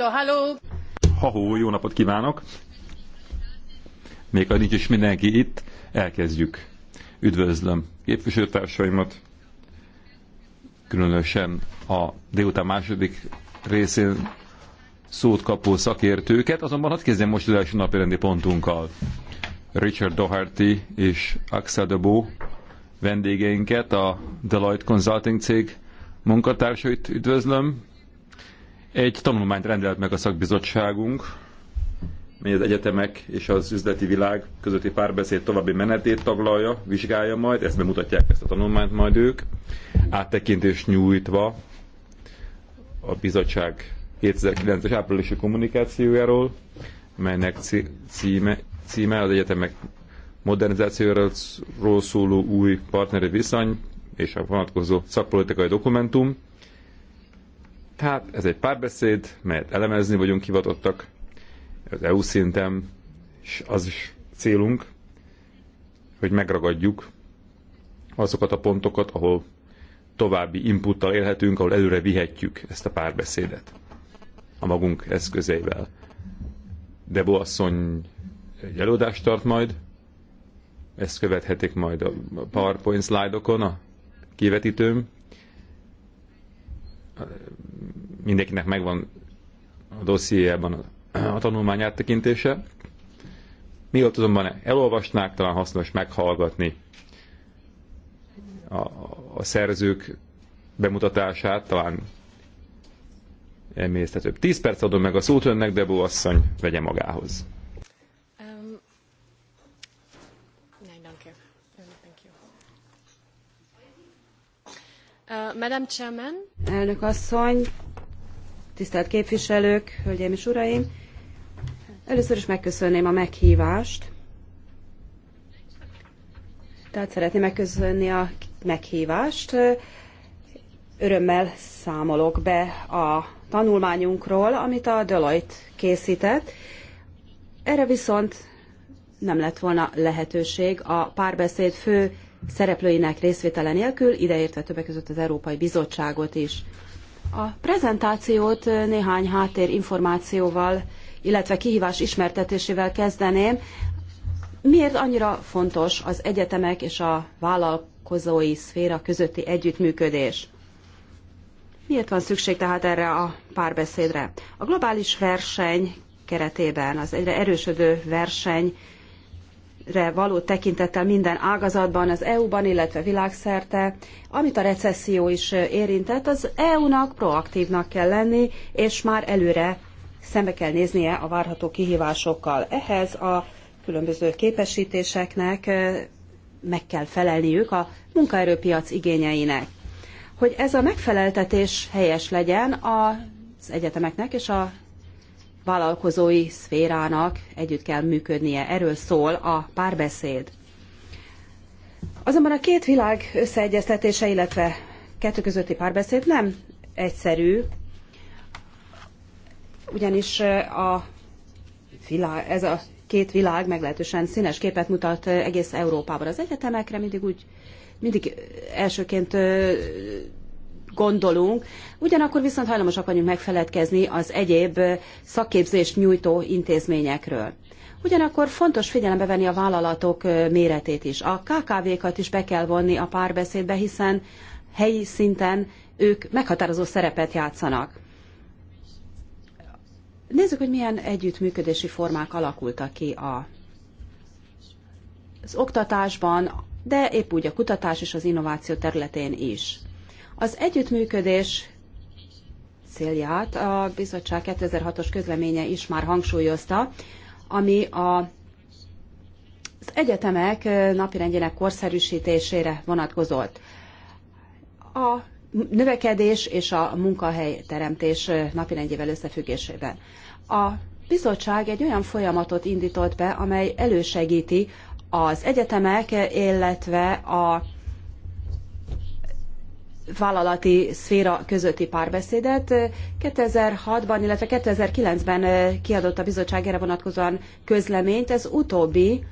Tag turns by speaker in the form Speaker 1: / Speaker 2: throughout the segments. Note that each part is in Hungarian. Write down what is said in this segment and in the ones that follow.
Speaker 1: So, hello! jó napot kívánok! Még ha nincs is mindenki itt, elkezdjük. Üdvözlöm képviselőtársaimat, különösen a délután második részén szót kapó szakértőket, azonban hadd kezdjem most az első napi rendi pontunkkal. Richard Doherty és Axel de Beau vendégeinket, a Deloitte Consulting cég munkatársait üdvözlöm, egy tanulmányt rendelt meg a szakbizottságunk, mely az egyetemek és az üzleti világ közötti párbeszéd további menetét taglalja, vizsgálja majd, ezt bemutatják ezt a tanulmányt majd ők, áttekintést nyújtva a bizottság 2009-es áprilisi kommunikációjáról, melynek címe, címe az egyetemek modernizációról szóló új partneri viszony és a vonatkozó szakpolitikai dokumentum. Tehát ez egy párbeszéd, melyet elemezni vagyunk hivatottak az EU szinten, és az is célunk, hogy megragadjuk azokat a pontokat, ahol további inputtal élhetünk, ahol előre vihetjük ezt a párbeszédet a magunk eszközeivel. Debo asszony egy előadást tart majd, ezt követhetik majd a PowerPoint szlájdokon, a kivetítőm, mindenkinek megvan a dossziéjában a tanulmány áttekintése. Mielőtt azonban elolvasnák, talán hasznos meghallgatni a, a szerzők bemutatását, talán emésztetőbb. Tíz perc adom meg a szót önnek, Debó asszony, vegye magához.
Speaker 2: Uh, Madam
Speaker 3: Chairman. Elnök asszony, tisztelt képviselők, hölgyeim és uraim! Először is megköszönném a meghívást. Tehát szeretném megköszönni a meghívást. Örömmel számolok be a tanulmányunkról, amit a Deloitte készített. Erre viszont nem lett volna lehetőség a párbeszéd fő szereplőinek részvétele nélkül, ideértve többek között az Európai Bizottságot is. A prezentációt néhány háttérinformációval, illetve kihívás ismertetésével kezdeném. Miért annyira fontos az egyetemek és a vállalkozói szféra közötti együttműködés? Miért van szükség tehát erre a párbeszédre? A globális verseny keretében, az egyre erősödő verseny re való tekintettel minden ágazatban, az EU-ban, illetve világszerte, amit a recesszió is érintett, az EU-nak proaktívnak kell lenni, és már előre szembe kell néznie a várható kihívásokkal. Ehhez a különböző képesítéseknek meg kell felelniük a munkaerőpiac igényeinek. Hogy ez a megfeleltetés helyes legyen, az egyetemeknek és a vállalkozói szférának együtt kell működnie. Erről szól a párbeszéd. Azonban a két világ összeegyeztetése, illetve kettő közötti párbeszéd nem egyszerű, ugyanis a világ, ez a két világ meglehetősen színes képet mutat egész Európában. Az egyetemekre mindig úgy, mindig elsőként gondolunk, ugyanakkor viszont hajlamosak vagyunk megfeledkezni az egyéb szakképzést nyújtó intézményekről. Ugyanakkor fontos figyelembe venni a vállalatok méretét is. A KKV-kat is be kell vonni a párbeszédbe, hiszen helyi szinten ők meghatározó szerepet játszanak. Nézzük, hogy milyen együttműködési formák alakultak ki a, az oktatásban, de épp úgy a kutatás és az innováció területén is. Az együttműködés célját a bizottság 2006-os közleménye is már hangsúlyozta, ami a, az egyetemek napirendjének korszerűsítésére vonatkozott. A növekedés és a munkahelyteremtés napirendjével összefüggésében. A bizottság egy olyan folyamatot indított be, amely elősegíti az egyetemek, illetve a vállalati szféra közötti párbeszédet. 2006-ban, illetve 2009-ben eh, kiadott a bizottság erre vonatkozóan közleményt. Ez utóbbi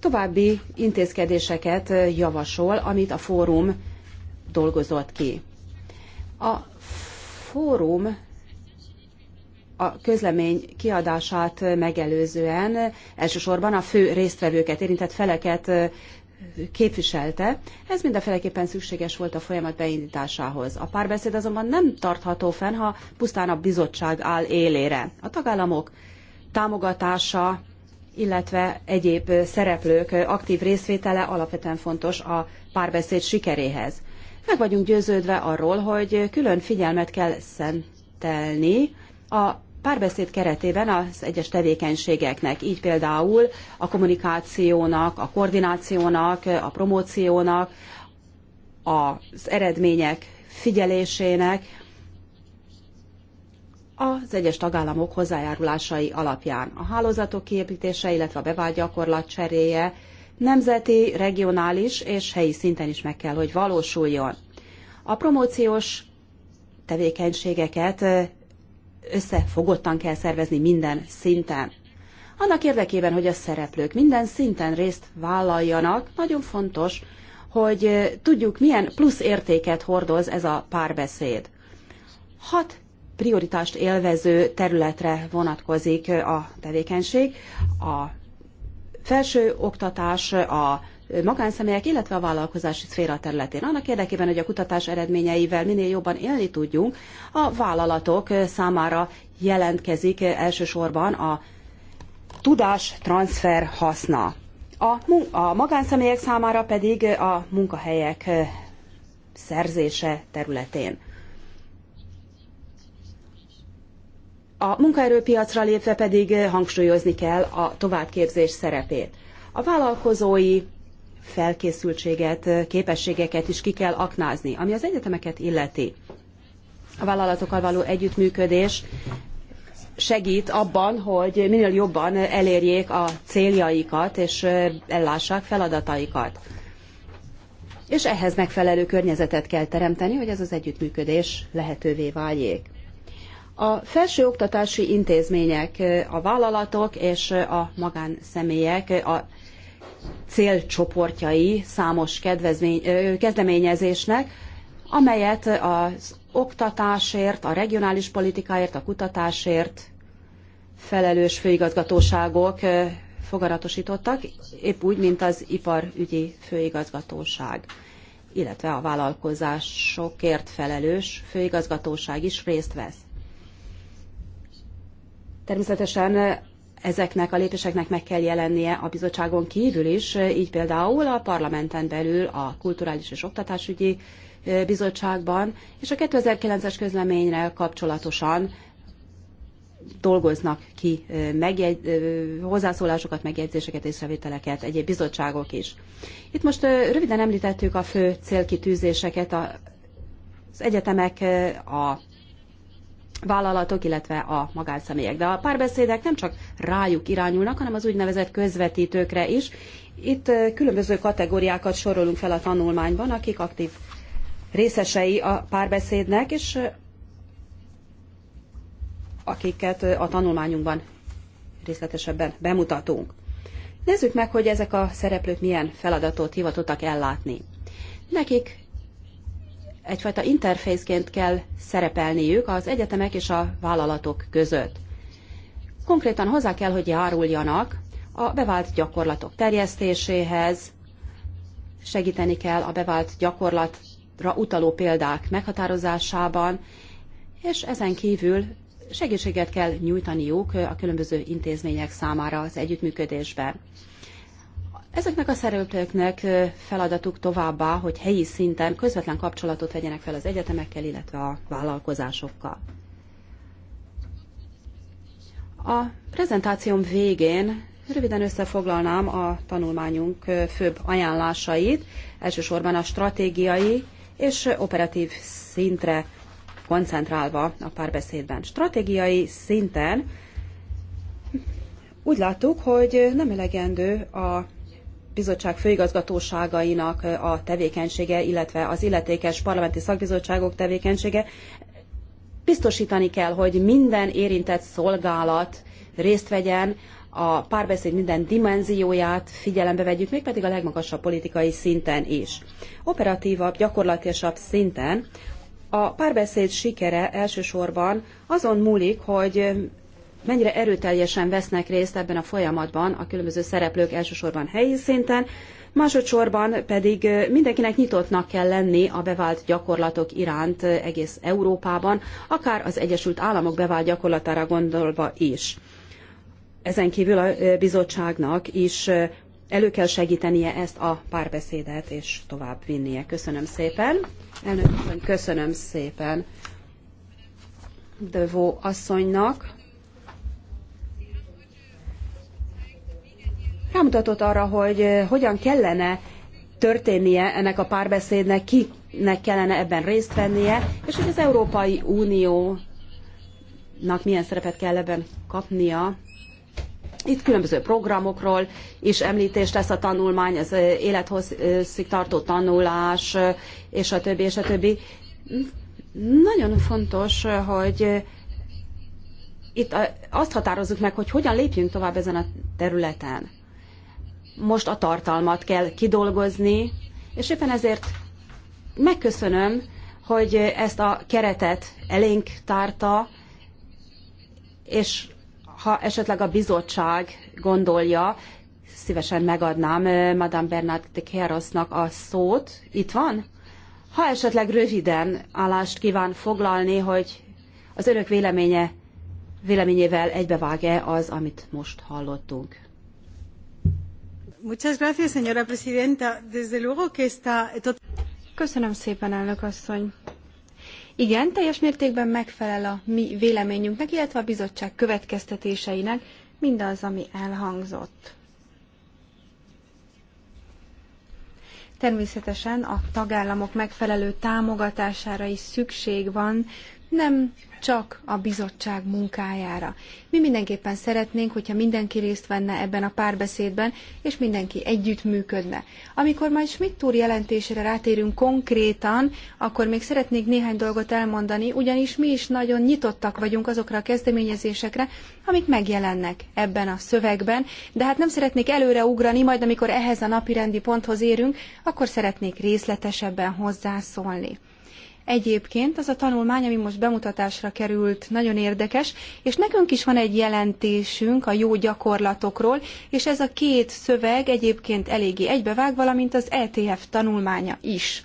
Speaker 3: további intézkedéseket eh, javasol, amit a fórum dolgozott ki. A fórum a közlemény kiadását megelőzően eh, elsősorban a fő résztvevőket, érintett feleket képviselte. Ez mindenféleképpen szükséges volt a folyamat beindításához. A párbeszéd azonban nem tartható fenn, ha pusztán a bizottság áll élére. A tagállamok támogatása, illetve egyéb szereplők aktív részvétele alapvetően fontos a párbeszéd sikeréhez. Meg vagyunk győződve arról, hogy külön figyelmet kell szentelni a párbeszéd keretében az egyes tevékenységeknek, így például a kommunikációnak, a koordinációnak, a promóciónak, az eredmények figyelésének, az egyes tagállamok hozzájárulásai alapján. A hálózatok kiépítése, illetve a bevált gyakorlat cseréje nemzeti, regionális és helyi szinten is meg kell, hogy valósuljon. A promóciós tevékenységeket összefogottan kell szervezni minden szinten. Annak érdekében, hogy a szereplők minden szinten részt vállaljanak, nagyon fontos, hogy tudjuk, milyen plusz értéket hordoz ez a párbeszéd. Hat prioritást élvező területre vonatkozik a tevékenység. A felső oktatás, a magánszemélyek, illetve a vállalkozási szféra területén. Annak érdekében, hogy a kutatás eredményeivel minél jobban élni tudjunk, a vállalatok számára jelentkezik elsősorban a tudás transfer haszna. A, a magánszemélyek számára pedig a munkahelyek szerzése területén. A munkaerőpiacra lépve pedig hangsúlyozni kell a továbbképzés szerepét. A vállalkozói felkészültséget, képességeket is ki kell aknázni, ami az egyetemeket illeti. A vállalatokkal való együttműködés segít abban, hogy minél jobban elérjék a céljaikat, és ellássák feladataikat. És ehhez megfelelő környezetet kell teremteni, hogy ez az együttműködés lehetővé váljék. A felsőoktatási intézmények, a vállalatok és a magánszemélyek a célcsoportjai számos kedvezmény, kezdeményezésnek, amelyet az oktatásért, a regionális politikáért, a kutatásért felelős főigazgatóságok foganatosítottak, épp úgy, mint az iparügyi főigazgatóság, illetve a vállalkozásokért felelős főigazgatóság is részt vesz. Természetesen ezeknek a lépéseknek meg kell jelennie a bizottságon kívül is, így például a parlamenten belül a Kulturális és Oktatásügyi Bizottságban, és a 2009-es közleményre kapcsolatosan dolgoznak ki hozzászólásokat, megjegyzéseket, és szavételeket egyéb bizottságok is. Itt most röviden említettük a fő célkitűzéseket, az egyetemek, a vállalatok, illetve a magánszemélyek. De a párbeszédek nem csak rájuk irányulnak, hanem az úgynevezett közvetítőkre is. Itt különböző kategóriákat sorolunk fel a tanulmányban, akik aktív részesei a párbeszédnek, és akiket a tanulmányunkban részletesebben bemutatunk. Nézzük meg, hogy ezek a szereplők milyen feladatot hivatottak ellátni. Nekik egyfajta interfészként kell szerepelniük az egyetemek és a vállalatok között. Konkrétan hozzá kell, hogy járuljanak a bevált gyakorlatok terjesztéséhez, segíteni kell a bevált gyakorlatra utaló példák meghatározásában, és ezen kívül segítséget kell nyújtaniuk a különböző intézmények számára az együttműködésben. Ezeknek a szereplőknek feladatuk továbbá, hogy helyi szinten közvetlen kapcsolatot vegyenek fel az egyetemekkel, illetve a vállalkozásokkal. A prezentációm végén röviden összefoglalnám a tanulmányunk főbb ajánlásait, elsősorban a stratégiai és operatív szintre koncentrálva a párbeszédben. Stratégiai szinten úgy láttuk, hogy nem elegendő a bizottság főigazgatóságainak a tevékenysége, illetve az illetékes parlamenti szakbizottságok tevékenysége. Biztosítani kell, hogy minden érintett szolgálat részt vegyen, a párbeszéd minden dimenzióját figyelembe vegyük, mégpedig a legmagasabb politikai szinten is. Operatívabb, gyakorlatilasabb szinten a párbeszéd sikere elsősorban azon múlik, hogy mennyire erőteljesen vesznek részt ebben a folyamatban a különböző szereplők elsősorban helyi szinten, másodszorban pedig mindenkinek nyitottnak kell lenni a bevált gyakorlatok iránt egész Európában, akár az Egyesült Államok bevált gyakorlatára gondolva is. Ezen kívül a bizottságnak is elő kell segítenie ezt a párbeszédet, és tovább vinnie. Köszönöm szépen. Elnök köszönöm szépen Dövó asszonynak. rámutatott arra, hogy eh, hogyan kellene történnie ennek a párbeszédnek, kinek kellene ebben részt vennie, és hogy az Európai Uniónak milyen szerepet kell ebben kapnia. Itt különböző programokról is említést lesz a tanulmány, az eh, élethosszig tartó tanulás, eh, és a többi, és a többi. Nagyon fontos, hogy itt azt határozzuk meg, hogy hogyan lépjünk tovább ezen a területen most a tartalmat kell kidolgozni, és éppen ezért megköszönöm, hogy ezt a keretet elénk tárta, és ha esetleg a bizottság gondolja, szívesen megadnám Madame Bernard de Kerosnak a szót. Itt van? Ha esetleg röviden állást kíván foglalni, hogy az önök véleménye, véleményével egybevág-e az, amit most hallottunk.
Speaker 2: Muchas gracias, señora presidenta. Desde luego que está... Köszönöm szépen, elnök asszony. Igen, teljes mértékben megfelel a mi véleményünknek, illetve a bizottság következtetéseinek mindaz, ami elhangzott. Természetesen a tagállamok megfelelő támogatására is szükség van, nem csak a bizottság munkájára. Mi mindenképpen szeretnénk, hogyha mindenki részt venne ebben a párbeszédben, és mindenki együttműködne. Amikor majd Schmidt úr jelentésére rátérünk konkrétan, akkor még szeretnék néhány dolgot elmondani, ugyanis mi is nagyon nyitottak vagyunk azokra a kezdeményezésekre, amik megjelennek ebben a szövegben, de hát nem szeretnék előre ugrani, majd amikor ehhez a napirendi ponthoz érünk, akkor szeretnék részletesebben hozzászólni. Egyébként az a tanulmány, ami most bemutatásra került, nagyon érdekes, és nekünk is van egy jelentésünk a jó gyakorlatokról, és ez a két szöveg egyébként eléggé egybevág, valamint az ETF tanulmánya is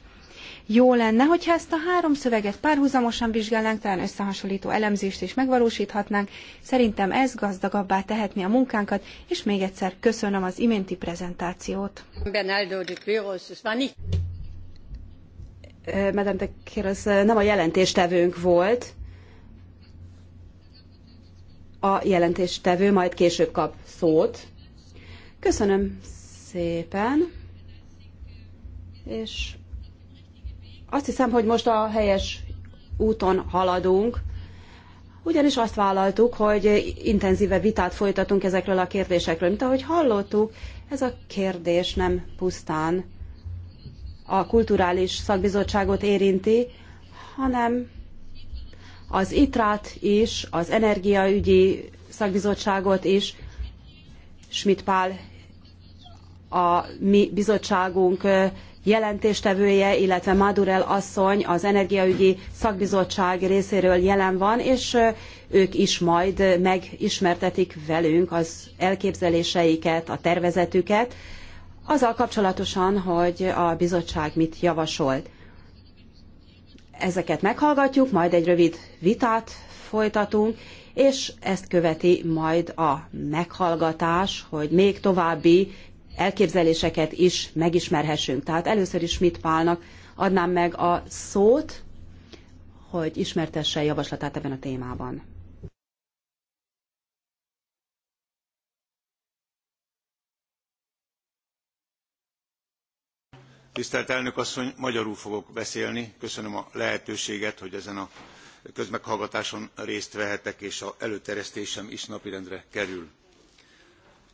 Speaker 2: jó lenne, hogyha ezt a három szöveget párhuzamosan vizsgálnánk, talán összehasonlító elemzést is megvalósíthatnánk. Szerintem ez gazdagabbá tehetni a munkánkat, és még egyszer köszönöm az iménti prezentációt.
Speaker 3: Madame de Kérosz nem a jelentéstevőnk volt, a jelentéstevő majd később kap szót. Köszönöm szépen, és azt hiszem, hogy most a helyes úton haladunk, ugyanis azt vállaltuk, hogy intenzíve vitát folytatunk ezekről a kérdésekről. Mint ahogy hallottuk, ez a kérdés nem pusztán a kulturális szakbizottságot érinti, hanem az itrat is, az energiaügyi szakbizottságot is, Schmidt Pál a mi bizottságunk jelentéstevője, illetve Madurel asszony az energiaügyi szakbizottság részéről jelen van, és ők is majd megismertetik velünk az elképzeléseiket, a tervezetüket, azzal kapcsolatosan, hogy a bizottság mit javasolt. Ezeket meghallgatjuk, majd egy rövid vitát folytatunk, és ezt követi majd a meghallgatás, hogy még további elképzeléseket is megismerhessünk. Tehát először is mit válnak, adnám meg a szót, hogy ismertesse javaslatát ebben a témában.
Speaker 4: Tisztelt elnök asszony, magyarul fogok beszélni. Köszönöm a lehetőséget, hogy ezen a közmeghallgatáson részt vehetek, és a előterjesztésem is napirendre kerül.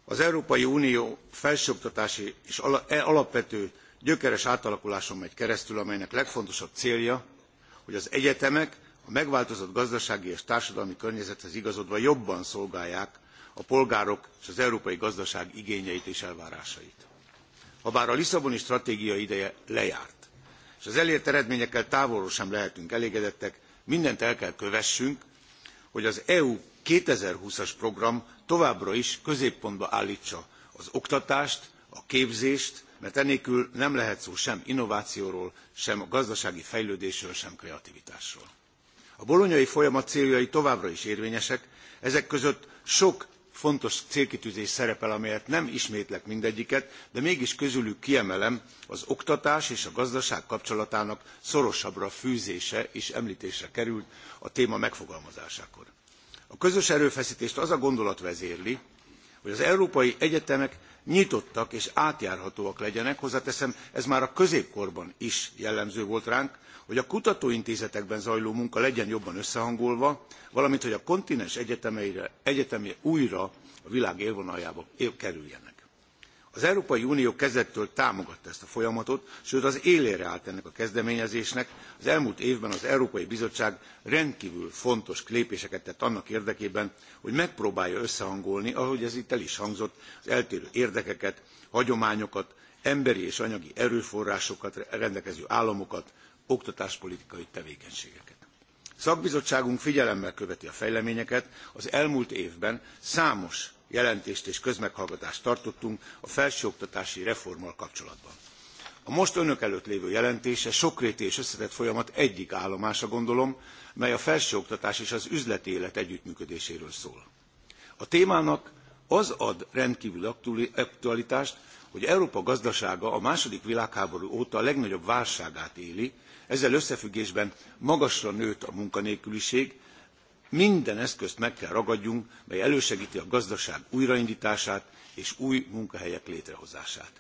Speaker 4: Az Európai Unió felsőoktatási és e alapvető gyökeres átalakuláson megy keresztül, amelynek legfontosabb célja, hogy az egyetemek a megváltozott gazdasági és társadalmi környezethez igazodva jobban szolgálják a polgárok és az európai gazdaság igényeit és elvárásait habár a lisszaboni stratégia ideje lejárt és az elért eredményekkel távolról sem lehetünk elégedettek mindent el kell kövessünk hogy az eu two thousand and twenty as program továbbra is középpontba álltsa az oktatást a képzést mert enélkül nem lehet szó sem innovációról sem gazdasági fejlődésről sem kreativitásról. a Bolognai folyamat céljai továbbra is érvényesek ezek között sok fontos célkitűzés szerepel, amelyet nem ismétlek mindegyiket, de mégis közülük kiemelem az oktatás és a gazdaság kapcsolatának szorosabbra fűzése is emltésre került a téma megfogalmazásakor. A közös erőfeszítést az a gondolat vezérli, hogy az európai egyetemek nyitottak és átjárhatóak legyenek hozzáteszem ez már a középkorban is jellemző volt ránk hogy a kutatóintézetekben zajló munka legyen jobban összehangolva valamint hogy a kontinens egyetemei újra a világ élvonaljába kerüljenek. Az Európai Unió kezdettől támogatta ezt a folyamatot, sőt az élére állt ennek a kezdeményezésnek. Az elmúlt évben az Európai Bizottság rendkívül fontos lépéseket tett annak érdekében, hogy megpróbálja összehangolni, ahogy ez itt el is hangzott, az eltérő érdekeket, hagyományokat, emberi és anyagi erőforrásokat rendelkező államokat, oktatáspolitikai tevékenységeket. Szakbizottságunk figyelemmel követi a fejleményeket, az elmúlt évben számos jelentést és közmeghallgatást tartottunk a felsőoktatási reformmal kapcsolatban. A most önök előtt lévő jelentése sokrétű és összetett folyamat egyik állomása gondolom, mely a felsőoktatás és az üzleti élet együttműködéséről szól. A témának az ad rendkívül aktualitást, hogy Európa gazdasága a második világháború óta a legnagyobb válságát éli, ezzel összefüggésben magasra nőtt a munkanélküliség, minden eszközt meg kell ragadjunk, mely elősegíti a gazdaság újraindítását és új munkahelyek létrehozását.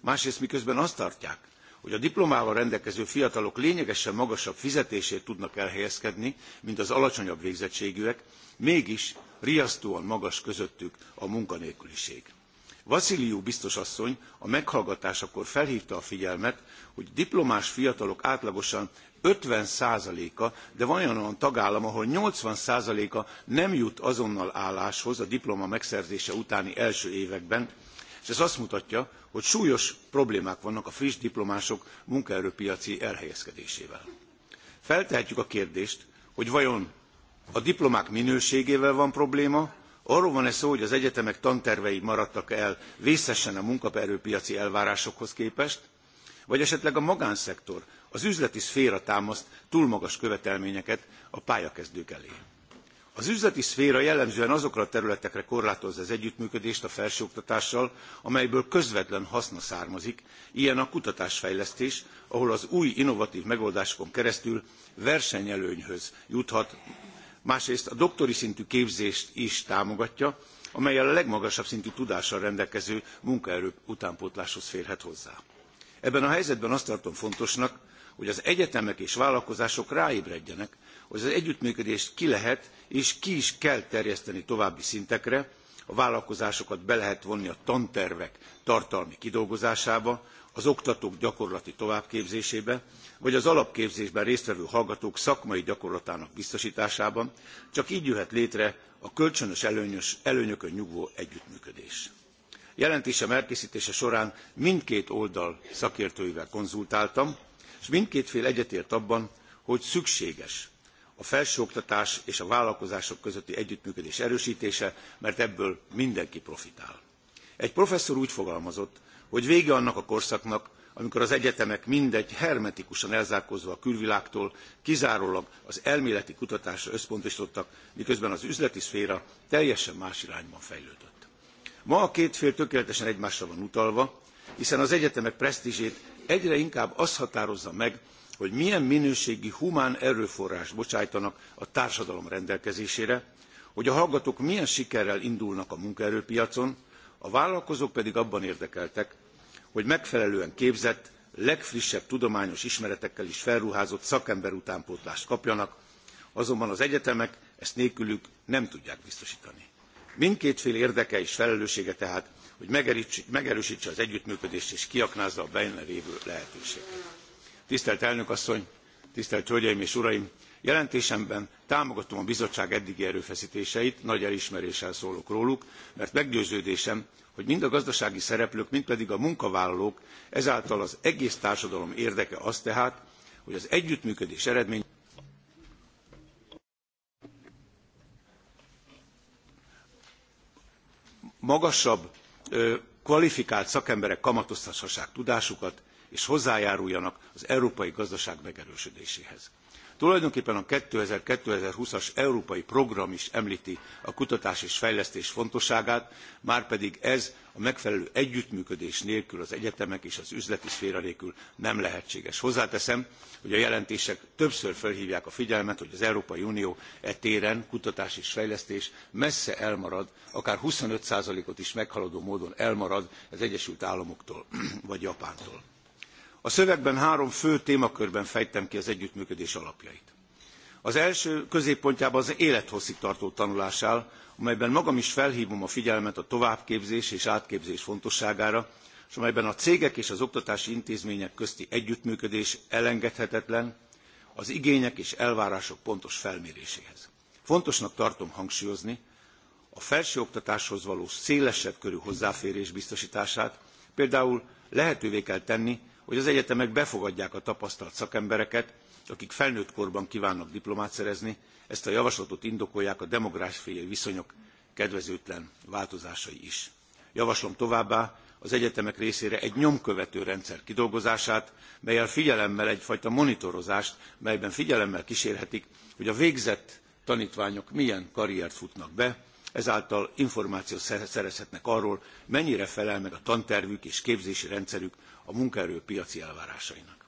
Speaker 4: Másrészt miközben azt tartják, hogy a diplomával rendelkező fiatalok lényegesen magasabb fizetését tudnak elhelyezkedni, mint az alacsonyabb végzettségűek, mégis riasztóan magas közöttük a munkanélküliség. Vassziliou biztos asszony a meghallgatásakor felhívta a figyelmet, hogy diplomás fiatalok átlagosan 50%-a, de van olyan tagállam, ahol 80%-a nem jut azonnal álláshoz a diploma megszerzése utáni első években, és ez azt mutatja, hogy súlyos problémák vannak a friss diplomások munkaerőpiaci elhelyezkedésével. Feltehetjük a kérdést, hogy vajon a diplomák minőségével van probléma, arról van e szó, hogy az egyetemek tantervei maradtak el vészesen a munkaerőpiaci elvárásokhoz képest, vagy esetleg a magánszektor az üzleti szféra támaszt túl magas követelményeket a pályakezdők elé. Az üzleti szféra jellemzően azokra a területekre korlátozza az együttműködést a felsőoktatással, amelyből közvetlen haszna származik, ilyen a kutatásfejlesztés, ahol az új innovatív megoldásokon keresztül versenyelőnyhöz juthat, másrészt a doktori szintű képzést is támogatja, amelyel a legmagasabb szintű tudással rendelkező munkaerő utánpótláshoz férhet hozzá. Ebben a helyzetben azt tartom fontosnak, hogy az egyetemek és vállalkozások ráébredjenek, hogy az együttműködést ki lehet és ki is kell terjeszteni további szintekre, a vállalkozásokat be lehet vonni a tantervek tartalmi kidolgozásába, az oktatók gyakorlati továbbképzésébe, vagy az alapképzésben résztvevő hallgatók szakmai gyakorlatának biztosításában, csak így jöhet létre a kölcsönös előnyös, előnyökön nyugvó együttműködés. Jelentésem elkészítése során mindkét oldal szakértőivel konzultáltam, és mindkét fél egyetért abban, hogy szükséges a felsőoktatás és a vállalkozások közötti együttműködés erősítése, mert ebből mindenki profitál. Egy professzor úgy fogalmazott, hogy vége annak a korszaknak, amikor az egyetemek mindegy hermetikusan elzárkózva a külvilágtól kizárólag az elméleti kutatásra összpontosítottak, miközben az üzleti szféra teljesen más irányban fejlődött. Ma a két fél tökéletesen egymásra van utalva, hiszen az egyetemek presztízsét egyre inkább az határozza meg, hogy milyen minőségi humán erőforrást bocsájtanak a társadalom rendelkezésére, hogy a hallgatók milyen sikerrel indulnak a munkaerőpiacon, a vállalkozók pedig abban érdekeltek, hogy megfelelően képzett, legfrissebb tudományos ismeretekkel is felruházott szakember utánpótlást kapjanak, azonban az egyetemek ezt nélkülük nem tudják biztosítani. Mindkét fél érdeke és felelőssége tehát hogy megerőstse az együttműködést és kiaknázza a benne lévő lehetőségeket. tisztelt elnök asszony tisztelt hölgyeim és uraim! jelentésemben támogatom a bizottság eddigi erőfesztéseit nagy elismeréssel szólok róluk mert meggyőződésem hogy mind a gazdasági szereplők mind pedig a munkavállalók ezáltal az egész társadalom érdeke az tehát hogy az együttműködés eredményeképpen magasabb kvalifikált szakemberek kamatoztathassák tudásukat és hozzájáruljanak az európai gazdaság megerősödéséhez. tulajdonképpen a two thousand two thousand and twenty as európai program is emlti a kutatás és fejlesztés fontosságát márpedig ez a megfelelő együttműködés nélkül az egyetemek és az üzleti szféra nélkül nem lehetséges. hozzáteszem hogy a jelentések többször felhvják a figyelmet hogy az európai unió e téren kutatás és fejlesztés messze elmarad akár twenty five ot is meghaladó módon elmarad az egyesült államoktól vagy japántól. a szövegben három fő témakörben fejtem ki az együttműködés alapjait az első középpontjában az élethosszig tartó tanulás áll, amelyben magam is felhívom a figyelmet a továbbképzés és átképzés fontosságára, és amelyben a cégek és az oktatási intézmények közti együttműködés elengedhetetlen az igények és elvárások pontos felméréséhez. Fontosnak tartom hangsúlyozni a felsőoktatáshoz való szélesebb körű hozzáférés biztosítását, például lehetővé kell tenni, hogy az egyetemek befogadják a tapasztalt szakembereket, akik felnőtt korban kívánnak diplomát szerezni, ezt a javaslatot indokolják a demográfiai viszonyok kedvezőtlen változásai is. Javaslom továbbá az egyetemek részére egy nyomkövető rendszer kidolgozását, melyel figyelemmel egyfajta monitorozást, melyben figyelemmel kísérhetik, hogy a végzett tanítványok milyen karriert futnak be, ezáltal információt szerezhetnek arról, mennyire felel meg a tantervük és képzési rendszerük a munkaerő piaci elvárásainak.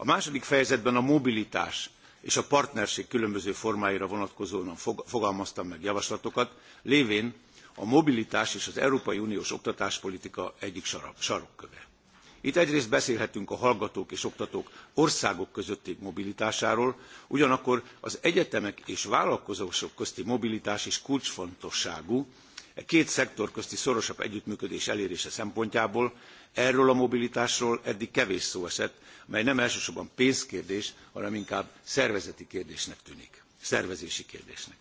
Speaker 4: A második fejezetben a mobilitás és a partnerség különböző formáira vonatkozóan fogalmaztam meg javaslatokat, lévén a mobilitás és az Európai Uniós oktatáspolitika egyik sarokköve. Itt egyrészt beszélhetünk a hallgatók és oktatók országok közötti mobilitásáról, ugyanakkor az egyetemek és vállalkozások közti mobilitás is kulcsfontosságú, e két szektor közti szorosabb együttműködés elérése szempontjából, Erről a mobilitásról eddig kevés szó esett, mely nem elsősorban pénzkérdés, hanem inkább szervezeti kérdésnek tűnik, szervezési kérdésnek.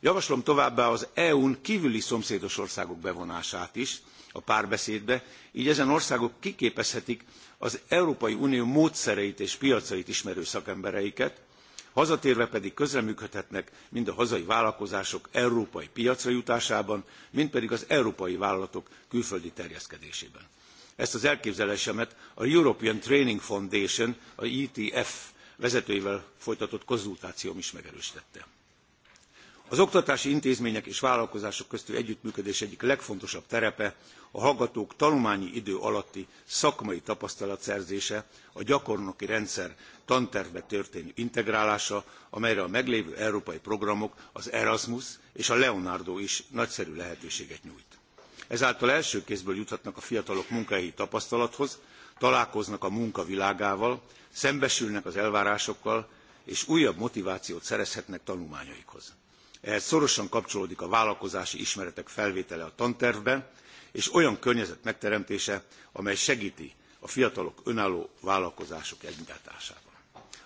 Speaker 4: Javaslom továbbá az EU-n kívüli szomszédos országok bevonását is a párbeszédbe, így ezen országok kiképezhetik az Európai Unió módszereit és piacait ismerő szakembereiket, hazatérve pedig közreműködhetnek mind a hazai vállalkozások európai piacra jutásában, mind pedig az európai vállalatok külföldi terjeszkedésében ezt az elképzelésemet a European Training Foundation, a ETF vezetőivel folytatott konzultációm is megerősítette. Az oktatási intézmények és vállalkozások közti együttműködés egyik legfontosabb terepe a hallgatók tanulmányi idő alatti szakmai tapasztalat szerzése, a gyakornoki rendszer tantervbe történő integrálása, amelyre a meglévő európai programok, az Erasmus és a Leonardo is nagyszerű lehetőséget nyújt ezáltal első kézből juthatnak a fiatalok munkahelyi tapasztalathoz találkoznak a munka világával szembesülnek az elvárásokkal és újabb motivációt szerezhetnek tanulmányaikhoz. ehhez szorosan kapcsolódik a vállalkozási ismeretek felvétele a tantervbe és olyan környezet megteremtése amely segti a fiatalok önálló vállalkozások elindtását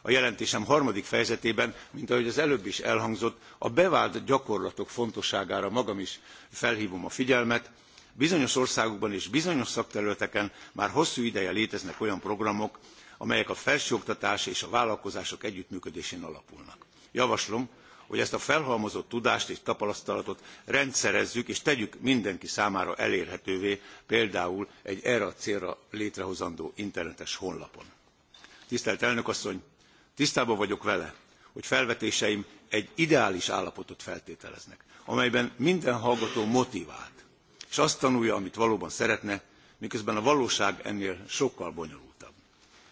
Speaker 4: a jelentésem harmadik fejezetében mint ahogy az előbb is elhangzott a bevált gyakorlatok fontosságára magam is felhvom a figyelmet Bizonyos országokban és bizonyos szakterületeken már hosszú ideje léteznek olyan programok, amelyek a felsőoktatás és a vállalkozások együttműködésén alapulnak. Javaslom, hogy ezt a felhalmozott tudást és tapasztalatot rendszerezzük és tegyük mindenki számára elérhetővé például egy erre a célra létrehozandó internetes honlapon. Tisztelt elnök asszony, tisztában vagyok vele, hogy felvetéseim egy ideális állapotot feltételeznek, amelyben minden hallgató motivált és azt tanulja, amit valóban szeretne, miközben a valóság ennél sokkal bonyolultabb.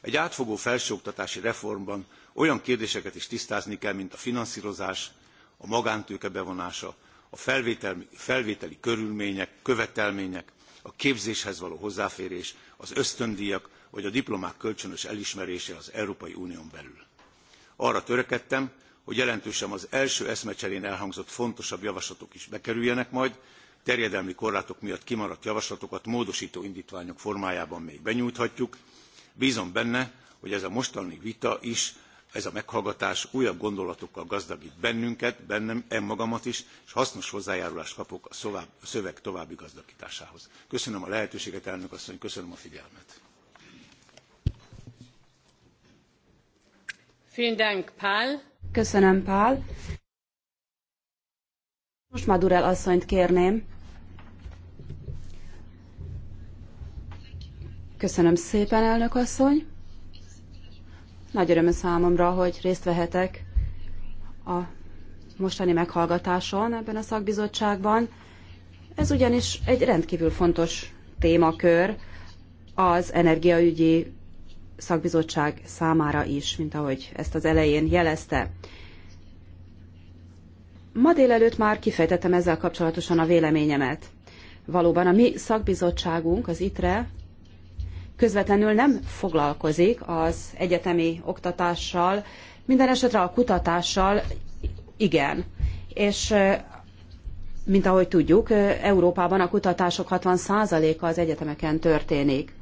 Speaker 4: Egy átfogó felsőoktatási reformban olyan kérdéseket is tisztázni kell, mint a finanszírozás, a magántőke bevonása, a felvételi, felvételi körülmények, követelmények, a képzéshez való hozzáférés, az ösztöndíjak vagy a diplomák kölcsönös elismerése az Európai Unión belül. Arra törekedtem, hogy jelentősen az első eszmecserén elhangzott fontosabb javaslatok is bekerüljenek majd, terjedelmi korlátok miatt kimaradt javaslatokat módostó indtványok formájában még benyújthatjuk. bzom benne hogy ez a mostani vita is ez a meghallgatás újabb gondolatokkal gazdagt bennünket bennem magamat is és hasznos hozzájárulást kapok a szöveg további gazdagtásához. köszönöm a lehetőséget elnök asszony köszönöm a figyelmet.
Speaker 3: Köszönöm, Pál. Most Madurel asszonyt kérném. Köszönöm szépen, elnök asszony. Nagy öröm számomra, hogy részt vehetek a mostani meghallgatáson ebben a szakbizottságban. Ez ugyanis egy rendkívül fontos témakör az energiaügyi szakbizottság számára is, mint ahogy ezt az elején jelezte. Ma délelőtt már kifejtettem ezzel kapcsolatosan a véleményemet. Valóban a mi szakbizottságunk, az ITRE, közvetlenül nem foglalkozik az egyetemi oktatással, minden esetre a kutatással igen. És mint ahogy tudjuk, Európában a kutatások 60%-a az egyetemeken történik.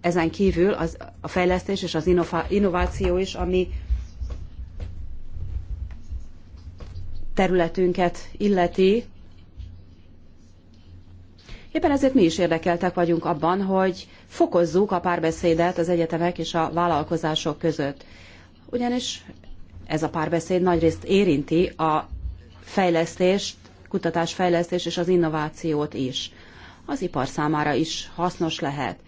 Speaker 3: Ezen kívül az, a fejlesztés és az innováció is, ami területünket illeti. Éppen ezért mi is érdekeltek vagyunk abban, hogy fokozzuk a párbeszédet az egyetemek és a vállalkozások között. Ugyanis ez a párbeszéd nagyrészt érinti a fejlesztést, kutatásfejlesztés és az innovációt is. Az ipar számára is hasznos lehet.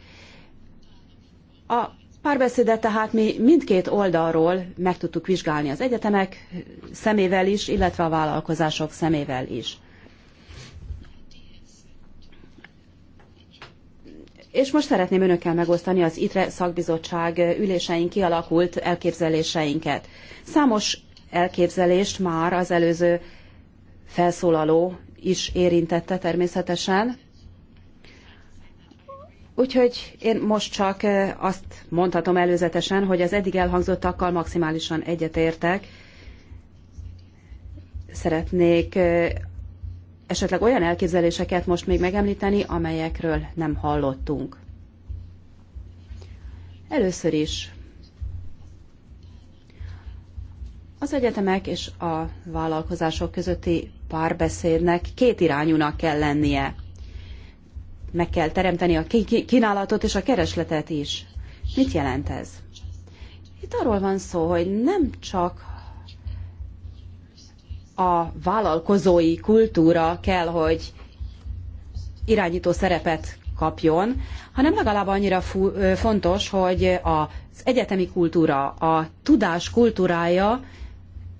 Speaker 3: A Párbeszédet tehát mi mindkét oldalról meg tudtuk vizsgálni az egyetemek szemével is, illetve a vállalkozások szemével is. És most szeretném önökkel megosztani az ITRE szakbizottság ülésein kialakult elképzeléseinket. Számos elképzelést már az előző felszólaló is érintette természetesen. Úgyhogy én most csak azt mondhatom előzetesen, hogy az eddig elhangzottakkal maximálisan egyetértek. Szeretnék esetleg olyan elképzeléseket most még megemlíteni, amelyekről nem hallottunk. Először is az egyetemek és a vállalkozások közötti párbeszédnek két irányúnak kell lennie meg kell teremteni a kínálatot és a keresletet is. Mit jelent ez? Itt arról van szó, hogy nem csak a vállalkozói kultúra kell, hogy irányító szerepet kapjon, hanem legalább annyira fontos, hogy az egyetemi kultúra, a tudás kultúrája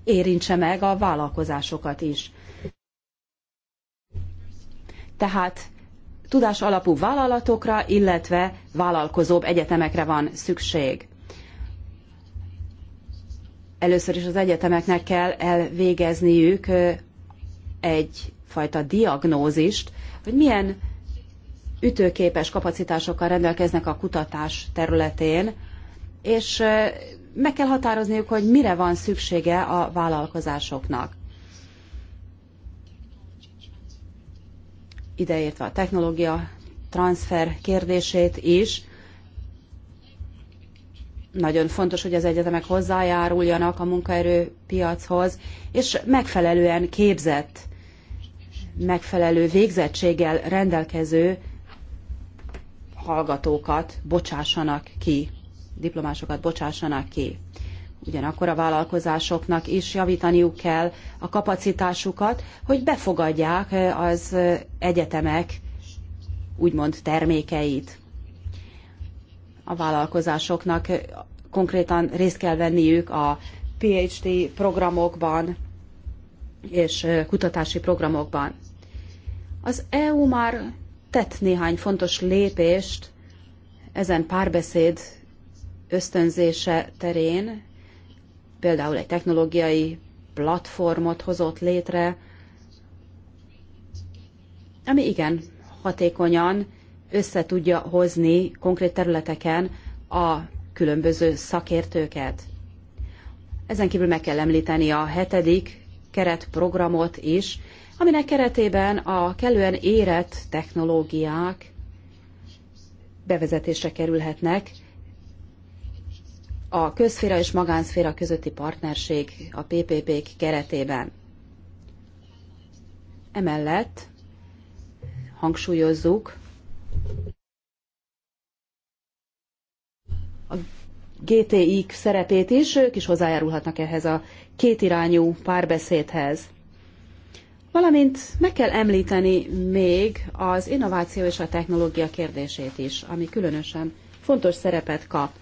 Speaker 3: érintse meg a vállalkozásokat is. Tehát tudás alapú vállalatokra, illetve vállalkozóbb egyetemekre van szükség. Először is az egyetemeknek kell elvégezniük egyfajta diagnózist, hogy milyen ütőképes kapacitásokkal rendelkeznek a kutatás területén, és meg kell határozniuk, hogy mire van szüksége a vállalkozásoknak. ideértve a technológia transfer kérdését is. Nagyon fontos, hogy az egyetemek hozzájáruljanak a munkaerőpiachoz, és megfelelően képzett, megfelelő végzettséggel rendelkező hallgatókat bocsássanak ki, diplomásokat bocsássanak ki ugyanakkor a vállalkozásoknak is javítaniuk kell a kapacitásukat, hogy befogadják az egyetemek úgymond termékeit. A vállalkozásoknak konkrétan részt kell venniük a PhD programokban és kutatási programokban. Az EU már tett néhány fontos lépést ezen párbeszéd ösztönzése terén, például egy technológiai platformot hozott létre, ami igen hatékonyan össze tudja hozni konkrét területeken a különböző szakértőket. Ezen kívül meg kell említeni a hetedik keretprogramot is, aminek keretében a kellően érett technológiák bevezetésre kerülhetnek a közféra és magánszféra közötti partnerség a PPP-k keretében. Emellett hangsúlyozzuk a GTI-k szerepét is, ők is hozzájárulhatnak ehhez a kétirányú párbeszédhez. Valamint meg kell említeni még az innováció és a technológia kérdését is, ami különösen fontos szerepet kap.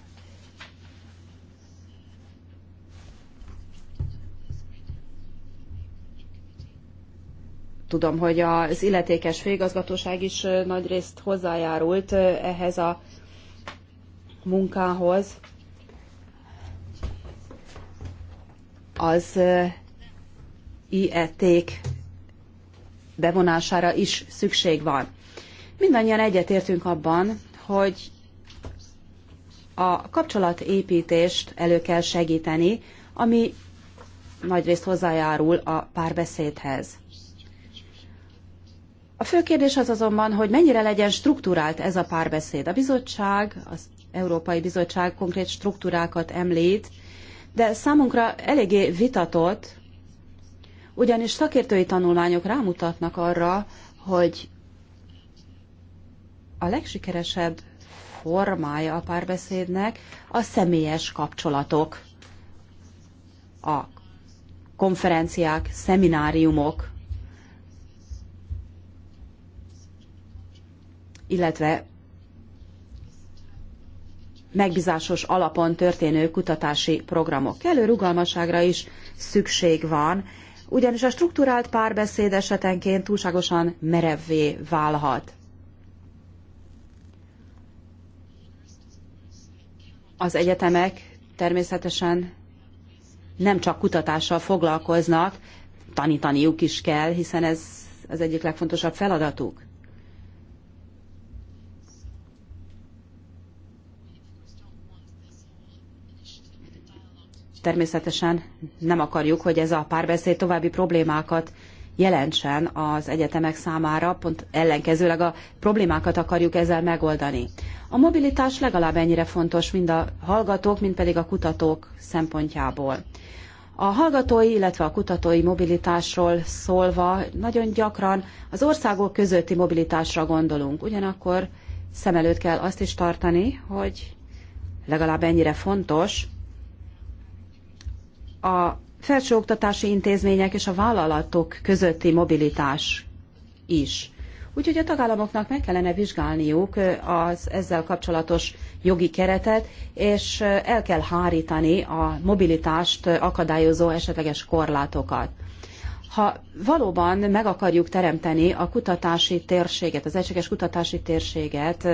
Speaker 3: Tudom, hogy az illetékes főigazgatóság is nagyrészt hozzájárult ehhez a munkához. Az ieték bevonására is szükség van. Mindannyian egyetértünk abban, hogy a kapcsolatépítést elő kell segíteni, ami nagyrészt hozzájárul a párbeszédhez. A fő kérdés az azonban, hogy mennyire legyen strukturált ez a párbeszéd. A bizottság, az Európai Bizottság konkrét struktúrákat említ, de számunkra eléggé vitatott, ugyanis szakértői tanulmányok rámutatnak arra, hogy a legsikeresebb formája a párbeszédnek a személyes kapcsolatok, a konferenciák, szemináriumok, illetve megbízásos alapon történő kutatási programok. Kellő rugalmasságra is szükség van, ugyanis a strukturált párbeszéd esetenként túlságosan merevvé válhat. Az egyetemek természetesen nem csak kutatással foglalkoznak, tanítaniuk is kell, hiszen ez az egyik legfontosabb feladatuk. természetesen nem akarjuk, hogy ez a párbeszéd további problémákat jelentsen az egyetemek számára, pont ellenkezőleg a problémákat akarjuk ezzel megoldani. A mobilitás legalább ennyire fontos, mind a hallgatók, mind pedig a kutatók szempontjából. A hallgatói, illetve a kutatói mobilitásról szólva nagyon gyakran az országok közötti mobilitásra gondolunk. Ugyanakkor szem előtt kell azt is tartani, hogy legalább ennyire fontos a felsőoktatási intézmények és a vállalatok közötti mobilitás is. Úgyhogy a tagállamoknak meg kellene vizsgálniuk az ezzel kapcsolatos jogi keretet, és el kell hárítani a mobilitást akadályozó esetleges korlátokat. Ha valóban meg akarjuk teremteni a kutatási térséget, az egységes kutatási térséget,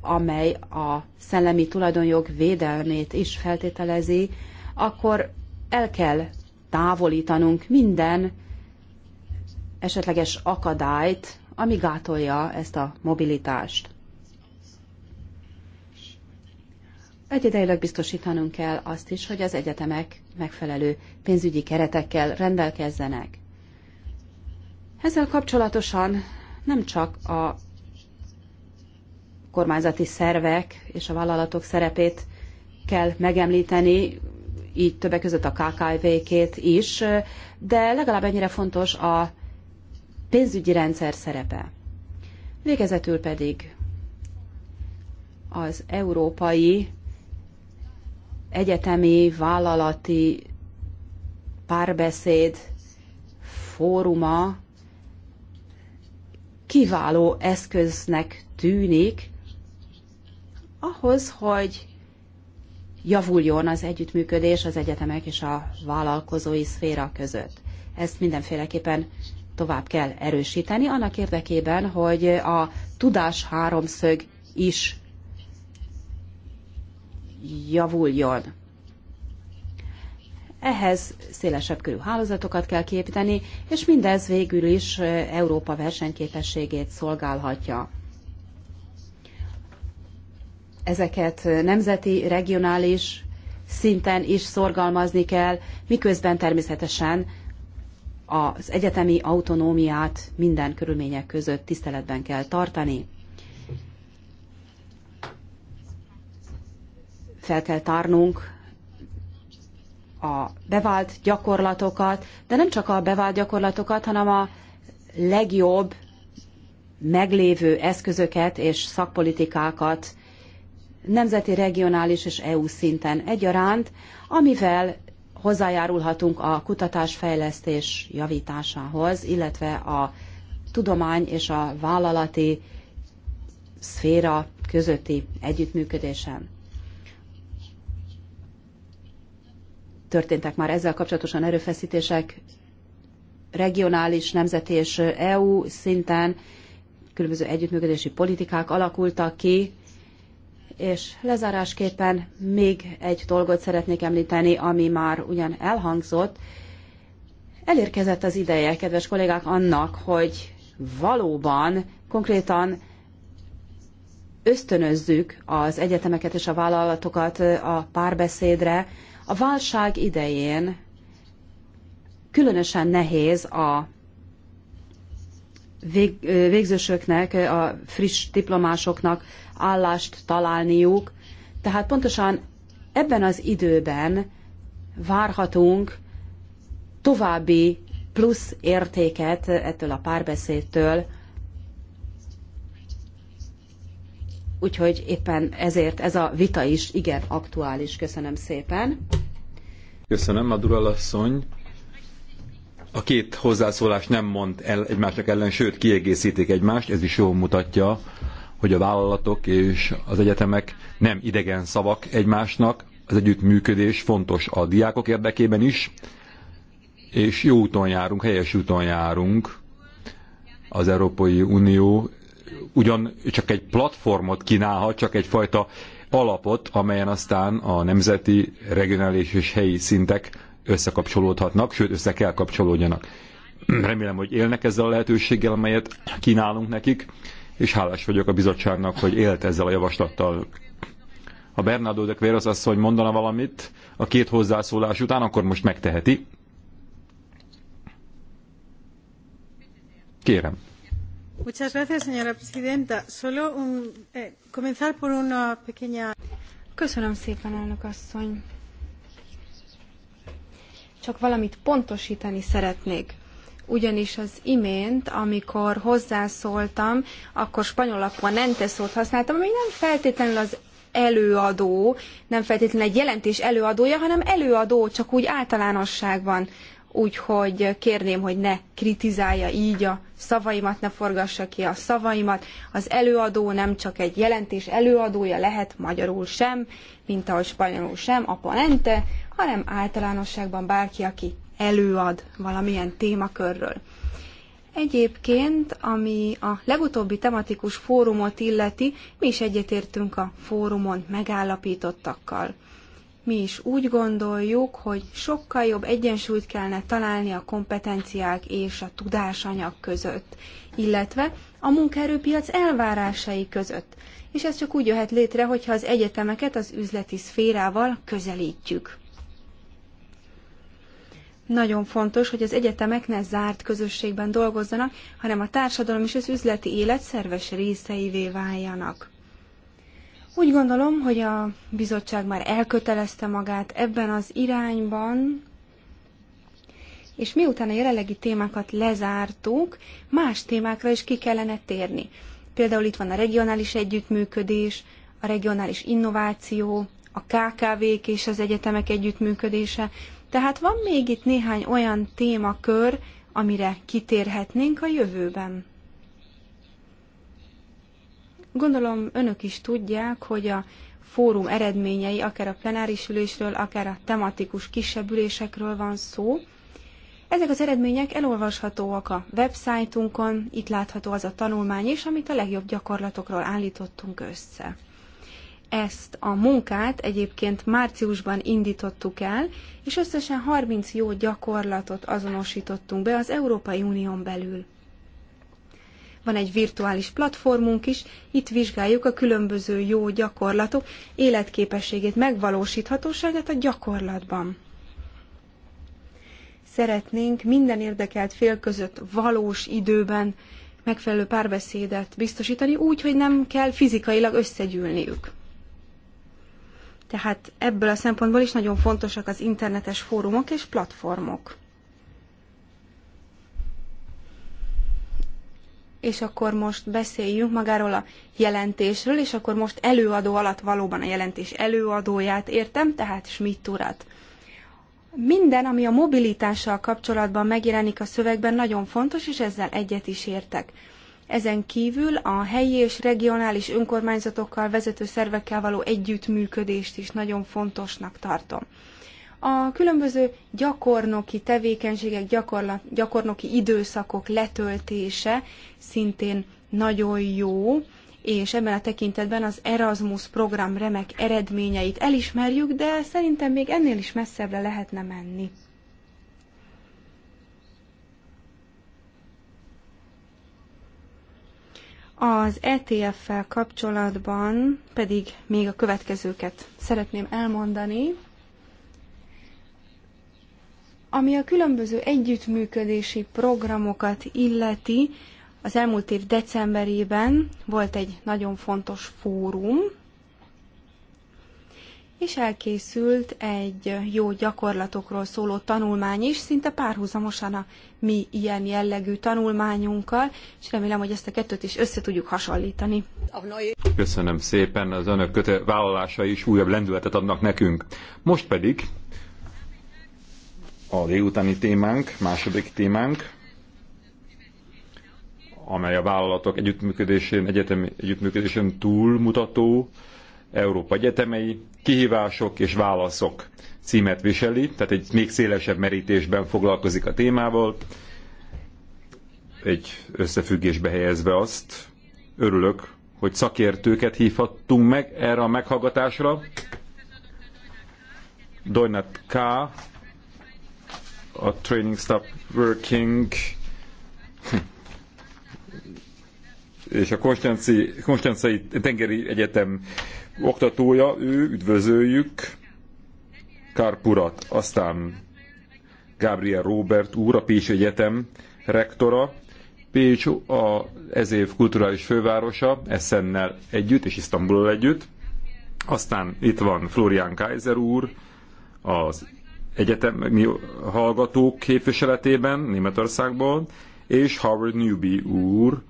Speaker 3: amely a szellemi tulajdonjog védelmét is feltételezi, akkor el kell távolítanunk minden esetleges akadályt, ami gátolja ezt a mobilitást. Egyidejileg biztosítanunk kell azt is, hogy az egyetemek megfelelő pénzügyi keretekkel rendelkezzenek. Ezzel kapcsolatosan nem csak a kormányzati szervek és a vállalatok szerepét kell megemlíteni, így többek között a KKV-két is, de legalább ennyire fontos a pénzügyi rendszer szerepe. Végezetül pedig az európai egyetemi vállalati párbeszéd fóruma kiváló eszköznek tűnik ahhoz, hogy javuljon az együttműködés az egyetemek és a vállalkozói szféra között. Ezt mindenféleképpen tovább kell erősíteni, annak érdekében, hogy a tudás háromszög is javuljon. Ehhez szélesebb körű hálózatokat kell képíteni, és mindez végül is Európa versenyképességét szolgálhatja ezeket nemzeti, regionális szinten is szorgalmazni kell, miközben természetesen az egyetemi autonómiát minden körülmények között tiszteletben kell tartani. Fel kell tárnunk a bevált gyakorlatokat, de nem csak a bevált gyakorlatokat, hanem a legjobb meglévő eszközöket és szakpolitikákat nemzeti, regionális és EU szinten egyaránt, amivel hozzájárulhatunk a kutatásfejlesztés javításához, illetve a tudomány és a vállalati szféra közötti együttműködésen. Történtek már ezzel kapcsolatosan erőfeszítések regionális, nemzeti és EU szinten, különböző együttműködési politikák alakultak ki, és lezárásképpen még egy dolgot szeretnék említeni, ami már ugyan elhangzott. Elérkezett az ideje, kedves kollégák, annak, hogy valóban, konkrétan ösztönözzük az egyetemeket és a vállalatokat a párbeszédre. A válság idején különösen nehéz a vég, végzősöknek, a friss diplomásoknak állást találniuk. Tehát pontosan ebben az időben várhatunk további plusz értéket ettől a párbeszédtől, úgyhogy éppen ezért ez a vita is igen aktuális. Köszönöm szépen.
Speaker 1: Köszönöm, Madura Lasszony a két hozzászólás nem mond el egymásnak ellen, sőt kiegészítik egymást, ez is jól mutatja, hogy a vállalatok és az egyetemek nem idegen szavak egymásnak, az együttműködés fontos a diákok érdekében is, és jó úton járunk, helyes úton járunk. Az Európai Unió ugyan csak egy platformot kínálhat, csak egyfajta alapot, amelyen aztán a nemzeti, regionális és helyi szintek összekapcsolódhatnak, sőt össze kell kapcsolódjanak. Remélem, hogy élnek ezzel a lehetőséggel, amelyet kínálunk nekik, és hálás vagyok a bizottságnak, hogy élt ezzel a javaslattal. Ha Bernardo de az, azt, hogy mondana valamit a két hozzászólás után, akkor most megteheti. Kérem.
Speaker 2: Muchas gracias, señora presidenta. Solo un, eh, comenzar por una pequeña... Köszönöm szépen, elnök asszony csak valamit pontosítani szeretnék. Ugyanis az imént, amikor hozzászóltam, akkor spanyol apuanente szót használtam, ami nem feltétlenül az előadó, nem feltétlenül egy jelentés előadója, hanem előadó, csak úgy általánosságban. Úgyhogy kérném, hogy ne kritizálja így a szavaimat, ne forgassa ki a szavaimat. Az előadó nem csak egy jelentés előadója lehet, magyarul sem, mint ahogy spanyolul sem, a ponente, hanem általánosságban bárki, aki előad valamilyen témakörről. Egyébként, ami a legutóbbi tematikus fórumot illeti, mi is egyetértünk a fórumon megállapítottakkal. Mi is úgy gondoljuk, hogy sokkal jobb egyensúlyt kellene találni a kompetenciák és a tudásanyag között, illetve a munkaerőpiac elvárásai között. És ez csak úgy jöhet létre, hogyha az egyetemeket az üzleti szférával közelítjük. Nagyon fontos, hogy az egyetemek ne zárt közösségben dolgozzanak, hanem a társadalom és az üzleti élet szerves részeivé váljanak. Úgy gondolom, hogy a bizottság már elkötelezte magát ebben az irányban, és miután a jelenlegi témákat lezártuk, más témákra is ki kellene térni. Például itt van a regionális együttműködés, a regionális innováció, a KKV-k és az egyetemek együttműködése, tehát van még itt néhány olyan témakör, amire kitérhetnénk a jövőben. Gondolom önök is tudják, hogy a fórum eredményei, akár a plenáris ülésről, akár a tematikus kisebb ülésekről van szó. Ezek az eredmények elolvashatóak a websájtunkon, itt látható az a tanulmány is, amit a legjobb gyakorlatokról állítottunk össze. Ezt a munkát egyébként márciusban indítottuk el, és összesen 30 jó gyakorlatot azonosítottunk be az Európai Unión belül. Van egy virtuális platformunk is, itt vizsgáljuk a különböző jó gyakorlatok életképességét, megvalósíthatóságát a gyakorlatban szeretnénk minden érdekelt fél között valós időben megfelelő párbeszédet biztosítani, úgy, hogy nem kell fizikailag összegyűlniük. Tehát ebből a szempontból is nagyon fontosak az internetes fórumok és platformok. és akkor most beszéljünk magáról a jelentésről, és akkor most előadó alatt valóban a jelentés előadóját értem, tehát Schmidt urat. Minden, ami a mobilitással kapcsolatban megjelenik a szövegben, nagyon fontos, és ezzel egyet is értek. Ezen kívül a helyi és regionális önkormányzatokkal, vezető szervekkel való együttműködést is nagyon fontosnak tartom. A különböző gyakornoki tevékenységek, gyakorla, gyakornoki időszakok letöltése szintén nagyon jó, és ebben a tekintetben az Erasmus program remek eredményeit elismerjük, de szerintem még ennél is messzebbre lehetne menni. Az ETF-fel kapcsolatban pedig még a következőket szeretném elmondani. Ami a különböző együttműködési programokat illeti, az elmúlt év decemberében volt egy nagyon fontos fórum, és elkészült egy jó gyakorlatokról szóló tanulmány is, szinte párhuzamosan a mi ilyen jellegű tanulmányunkkal, és remélem, hogy ezt a kettőt is össze tudjuk hasonlítani.
Speaker 1: Köszönöm szépen, az önök köte vállalása is újabb lendületet adnak nekünk. Most pedig a délutáni témánk, második témánk, amely a vállalatok együttműködésén, egyetemi együttműködésén túlmutató, Európa Egyetemei, kihívások és válaszok címet viseli, tehát egy még szélesebb merítésben foglalkozik a témával, egy összefüggésbe helyezve azt. Örülök, hogy szakértőket hívhattunk meg erre a meghallgatásra. Dojnat K. a Training Stop Working és a Konstancai Tengeri Egyetem oktatója, ő, üdvözöljük Kárpurat, aztán Gabriel Robert úr, a Pécs Egyetem rektora, Pécs a, ez év kulturális fővárosa, Eszennel együtt és Isztambulal együtt. Aztán itt van Florian Kaiser úr, az egyetemi hallgatók képviseletében Németországból, és Howard Newby úr,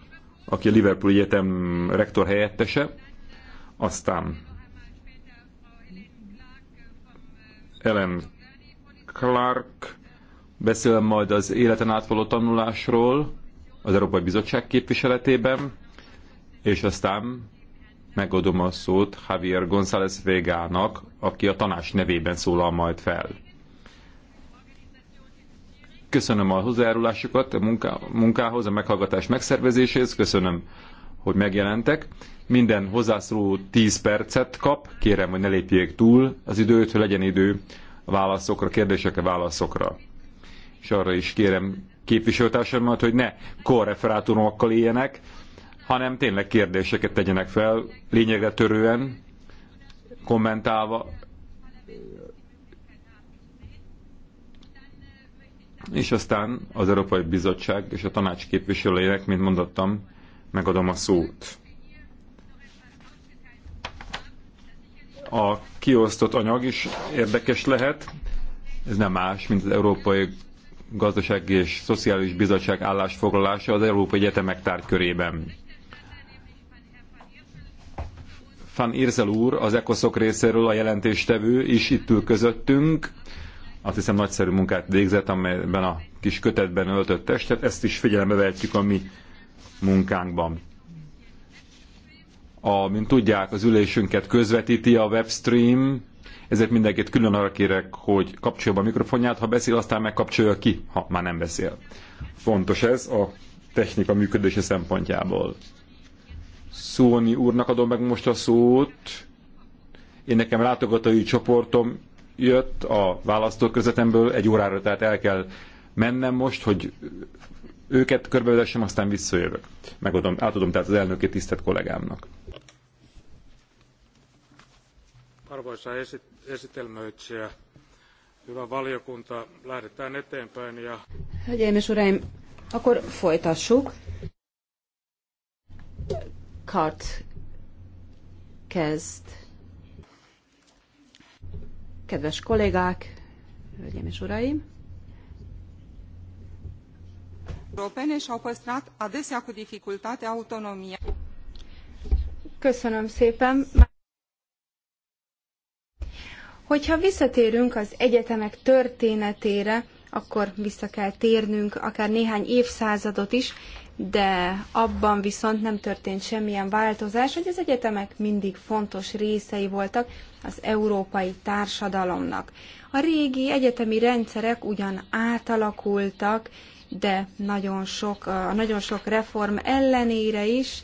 Speaker 1: aki a Liverpool Egyetem rektor helyettese, aztán Ellen Clark beszél majd az életen átvaló tanulásról az Európai Bizottság képviseletében, és aztán megadom a szót Javier González Végának, aki a tanács nevében szólal majd fel. Köszönöm a hozzájárulásukat a munkához, a meghallgatás megszervezéséhez, köszönöm hogy megjelentek. Minden hozzászóló 10 percet kap, kérem, hogy ne lépjék túl az időt, hogy legyen idő a válaszokra, kérdésekre, válaszokra. És arra is kérem képviselőtársamat, hogy ne korreferátumokkal éljenek, hanem tényleg kérdéseket tegyenek fel, lényegre törően, kommentálva. És aztán az Európai Bizottság és a tanács képviselőjének, mint mondottam, megadom a szót. A kiosztott anyag is érdekes lehet. Ez nem más, mint az Európai Gazdasági és Szociális Bizottság állásfoglalása az Európai Egyetemek tárgykörében. Fan Irzel úr, az ECOSZOK részéről a jelentéstevő is itt ül közöttünk. Azt hiszem nagyszerű munkát végzett, amelyben a kis kötetben öltött testet. Ezt is figyelembe vehetjük a mi munkánkban. A, mint tudják, az ülésünket közvetíti a webstream, ezért mindenkit külön arra kérek, hogy kapcsolja be a mikrofonját, ha beszél, aztán megkapcsolja ki, ha már nem beszél. Fontos ez a technika működése szempontjából. Szóni úrnak adom meg most a szót. Én nekem látogatói csoportom jött a választókörzetemből, egy órára, tehát el kell mennem most, hogy őket körbevezessem, aztán visszajövök. Megadom, átadom tehát az elnöki tisztelt kollégámnak.
Speaker 5: Arvoisa esitelmöitsijä, hyvä valiokunta, lähdetään eteenpäin. Ja...
Speaker 3: Hölgyeim és uraim, akkor folytassuk. Kart kezd. Kedves kollégák, hölgyeim és uraim!
Speaker 2: europene și au păstrat adesea cu dificultate autonomia. Köszönöm szépen! Hogyha visszatérünk az egyetemek történetére, akkor vissza kell térnünk akár néhány évszázadot is, de abban viszont nem történt semmilyen változás, hogy az egyetemek mindig fontos részei voltak az európai társadalomnak. A régi egyetemi rendszerek ugyan átalakultak, de nagyon sok, a nagyon sok reform ellenére is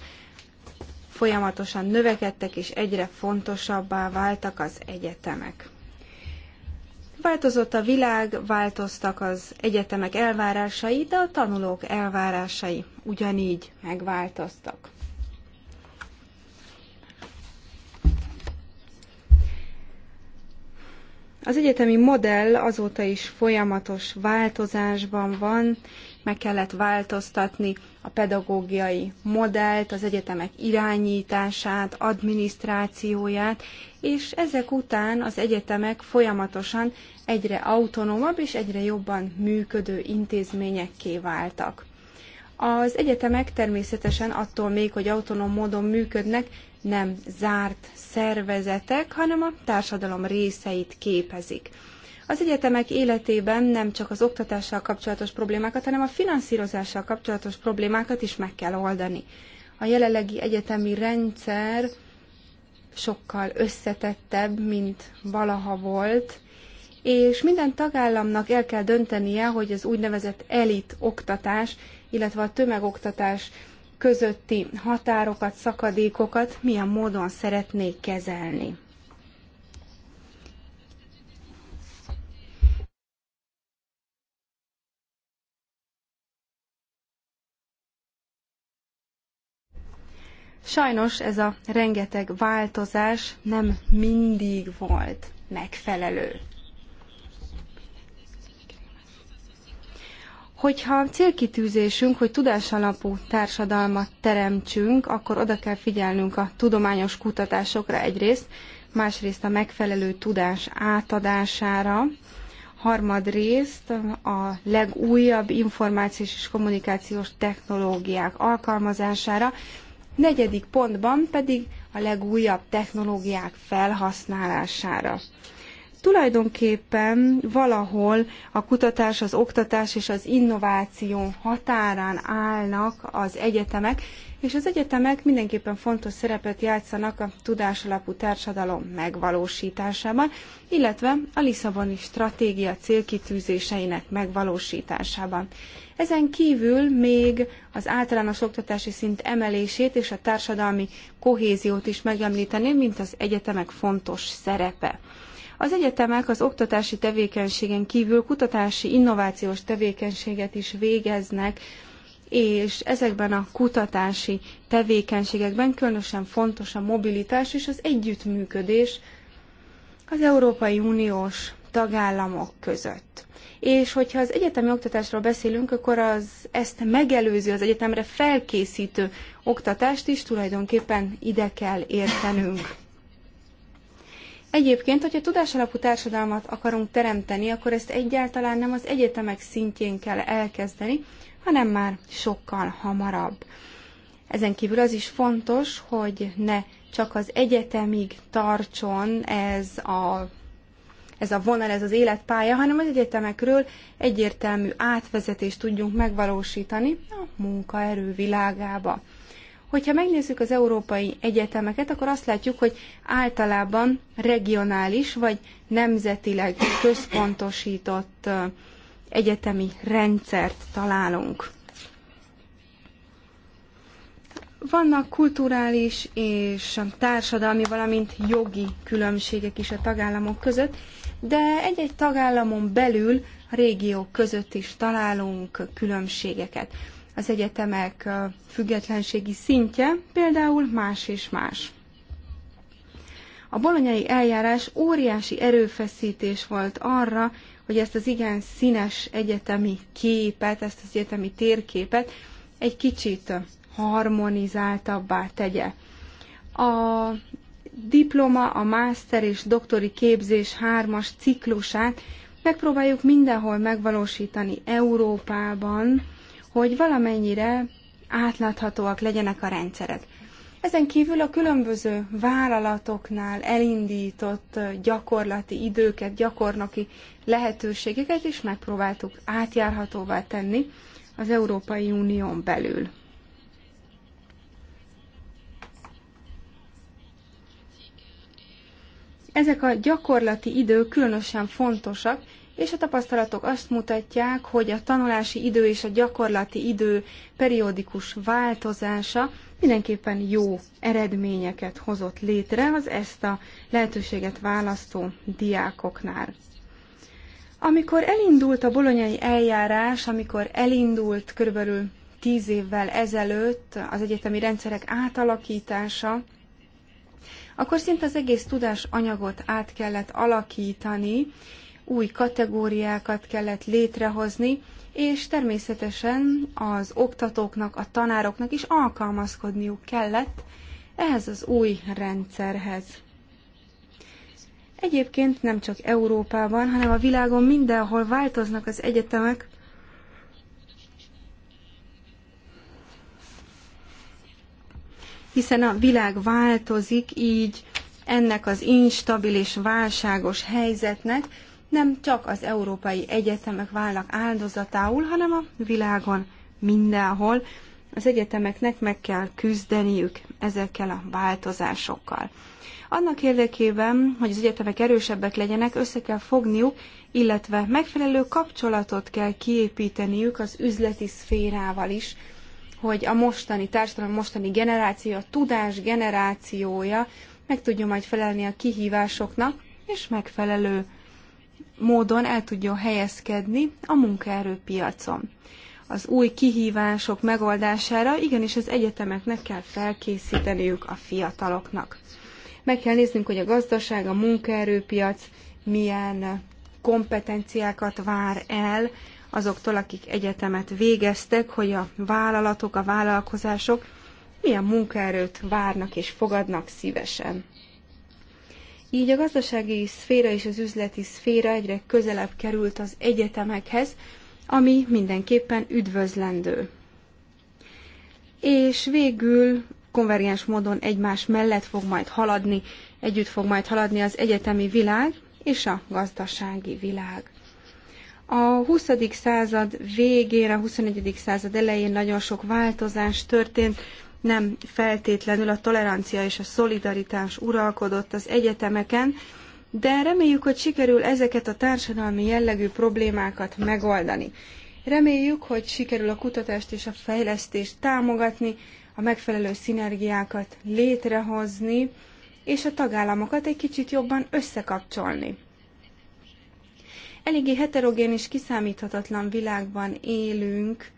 Speaker 2: folyamatosan növekedtek és egyre fontosabbá váltak az egyetemek. Változott a világ, változtak az egyetemek elvárásai, de a tanulók elvárásai ugyanígy megváltoztak. Az egyetemi modell azóta is folyamatos változásban van, meg kellett változtatni a pedagógiai modellt, az egyetemek irányítását, adminisztrációját, és ezek után az egyetemek folyamatosan egyre autonómabb és egyre jobban működő intézményekké váltak. Az egyetemek természetesen attól még, hogy autonóm módon működnek, nem zárt szervezetek, hanem a társadalom részeit képezik. Az egyetemek életében nem csak az oktatással kapcsolatos problémákat, hanem a finanszírozással kapcsolatos problémákat is meg kell oldani. A jelenlegi egyetemi rendszer sokkal összetettebb, mint valaha volt, és minden tagállamnak el kell döntenie, hogy az úgynevezett elit oktatás, illetve a tömegoktatás közötti határokat, szakadékokat milyen módon szeretnék kezelni. Sajnos ez a rengeteg változás nem mindig volt megfelelő. Hogyha célkitűzésünk, hogy tudásalapú társadalmat teremtsünk, akkor oda kell figyelnünk a tudományos kutatásokra egyrészt, másrészt a megfelelő tudás átadására, harmadrészt a legújabb információs és kommunikációs technológiák alkalmazására, negyedik pontban pedig a legújabb technológiák felhasználására tulajdonképpen valahol a kutatás, az oktatás és az innováció határán állnak az egyetemek, és az egyetemek mindenképpen fontos szerepet játszanak a tudásalapú társadalom megvalósításában, illetve a Lisszaboni stratégia célkitűzéseinek megvalósításában. Ezen kívül még az általános oktatási szint emelését és a társadalmi kohéziót is megemlíteném, mint az egyetemek fontos szerepe. Az egyetemek az oktatási tevékenységen kívül kutatási, innovációs tevékenységet is végeznek, és ezekben a kutatási tevékenységekben különösen fontos a mobilitás és az együttműködés az Európai Uniós tagállamok között. És hogyha az egyetemi oktatásról beszélünk, akkor az ezt megelőző, az egyetemre felkészítő oktatást is tulajdonképpen ide kell értenünk. Egyébként, hogyha tudásalapú társadalmat akarunk teremteni, akkor ezt egyáltalán nem az egyetemek szintjén kell elkezdeni, hanem már sokkal hamarabb. Ezen kívül az is fontos, hogy ne csak az egyetemig tartson ez a, ez a vonal, ez az életpálya, hanem az egyetemekről egyértelmű átvezetést tudjunk megvalósítani a munkaerő világába. Hogyha megnézzük az európai egyetemeket, akkor azt látjuk, hogy általában regionális vagy nemzetileg központosított egyetemi rendszert találunk. Vannak kulturális és társadalmi, valamint jogi különbségek is a tagállamok között, de egy-egy tagállamon belül a régiók között is találunk különbségeket az egyetemek függetlenségi szintje például más és más. A bolonyai eljárás óriási erőfeszítés volt arra, hogy ezt az igen színes egyetemi képet, ezt az egyetemi térképet egy kicsit harmonizáltabbá tegye. A diploma, a master és doktori képzés hármas ciklusát megpróbáljuk mindenhol megvalósítani Európában, hogy valamennyire átláthatóak legyenek a rendszerek. Ezen kívül a különböző vállalatoknál elindított gyakorlati időket, gyakornoki lehetőségeket is megpróbáltuk átjárhatóvá tenni az Európai Unión belül. Ezek a gyakorlati idők különösen fontosak, és a tapasztalatok azt mutatják, hogy a tanulási idő és a gyakorlati idő periódikus változása mindenképpen jó eredményeket hozott létre az ezt a lehetőséget választó diákoknál. Amikor elindult a bolonyai eljárás, amikor elindult körülbelül tíz évvel ezelőtt az egyetemi rendszerek átalakítása, akkor szinte az egész tudásanyagot át kellett alakítani, új kategóriákat kellett létrehozni, és természetesen az oktatóknak, a tanároknak is alkalmazkodniuk kellett ehhez az új rendszerhez. Egyébként nem csak Európában, hanem a világon mindenhol változnak az egyetemek, hiszen a világ változik, így ennek az instabil és válságos helyzetnek nem csak az európai egyetemek válnak áldozatául, hanem a világon mindenhol. Az egyetemeknek meg kell küzdeniük ezekkel a változásokkal. Annak érdekében, hogy az egyetemek erősebbek legyenek, össze kell fogniuk, illetve megfelelő kapcsolatot kell kiépíteniük az üzleti szférával is, hogy a mostani társadalom, a mostani generáció, a tudás generációja meg tudja majd felelni a kihívásoknak, és megfelelő módon el tudjon helyezkedni a munkaerőpiacon. Az új kihívások megoldására igenis az egyetemeknek kell felkészíteniük a fiataloknak. Meg kell néznünk, hogy a gazdaság, a munkaerőpiac milyen kompetenciákat vár el azoktól, akik egyetemet végeztek, hogy a vállalatok, a vállalkozások milyen munkaerőt várnak és fogadnak szívesen. Így a gazdasági szféra és az üzleti szféra egyre közelebb került az egyetemekhez, ami mindenképpen üdvözlendő. És végül konvergens módon egymás mellett fog majd haladni, együtt fog majd haladni az egyetemi világ és a gazdasági világ. A 20. század végén, a 21. század elején nagyon sok változás történt, nem feltétlenül a tolerancia és a szolidaritás uralkodott az egyetemeken, de reméljük, hogy sikerül ezeket a társadalmi jellegű problémákat megoldani. Reméljük, hogy sikerül a kutatást és a fejlesztést támogatni, a megfelelő szinergiákat létrehozni, és a tagállamokat egy kicsit jobban összekapcsolni. Eléggé heterogén és kiszámíthatatlan világban élünk,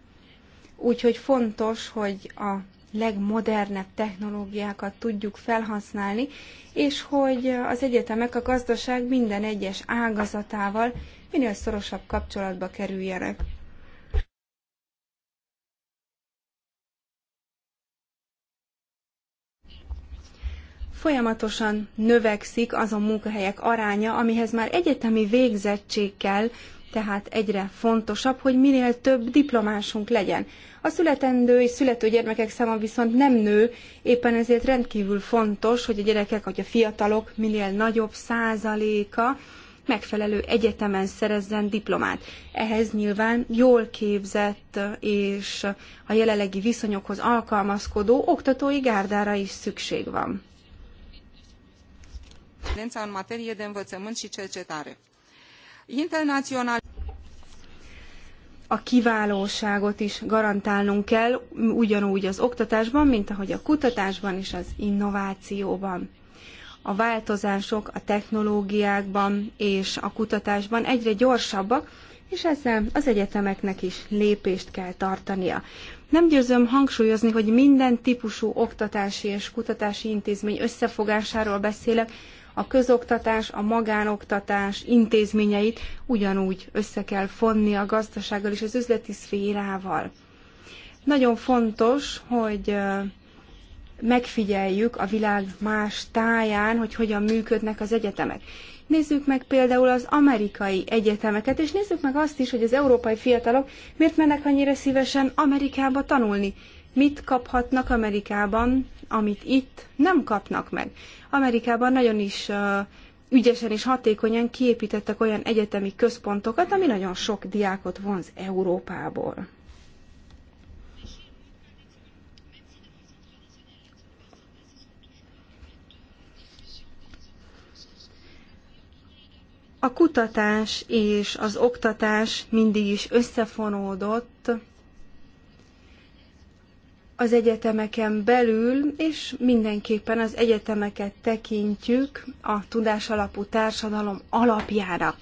Speaker 2: úgyhogy fontos, hogy a legmodernebb technológiákat tudjuk felhasználni, és hogy az egyetemek a gazdaság minden egyes ágazatával minél szorosabb kapcsolatba kerüljenek. Folyamatosan növekszik az a munkahelyek aránya, amihez már egyetemi végzettség kell, tehát egyre fontosabb, hogy minél több diplomásunk legyen. A születendő és születő gyermekek száma viszont nem nő, éppen ezért rendkívül fontos, hogy a gyerekek vagy a fiatalok minél nagyobb százaléka megfelelő egyetemen szerezzen diplomát. Ehhez nyilván jól képzett és a jelenlegi viszonyokhoz alkalmazkodó oktatói gárdára is szükség van. În materie de învățământ și cercetare internacional a kiválóságot is garantálnunk kell, ugyanúgy az oktatásban, mint ahogy a kutatásban és az innovációban. A változások a technológiákban és a kutatásban egyre gyorsabbak, és ezzel az egyetemeknek is lépést kell tartania. Nem győzöm hangsúlyozni, hogy minden típusú oktatási és kutatási intézmény összefogásáról beszélek, a közoktatás, a magánoktatás intézményeit ugyanúgy össze kell fonni a gazdasággal és az üzleti szférával. Nagyon fontos, hogy megfigyeljük a világ más táján, hogy hogyan működnek az egyetemek. Nézzük meg például az amerikai egyetemeket, és nézzük meg azt is, hogy az európai fiatalok miért mennek annyira szívesen Amerikába tanulni. Mit kaphatnak Amerikában, amit itt nem kapnak meg. Amerikában nagyon is ügyesen és hatékonyan kiépítettek olyan egyetemi központokat, ami nagyon sok diákot vonz Európából. A kutatás és az oktatás mindig is összefonódott, az egyetemeken belül, és mindenképpen az egyetemeket tekintjük a tudásalapú társadalom alapjára.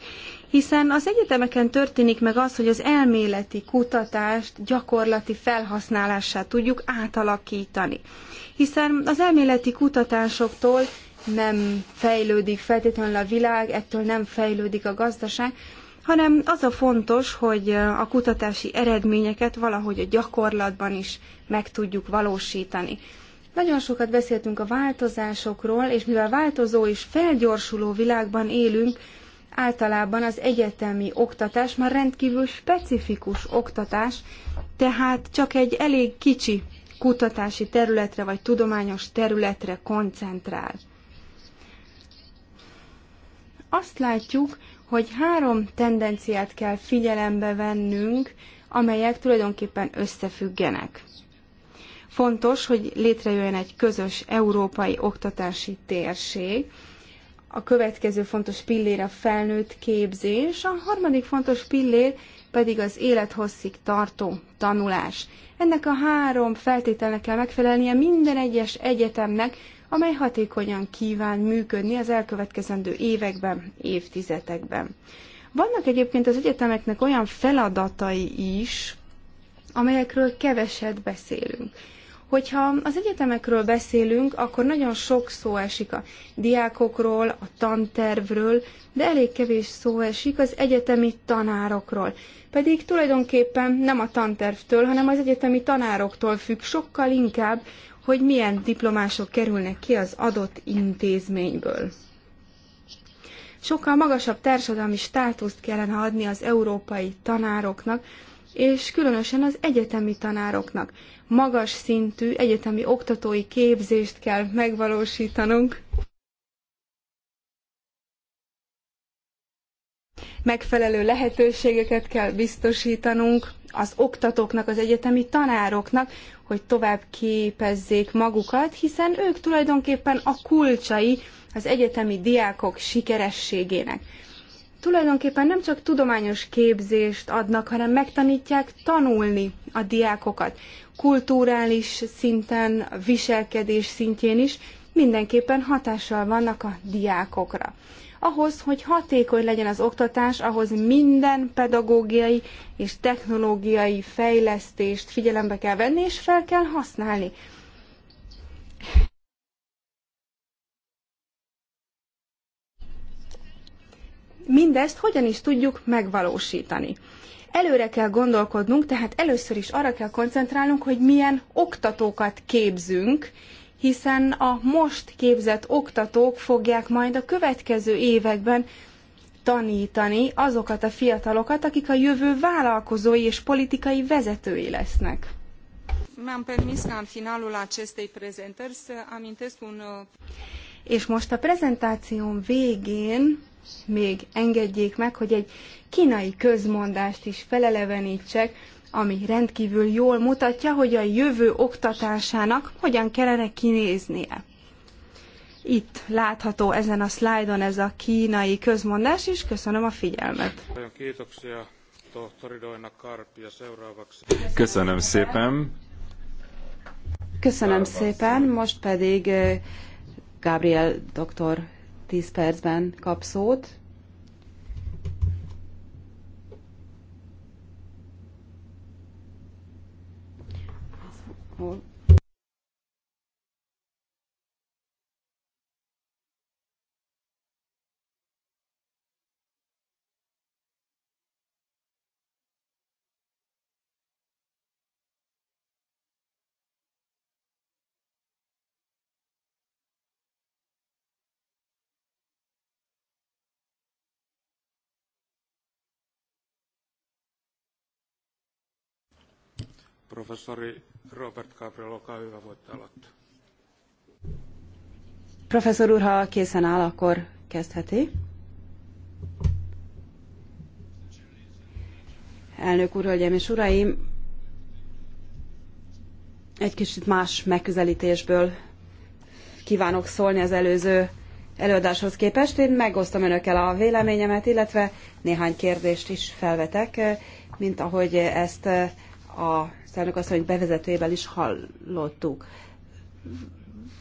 Speaker 2: Hiszen az egyetemeken történik meg az, hogy az elméleti kutatást gyakorlati felhasználássá tudjuk átalakítani. Hiszen az elméleti kutatásoktól nem fejlődik feltétlenül a világ, ettől nem fejlődik a gazdaság, hanem az a fontos, hogy a kutatási eredményeket valahogy a gyakorlatban is meg tudjuk valósítani. Nagyon sokat beszéltünk a változásokról, és mivel változó és felgyorsuló világban élünk, általában az egyetemi oktatás már rendkívül specifikus oktatás, tehát csak egy elég kicsi kutatási területre vagy tudományos területre koncentrál. Azt látjuk, hogy három tendenciát kell figyelembe vennünk, amelyek tulajdonképpen összefüggenek. Fontos, hogy létrejöjjön egy közös európai oktatási térség, a következő fontos pillér a felnőtt képzés, a harmadik fontos pillér pedig az élethosszig tartó tanulás. Ennek a három feltételnek kell megfelelnie minden egyes egyetemnek, amely hatékonyan kíván működni az elkövetkezendő években, évtizedekben. Vannak egyébként az egyetemeknek olyan feladatai is, amelyekről keveset beszélünk. Hogyha az egyetemekről beszélünk, akkor nagyon sok szó esik a diákokról, a tantervről, de elég kevés szó esik az egyetemi tanárokról. Pedig tulajdonképpen nem a tantervtől, hanem az egyetemi tanároktól függ sokkal inkább hogy milyen diplomások kerülnek ki az adott intézményből. Sokkal magasabb társadalmi státuszt kellene adni az európai tanároknak, és különösen az egyetemi tanároknak. Magas szintű egyetemi oktatói képzést kell megvalósítanunk. megfelelő lehetőségeket kell biztosítanunk az oktatóknak, az egyetemi tanároknak, hogy tovább képezzék magukat, hiszen ők tulajdonképpen a kulcsai az egyetemi diákok sikerességének. Tulajdonképpen nem csak tudományos képzést adnak, hanem megtanítják tanulni a diákokat. Kulturális szinten, viselkedés szintjén is mindenképpen hatással vannak a diákokra. Ahhoz, hogy hatékony legyen az oktatás, ahhoz minden pedagógiai és technológiai fejlesztést figyelembe kell venni, és fel kell használni. Mindezt hogyan is tudjuk megvalósítani? előre kell gondolkodnunk, tehát először is arra kell koncentrálnunk, hogy milyen oktatókat képzünk, hiszen a most képzett oktatók fogják majd a következő években tanítani azokat a fiatalokat, akik a jövő vállalkozói és politikai vezetői lesznek. am permis ca în finalul acestei prezentări să amintesc un... Uh, és most a prezentációm végén még engedjék meg, hogy egy kínai közmondást is felelevenítsek, ami rendkívül jól mutatja, hogy a jövő oktatásának hogyan kellene kinéznie. Itt látható ezen a szlájdon ez a kínai közmondás, is. köszönöm a figyelmet.
Speaker 1: Köszönöm szépen.
Speaker 3: Köszönöm szépen, most pedig eh, Gabriel doktor 10 percben kap szót. alapú
Speaker 5: Professzori Robert Gabriel, oka hyvä, voitte aloittaa.
Speaker 3: Professzor úr, ha készen áll, akkor kezdheti. Elnök úr, hölgyeim és uraim, egy kicsit más megközelítésből kívánok szólni az előző előadáshoz képest. Én megosztom önökkel a véleményemet, illetve néhány kérdést is felvetek, mint ahogy ezt a elnök asszony bevezetőjében is hallottuk.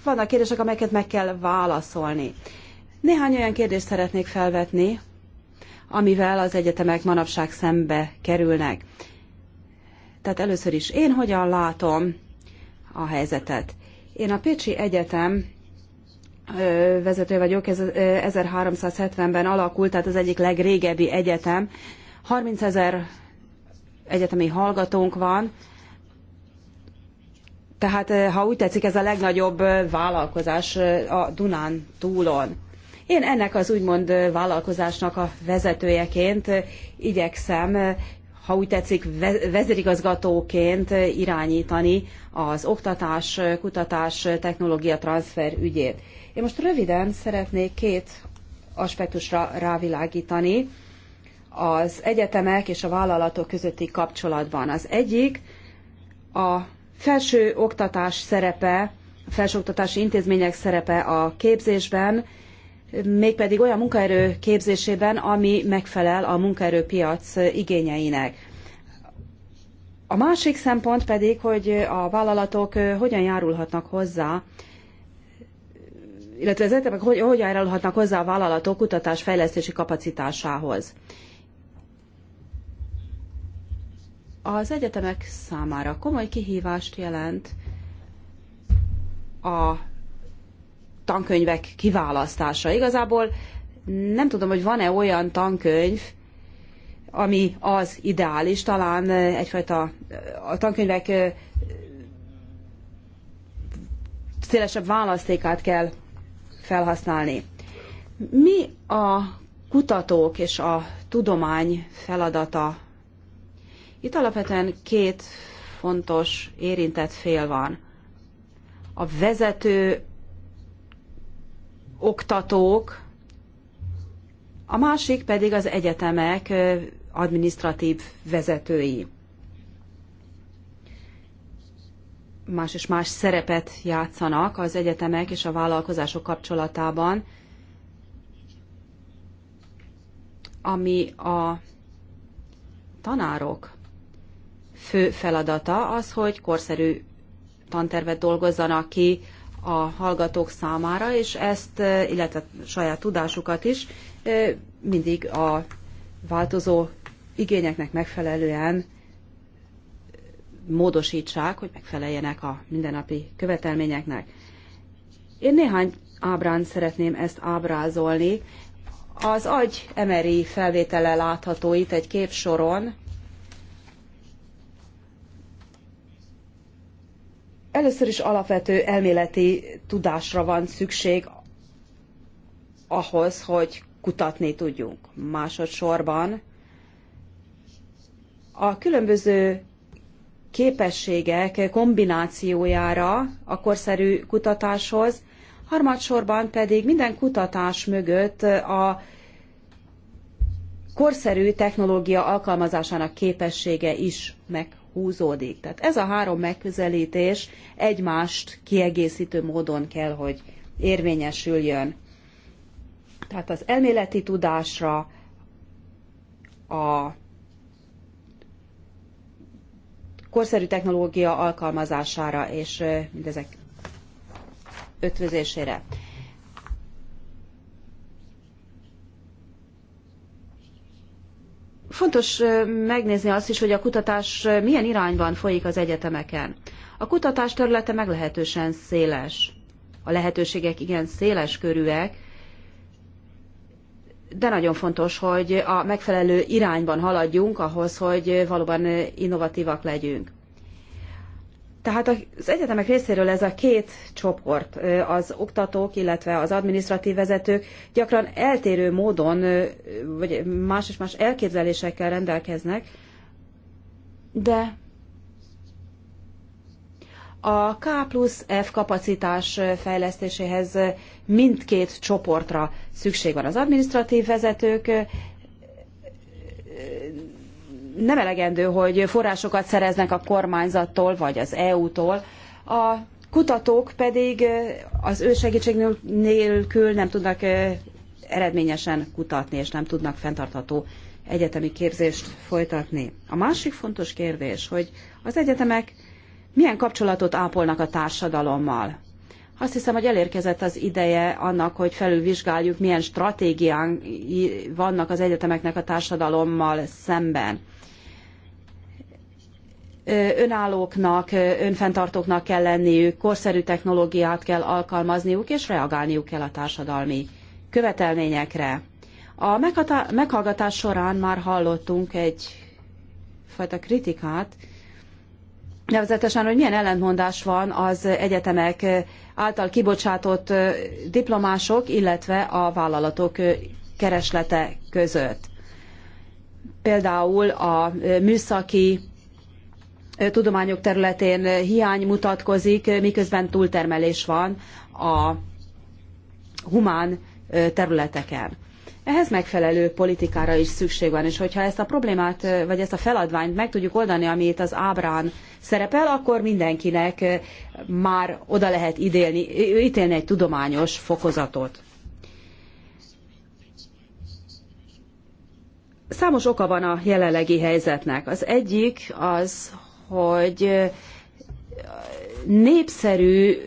Speaker 3: Vannak kérdések, amelyeket meg kell válaszolni. Néhány olyan kérdést szeretnék felvetni, amivel az egyetemek manapság szembe kerülnek. Tehát először is én hogyan látom a helyzetet. Én a Pécsi Egyetem vezető vagyok, ez 1370-ben alakult, tehát az egyik legrégebbi egyetem. 30 ezer egyetemi hallgatónk van, tehát, eh, ha úgy tetszik, ez a legnagyobb eh, vállalkozás eh, a Dunán túlon. Én ennek az úgymond vállalkozásnak a vezetőjeként igyekszem, ha úgy tetszik, vezérigazgatóként irányítani az oktatás, kutatás, technológia transfer ügyét. Én most röviden szeretnék két aspektusra rávilágítani az egyetemek és a vállalatok közötti kapcsolatban. Az egyik a felső oktatás szerepe, felsőoktatási intézmények szerepe a képzésben, mégpedig olyan munkaerő képzésében, ami megfelel a munkaerőpiac igényeinek. A másik szempont pedig, hogy a vállalatok hogyan járulhatnak hozzá, illetve az egyetemek hogyan járulhatnak hozzá a vállalatok kutatás fejlesztési kapacitásához. az egyetemek számára komoly kihívást jelent a tankönyvek kiválasztása. Igazából nem tudom, hogy van-e olyan tankönyv, ami az ideális, talán egyfajta a tankönyvek szélesebb választékát kell felhasználni. Mi a kutatók és a tudomány feladata itt alapvetően két fontos érintett fél van. A vezető oktatók, a másik pedig az egyetemek administratív vezetői. Más és más szerepet játszanak az egyetemek és a vállalkozások kapcsolatában, ami a tanárok fő feladata az, hogy korszerű tantervet dolgozzanak ki a hallgatók számára, és ezt, illetve saját tudásukat is mindig a változó igényeknek megfelelően módosítsák, hogy megfeleljenek a mindennapi követelményeknek. Én néhány ábrán szeretném ezt ábrázolni. Az agy emeri felvétele látható itt egy képsoron, Először is alapvető elméleti tudásra van szükség ahhoz, hogy kutatni tudjunk. Másodszorban a különböző képességek kombinációjára a korszerű kutatáshoz, harmadsorban pedig minden kutatás mögött a korszerű technológia alkalmazásának képessége is meg húzódik. Tehát ez a három megközelítés egymást kiegészítő módon kell, hogy érvényesüljön. Tehát az elméleti tudásra, a korszerű technológia alkalmazására és mindezek ötvözésére. Fontos megnézni azt is, hogy a kutatás milyen irányban folyik az egyetemeken. A kutatás területe meglehetősen széles. A lehetőségek igen széles körűek, de nagyon fontos, hogy a megfelelő irányban haladjunk ahhoz, hogy valóban innovatívak legyünk. Tehát az egyetemek részéről ez a két csoport, az oktatók, illetve az adminisztratív vezetők gyakran eltérő módon, vagy más és más elképzelésekkel rendelkeznek, de a K plusz F kapacitás fejlesztéséhez mindkét csoportra szükség van. Az adminisztratív vezetők nem elegendő, hogy forrásokat szereznek a kormányzattól vagy az EU-tól. A kutatók pedig az ő segítség nélkül nem tudnak eredményesen kutatni, és nem tudnak fenntartható egyetemi képzést folytatni. A másik fontos kérdés, hogy az egyetemek milyen kapcsolatot ápolnak a társadalommal. Azt hiszem, hogy elérkezett az ideje annak, hogy felülvizsgáljuk, milyen stratégiái vannak az egyetemeknek a társadalommal szemben önállóknak, önfenntartóknak kell lenniük, korszerű technológiát kell alkalmazniuk, és reagálniuk kell a társadalmi követelményekre. A meghallgatás során már hallottunk egy fajta kritikát, nevezetesen, hogy milyen ellentmondás van az egyetemek által kibocsátott diplomások, illetve a vállalatok kereslete között. Például a műszaki tudományok területén hiány mutatkozik, miközben túltermelés van a humán területeken. Ehhez megfelelő politikára is szükség van, és hogyha ezt a problémát, vagy ezt a feladványt meg tudjuk oldani, ami itt az ábrán szerepel, akkor mindenkinek már oda lehet idélni, ítélni egy tudományos fokozatot. Számos oka van a jelenlegi helyzetnek. Az egyik az, hogy népszerű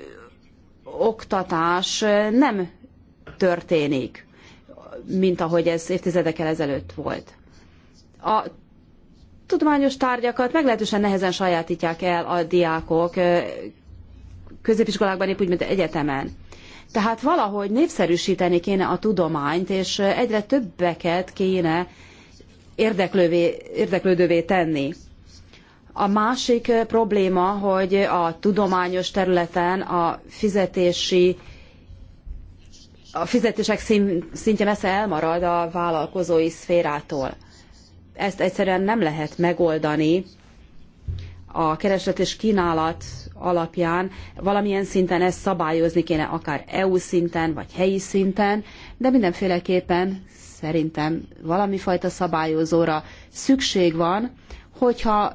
Speaker 3: oktatás nem történik, mint ahogy ez évtizedekkel ezelőtt volt. A tudományos tárgyakat meglehetősen nehezen sajátítják el a diákok középiskolákban, épp úgy, mint egyetemen. Tehát valahogy népszerűsíteni kéne a tudományt, és egyre többeket kéne érdeklővé, érdeklődővé tenni. A másik probléma, hogy a tudományos területen a fizetési a fizetések szintje messze elmarad a vállalkozói szférától. Ezt egyszerűen nem lehet megoldani a kereslet és kínálat alapján. Valamilyen szinten ezt szabályozni kéne, akár EU szinten, vagy helyi szinten, de mindenféleképpen szerintem valami fajta szabályozóra szükség van, hogyha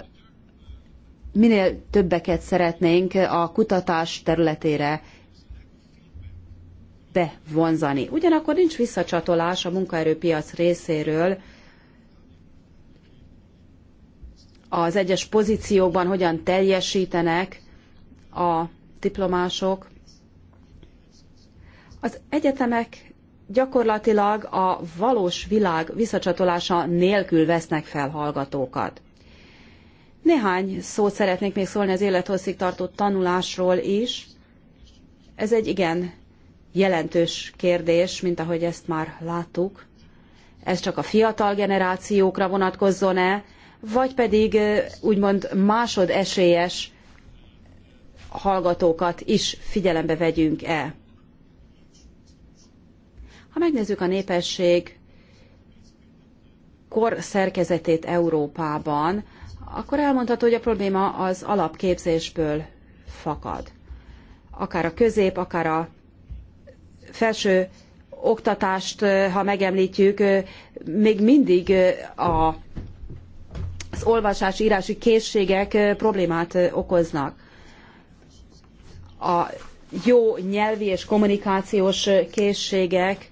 Speaker 3: minél többeket szeretnénk a kutatás területére bevonzani. Ugyanakkor nincs visszacsatolás a munkaerőpiac részéről az egyes pozíciókban hogyan teljesítenek a diplomások. Az egyetemek gyakorlatilag a valós világ visszacsatolása nélkül vesznek fel hallgatókat. Néhány szót szeretnék még szólni az élethosszig tartó tanulásról is. Ez egy igen jelentős kérdés, mint ahogy ezt már láttuk. Ez csak a fiatal generációkra vonatkozzon-e, vagy pedig úgymond esélyes hallgatókat is figyelembe vegyünk-e. Ha megnézzük a népesség kor szerkezetét Európában, akkor elmondható, hogy a probléma az alapképzésből fakad. Akár a közép, akár a felső oktatást, ha megemlítjük, még mindig a, az olvasás, írási készségek problémát okoznak. A jó nyelvi és kommunikációs készségek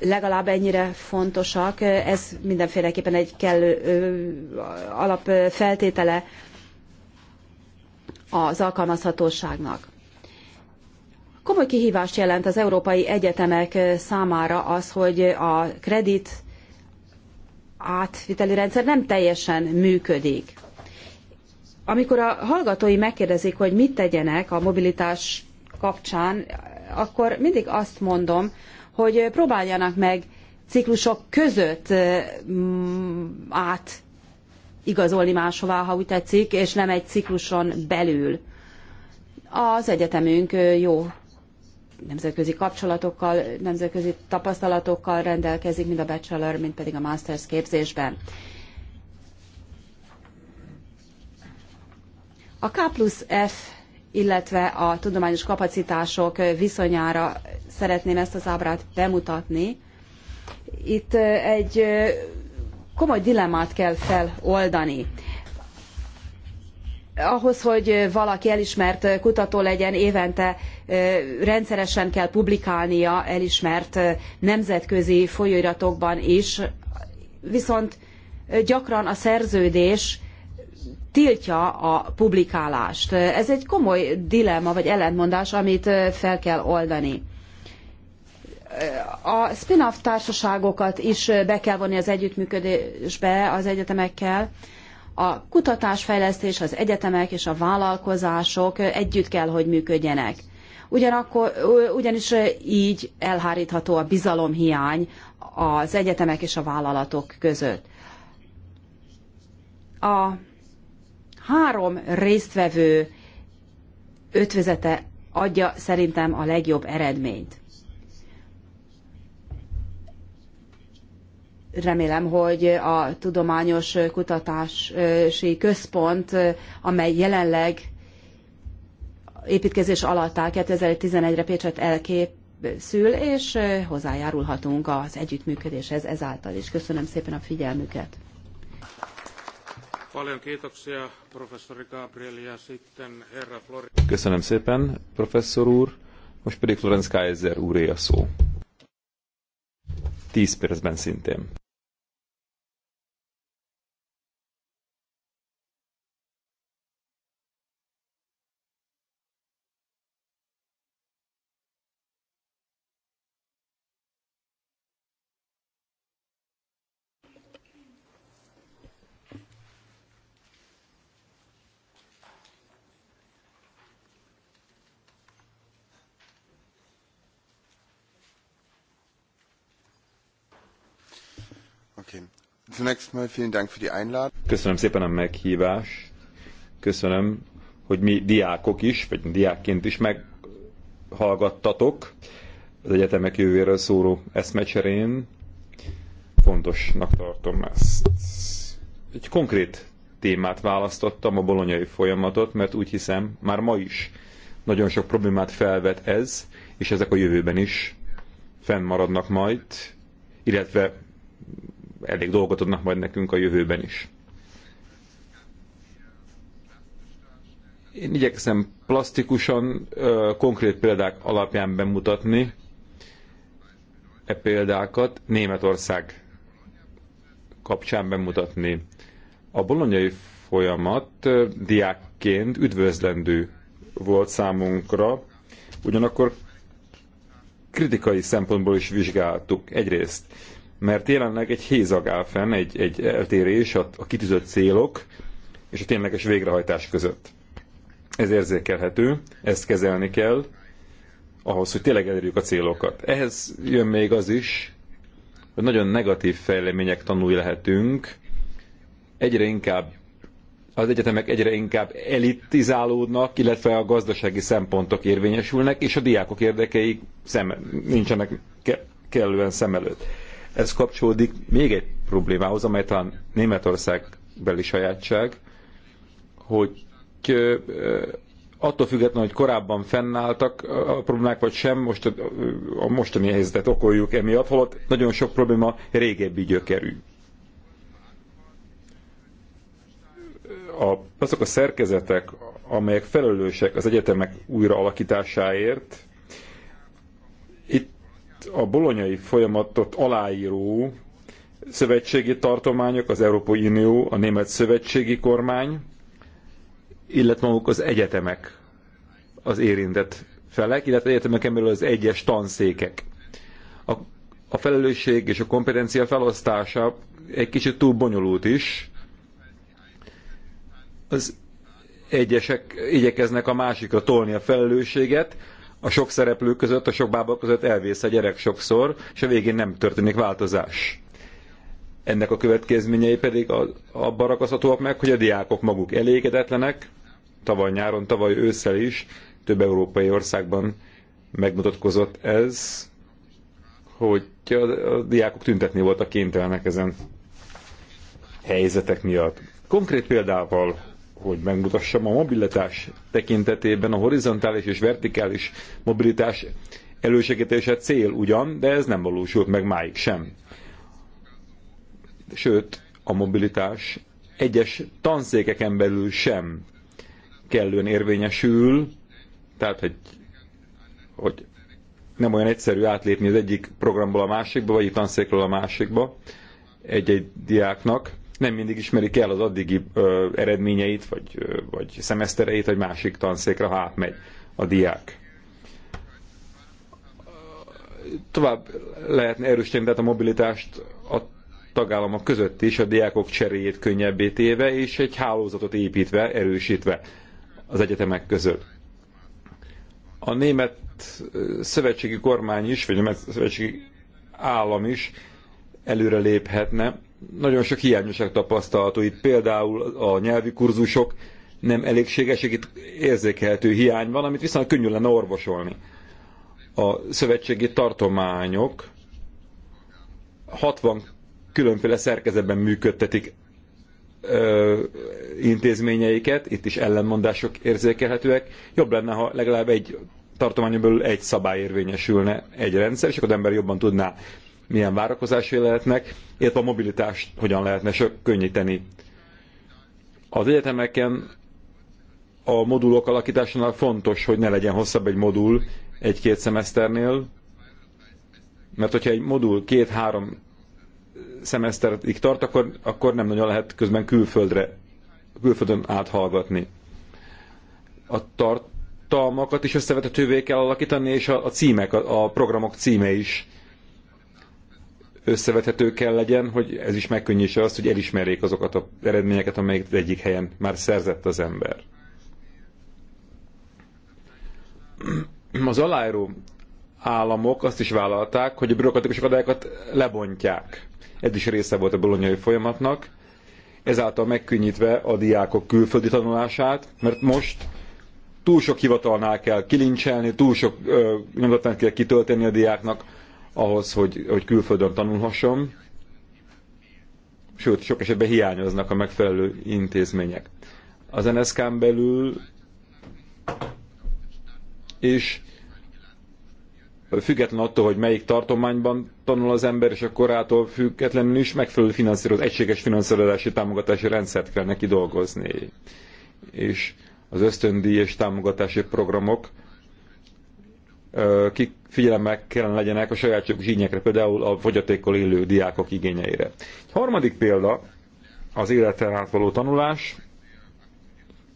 Speaker 3: legalább ennyire fontosak. Ez mindenféleképpen egy kellő alapfeltétele az alkalmazhatóságnak. Komoly kihívást jelent az európai egyetemek számára az, hogy a kredit átviteli rendszer nem teljesen működik. Amikor a hallgatói megkérdezik, hogy mit tegyenek a mobilitás kapcsán, akkor mindig azt mondom, hogy próbáljanak meg ciklusok között mm, át igazolni máshová, ha úgy tetszik, és nem egy cikluson belül. Az egyetemünk jó nemzetközi kapcsolatokkal, nemzetközi tapasztalatokkal rendelkezik, mind a bachelor, mind pedig a master's képzésben. A K plusz F illetve a tudományos kapacitások viszonyára szeretném ezt az ábrát bemutatni. Itt egy komoly dilemmát kell feloldani. Ahhoz, hogy valaki elismert kutató legyen, évente rendszeresen kell publikálnia elismert nemzetközi folyóiratokban is, viszont gyakran a szerződés tiltja a publikálást. Ez egy komoly dilemma vagy ellentmondás, amit fel kell oldani. A spin-off társaságokat is be kell vonni az együttműködésbe az egyetemekkel. A kutatásfejlesztés, az egyetemek és a vállalkozások együtt kell, hogy működjenek. Ugyanakkor, ugyanis így elhárítható a bizalomhiány az egyetemek és a vállalatok között. A három résztvevő ötvözete adja szerintem a legjobb eredményt. Remélem, hogy a Tudományos Kutatási Központ, amely jelenleg építkezés alatt áll 2011-re Pécset elkészül, és hozzájárulhatunk az együttműködéshez
Speaker 5: ezáltal is. Köszönöm
Speaker 3: szépen a figyelmüket.
Speaker 5: Paljon
Speaker 1: Köszönöm szépen, professzor úr. Most pedig Florence Kaiser úré a szó. Tíz percben
Speaker 5: szintén. Köszönöm szépen
Speaker 1: a meghívást. Köszönöm, hogy mi diákok is, vagy diákként is meghallgattatok az egyetemek jövőjéről szóró eszmecserén. Fontosnak tartom ezt. Egy konkrét témát választottam, a bolonyai folyamatot, mert úgy hiszem, már ma is nagyon sok problémát felvet ez, és ezek a jövőben is fennmaradnak majd, illetve elég dolgot adnak majd nekünk a jövőben is. Én igyekszem plastikusan konkrét példák alapján bemutatni e példákat Németország kapcsán bemutatni. A bolonyai folyamat diákként üdvözlendő volt számunkra, ugyanakkor kritikai szempontból is vizsgáltuk. Egyrészt mert jelenleg egy hézag áll fenn, egy, egy eltérés a, a kitűzött célok és a tényleges végrehajtás között. Ez érzékelhető, ezt kezelni kell, ahhoz, hogy tényleg elérjük a célokat. Ehhez jön még az is, hogy nagyon negatív fejlemények tanulj lehetünk, egyre inkább az egyetemek egyre inkább elitizálódnak, illetve a gazdasági szempontok érvényesülnek, és a diákok érdekei szem, nincsenek ke- kellően szem előtt. Ez kapcsolódik még egy problémához, amely talán Németország beli sajátság, hogy attól függetlenül, hogy korábban fennálltak a problémák, vagy sem, most a, mostani helyzetet okoljuk emiatt, holott nagyon sok probléma régebbi gyökerű. A, azok a szerkezetek, amelyek felelősek az egyetemek újraalakításáért, itt a bolonyai folyamatot aláíró szövetségi tartományok, az Európai Unió, a német szövetségi kormány, illetve maguk az egyetemek az érintett felek, illetve egyetemeken belül az egyes tanszékek. A, a felelősség és a kompetencia felosztása egy kicsit túl bonyolult is. Az egyesek igyekeznek a másikra tolni a felelősséget, a sok szereplő között, a sok bába között elvész a gyerek sokszor, és a végén nem történik változás. Ennek a következményei pedig abban rakaszhatóak meg, hogy a diákok maguk elégedetlenek, tavaly nyáron, tavaly ősszel is, több európai országban megmutatkozott ez, hogy a, diákok tüntetni voltak kénytelenek ezen helyzetek miatt. Konkrét példával hogy megmutassam, a mobilitás tekintetében a horizontális és vertikális mobilitás elősegítése cél ugyan, de ez nem valósult meg máig sem. Sőt, a mobilitás egyes tanszékeken belül sem kellően érvényesül, tehát hogy, hogy nem olyan egyszerű átlépni az egyik programból a másikba, vagy egy tanszékről a másikba egy-egy diáknak nem mindig ismerik el az addigi ö, eredményeit, vagy, ö, vagy szemesztereit, vagy másik tanszékre, ha átmegy a diák. Tovább lehetne erősíteni tehát a mobilitást a tagállamok között is, a diákok cseréjét könnyebbé téve, és egy hálózatot építve, erősítve az egyetemek között. A német szövetségi kormány is, vagy a német szövetségi állam is előre léphetne nagyon sok hiányosak tapasztalható itt, például a nyelvi kurzusok nem elégségesek, itt érzékelhető hiány van, amit viszont könnyű lenne orvosolni. A szövetségi tartományok 60 különféle szerkezetben működtetik intézményeiket, itt is ellenmondások érzékelhetőek. Jobb lenne, ha legalább egy tartományon belül egy szabály érvényesülne, egy rendszer, és akkor az ember jobban tudná milyen várakozásai lehetnek, illetve a mobilitást hogyan lehetne könnyíteni. Az egyetemeken a modulok alakításánál fontos, hogy ne legyen hosszabb egy modul egy-két szemeszternél, mert hogyha egy modul két-három szemeszterig tart, akkor, akkor nem nagyon lehet közben külföldre, külföldön áthallgatni. A tartalmakat is összevetetővé kell alakítani, és a, a címek, a, a programok címe is összevethető kell legyen, hogy ez is megkönnyítse azt, hogy elismerjék azokat az eredményeket, amelyeket egyik helyen már szerzett az ember. Az aláíró államok azt is vállalták, hogy a bürokratikus akadályokat lebontják. Ez is része volt a bolonyai folyamatnak, ezáltal megkönnyítve a diákok külföldi tanulását, mert most túl sok hivatalnál kell kilincselni, túl sok ö, nyomtatványt kell kitölteni a diáknak, ahhoz, hogy, hogy külföldön tanulhassam, sőt, sok esetben hiányoznak a megfelelő intézmények. Az nsk n belül és független attól, hogy melyik tartományban tanul az ember, és a korától függetlenül is megfelelő finanszíroz, egységes finanszírozási támogatási rendszert kell neki dolgozni. És az ösztöndíj és támogatási programok kik figyelemmel kellene legyenek a sajátjuk zsínyekre, például a fogyatékkal élő diákok igényeire. Egy harmadik példa az életen való tanulás,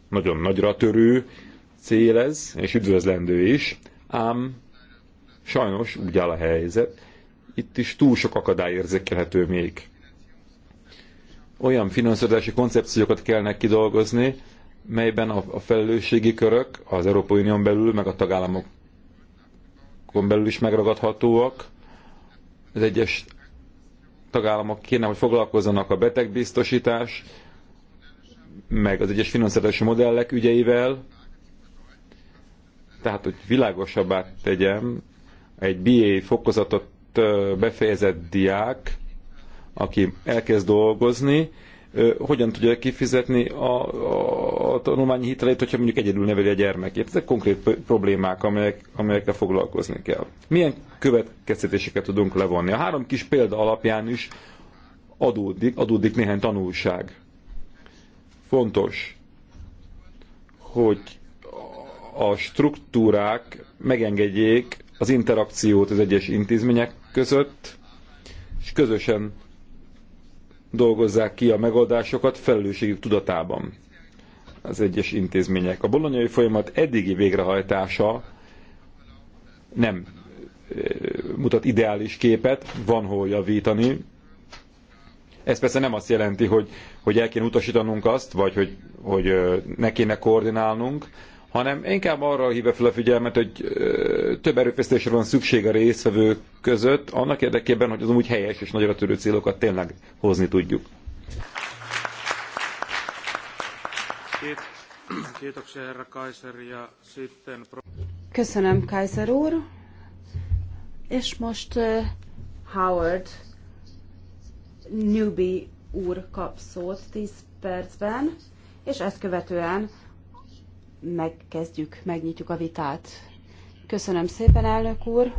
Speaker 1: nagyon nagyra törő célez, és üdvözlendő is, ám sajnos úgy áll a helyzet, itt is túl sok akadály érzékelhető még. Olyan finanszírozási koncepciókat kellene kidolgozni, melyben a, a felelősségi körök az Európai Unión belül, meg a tagállamok országokon belül is megragadhatóak. Az egyes tagállamok kéne, hogy foglalkozzanak a betegbiztosítás, meg az egyes finanszírozási modellek ügyeivel. Tehát, hogy világosabbá tegyem, egy BA fokozatot befejezett diák, aki elkezd dolgozni, hogyan tudja kifizetni a, a, a tanulmányi hitelét, hogyha mondjuk egyedül neveli a gyermekét. Ezek konkrét problémák, amelyek, amelyekkel foglalkozni kell. Milyen következtetéseket tudunk levonni? A három kis példa alapján is adódik, adódik néhány tanulság. Fontos, hogy a struktúrák megengedjék az interakciót az egyes intézmények között, és közösen dolgozzák ki a megoldásokat felelősségük tudatában az egyes intézmények. A bolonyai folyamat eddigi végrehajtása nem mutat ideális képet, van hol javítani. Ez persze nem azt jelenti, hogy, hogy el kéne utasítanunk azt, vagy hogy, hogy ne kéne koordinálnunk, hanem inkább arra hívja fel a figyelmet, hogy több erőfeszítésre van szükség a résztvevők között, annak érdekében, hogy az úgy helyes és nagyra törő célokat tényleg hozni tudjuk.
Speaker 3: Köszönöm, Kaiser úr. És most Howard Newby úr kap szót 10 percben, és ezt követően megkezdjük, megnyitjuk a vitát. Köszönöm szépen, elnök úr!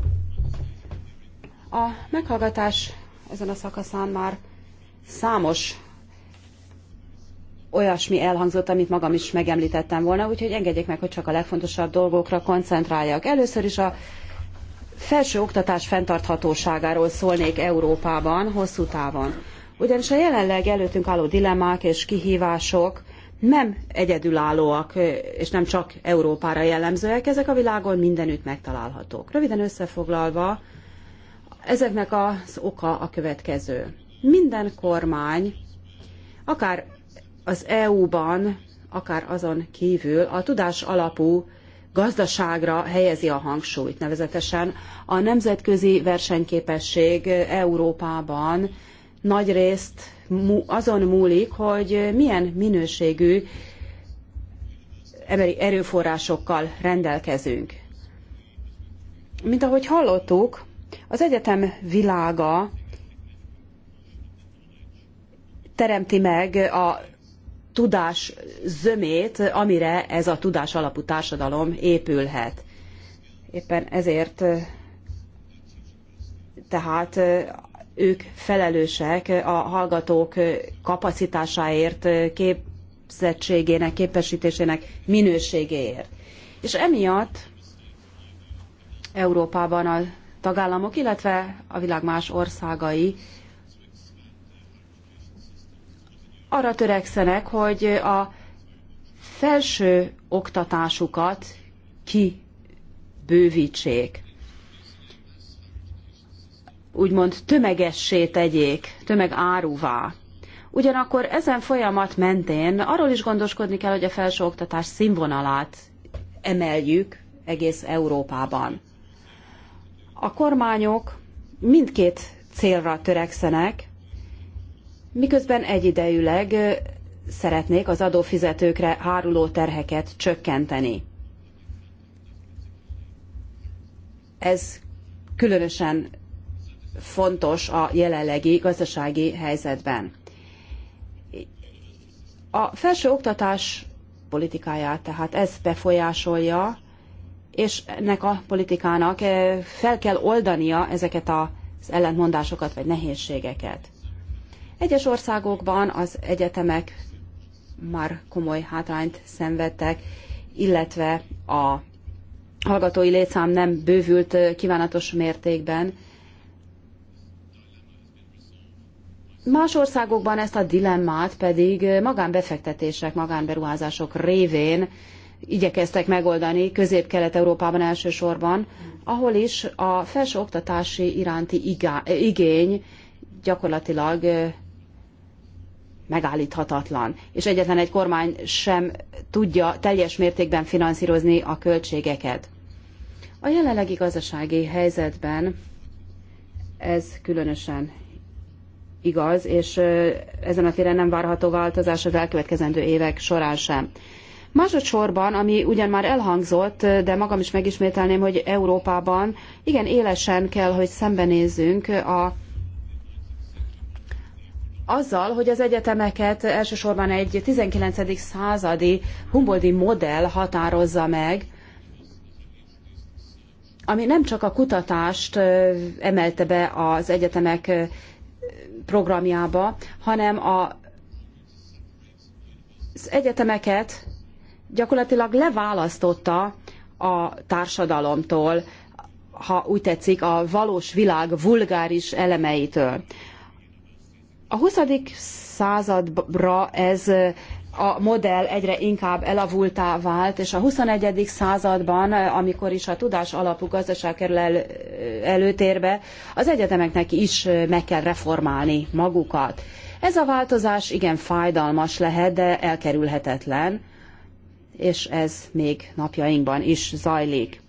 Speaker 3: A meghallgatás ezen a szakaszán már számos olyasmi elhangzott, amit magam is megemlítettem volna, úgyhogy engedjék meg, hogy csak a legfontosabb dolgokra koncentráljak. Először is a felső oktatás fenntarthatóságáról szólnék Európában hosszú távon. Ugyanis a jelenleg előttünk álló dilemmák és kihívások nem egyedülállóak, és nem csak Európára jellemzőek, ezek a világon mindenütt megtalálhatók. Röviden összefoglalva, ezeknek az oka a következő. Minden kormány, akár az EU-ban, akár azon kívül a tudás alapú gazdaságra helyezi a hangsúlyt, nevezetesen a nemzetközi versenyképesség Európában nagyrészt azon múlik, hogy milyen minőségű emberi erőforrásokkal rendelkezünk. Mint ahogy hallottuk, az egyetem világa teremti meg a tudás zömét, amire ez a tudás alapú társadalom épülhet. Éppen ezért eh, tehát eh, ők felelősek a hallgatók kapacitásáért, képzettségének, képesítésének, minőségéért. És emiatt Európában a tagállamok, illetve a világ más országai arra törekszenek, hogy a felső oktatásukat kibővítsék úgymond tömegessé tegyék, áruvá. Ugyanakkor ezen folyamat mentén arról is gondoskodni kell, hogy a felsőoktatás színvonalát emeljük egész Európában. A kormányok mindkét célra törekszenek, miközben egyidejűleg szeretnék az adófizetőkre háruló terheket csökkenteni. Ez különösen fontos a jelenlegi gazdasági helyzetben. A felső oktatás politikáját, tehát ez befolyásolja, és ennek a politikának eh, fel kell oldania ezeket az ellentmondásokat vagy nehézségeket. Egyes országokban az egyetemek már komoly hátrányt szenvedtek, illetve a hallgatói létszám nem bővült eh, kívánatos mértékben, Más országokban ezt a dilemmát pedig eh, magánbefektetések, magánberuházások révén igyekeztek megoldani, közép-kelet-európában elsősorban, ahol is a felsőoktatási iránti igény gyakorlatilag eh, megállíthatatlan, és egyetlen egy kormány sem tudja teljes mértékben finanszírozni a költségeket. A jelenlegi gazdasági helyzetben ez különösen igaz, és ezen a téren nem várható változás az elkövetkezendő évek során sem. Másodszorban, ami ugyan már elhangzott, de magam is megismételném, hogy Európában igen élesen kell, hogy szembenézzünk a azzal, hogy az egyetemeket elsősorban egy 19. századi humboldi modell határozza meg, ami nem csak a kutatást emelte be az egyetemek programjába, hanem a, az egyetemeket gyakorlatilag leválasztotta a társadalomtól, ha úgy tetszik, a valós világ vulgáris elemeitől. A 20. századra ez a modell egyre inkább elavultá vált, és a 21. században, amikor is a tudás alapú gazdaság kerül el, előtérbe, az egyetemeknek is meg kell reformálni magukat. Ez a változás igen fájdalmas lehet, de elkerülhetetlen, és ez még napjainkban is zajlik.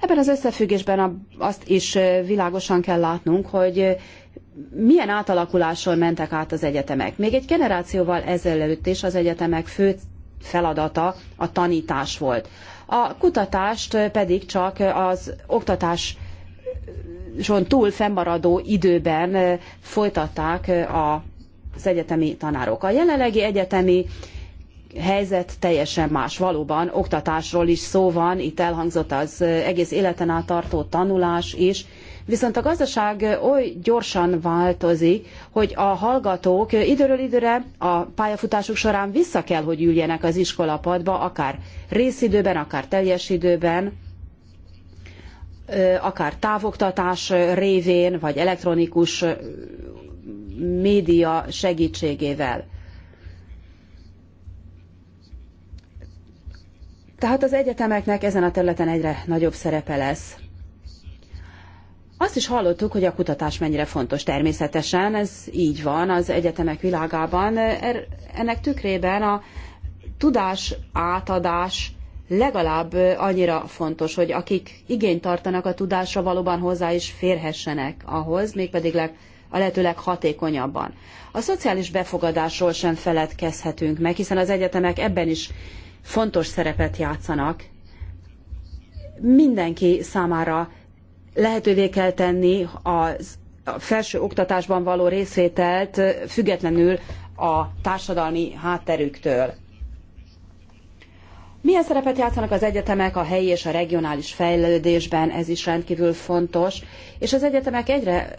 Speaker 3: Ebben az összefüggésben azt is világosan kell látnunk, hogy milyen átalakuláson mentek át az egyetemek. Még egy generációval ezelőtt is az egyetemek fő feladata a tanítás volt. A kutatást pedig csak az oktatás, son túl fennmaradó időben folytatták az egyetemi tanárok. A jelenlegi egyetemi helyzet teljesen más. Valóban oktatásról is szó van, itt elhangzott az egész életen át tartó tanulás is, Viszont a gazdaság oly gyorsan változik, hogy a hallgatók időről időre a pályafutásuk során vissza kell, hogy üljenek az iskolapadba, akár részidőben, akár teljes időben, akár távoktatás révén, vagy elektronikus média segítségével. Tehát az egyetemeknek ezen a területen egyre nagyobb szerepe lesz. Azt is hallottuk, hogy a kutatás mennyire fontos. Természetesen ez így van az egyetemek világában. Er Ennek tükrében a tudás átadás legalább annyira fontos, hogy akik igényt tartanak a tudásra, valóban hozzá is férhessenek ahhoz, mégpedig leg, a lehető leghatékonyabban. A szociális befogadásról sem feledkezhetünk meg, hiszen az egyetemek ebben is fontos szerepet játszanak. Mindenki számára lehetővé kell tenni az a felső oktatásban való részvételt függetlenül a társadalmi hátterüktől. Milyen szerepet játszanak az egyetemek a helyi és a regionális fejlődésben, ez is rendkívül fontos, és az egyetemek egyre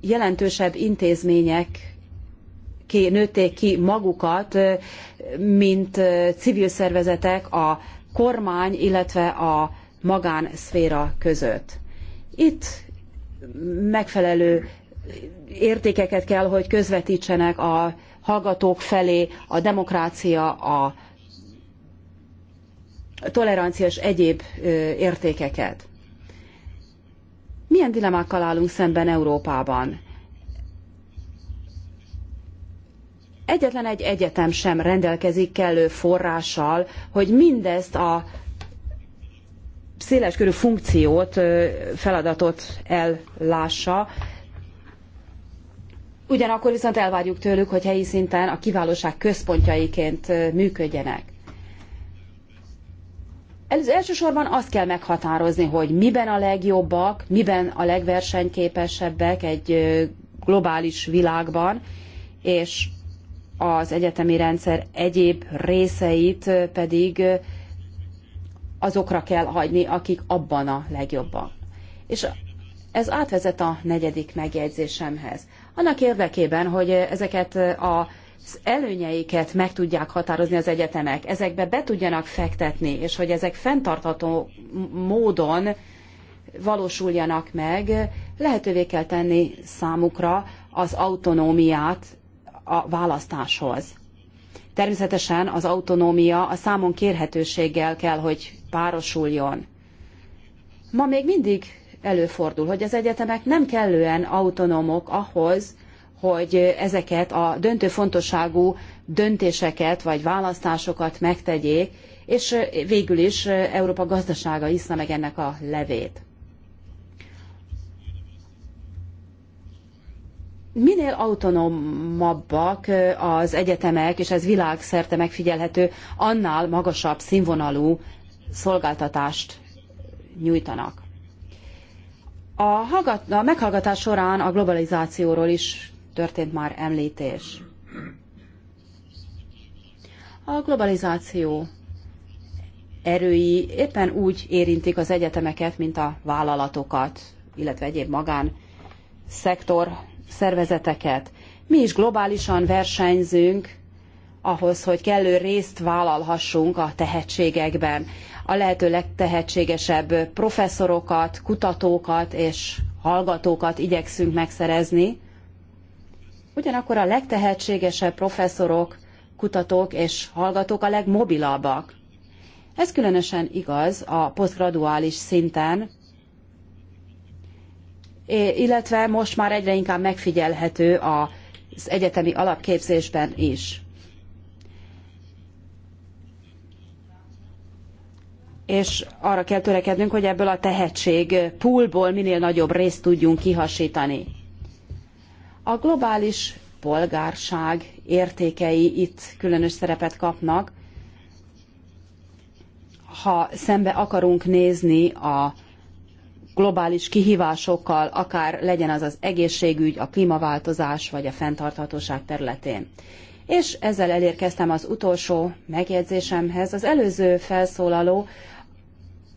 Speaker 3: jelentősebb intézmények ki, nőtték ki magukat, mint civil szervezetek a kormány, illetve a magánszféra között. Itt megfelelő értékeket kell, hogy közvetítsenek a hallgatók felé a demokrácia, a tolerancia és egyéb értékeket. Milyen dilemákkal állunk szemben Európában? Egyetlen egy egyetem sem rendelkezik kellő forrással, hogy mindezt a széleskörű funkciót, feladatot ellássa, Ugyanakkor viszont elvárjuk tőlük, hogy helyi szinten a kiválóság központjaiként működjenek. elsősorban azt kell meghatározni, hogy miben a legjobbak, miben a legversenyképesebbek egy globális világban, és az egyetemi rendszer egyéb részeit pedig azokra kell hagyni, akik abban a legjobban. És ez átvezet a negyedik megjegyzésemhez. Annak érdekében, hogy ezeket a az előnyeiket meg tudják határozni az egyetemek, ezekbe be tudjanak fektetni, és hogy ezek fenntartható módon valósuljanak meg, lehetővé kell tenni számukra az autonómiát a választáshoz. Természetesen az autonómia a számon kérhetőséggel kell, hogy párosuljon. Ma még mindig előfordul, hogy az egyetemek nem kellően autonómok ahhoz, hogy ezeket a döntő fontosságú döntéseket vagy választásokat megtegyék, és végül is Európa gazdasága iszna meg ennek a levét. minél autonómabbak az egyetemek, és ez világszerte megfigyelhető, annál magasabb színvonalú szolgáltatást nyújtanak. A, hallgat, a meghallgatás során a globalizációról is történt már említés. A globalizáció erői éppen úgy érintik az egyetemeket, mint a vállalatokat, illetve egyéb magán szektor szervezeteket. Mi is globálisan versenyzünk ahhoz, hogy kellő részt vállalhassunk a tehetségekben. A lehető legtehetségesebb professzorokat, kutatókat és hallgatókat igyekszünk megszerezni. Ugyanakkor a legtehetségesebb professzorok, kutatók és hallgatók a legmobilabbak. Ez különösen igaz a posztgraduális szinten, illetve most már egyre inkább megfigyelhető az egyetemi alapképzésben is. és arra kell törekednünk, hogy ebből a tehetség poolból minél nagyobb részt tudjunk kihasítani. A globális polgárság értékei itt különös szerepet kapnak, ha szembe akarunk nézni a globális kihívásokkal, akár legyen az az egészségügy, a klímaváltozás vagy a fenntarthatóság területén. És ezzel elérkeztem az utolsó megjegyzésemhez. Az előző felszólaló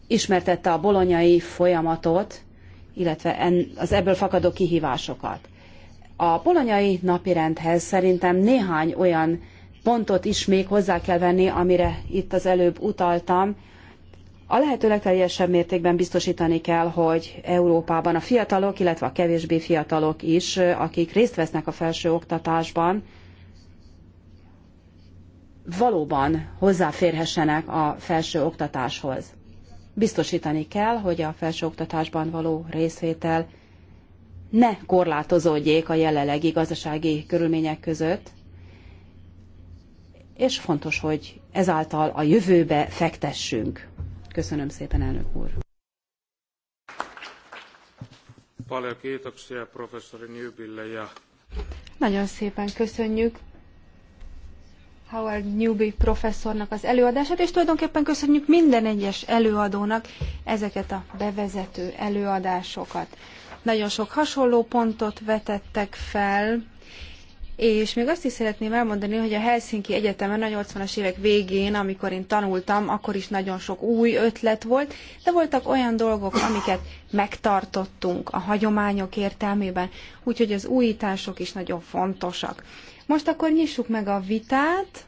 Speaker 3: ismertette a bolonyai folyamatot, illetve az ebből fakadó kihívásokat. A bolonyai napirendhez szerintem néhány olyan pontot is még hozzá kell venni, amire itt az előbb utaltam, a lehető legteljesebb mértékben biztosítani kell, hogy Európában a fiatalok, illetve a kevésbé fiatalok is, akik részt vesznek a felső oktatásban, valóban hozzáférhessenek a felső oktatáshoz. Biztosítani kell, hogy a felső oktatásban való részvétel ne korlátozódjék a jelenlegi gazdasági körülmények között, és fontos, hogy ezáltal a jövőbe fektessünk. Köszönöm szépen, elnök úr.
Speaker 5: Paljon kiitoksia professzori Newbille ja...
Speaker 2: Nagyon szépen köszönjük Howard Newby professzornak az előadását, és tulajdonképpen köszönjük minden egyes előadónak ezeket a bevezető előadásokat. Nagyon sok hasonló pontot vetettek fel, és még azt is szeretném elmondani, hogy a Helsinki Egyetemen a 80-as évek végén, amikor én tanultam, akkor is nagyon sok új ötlet volt, de voltak olyan dolgok, amiket megtartottunk a hagyományok értelmében, úgyhogy az újítások is nagyon fontosak. Most akkor nyissuk meg a vitát.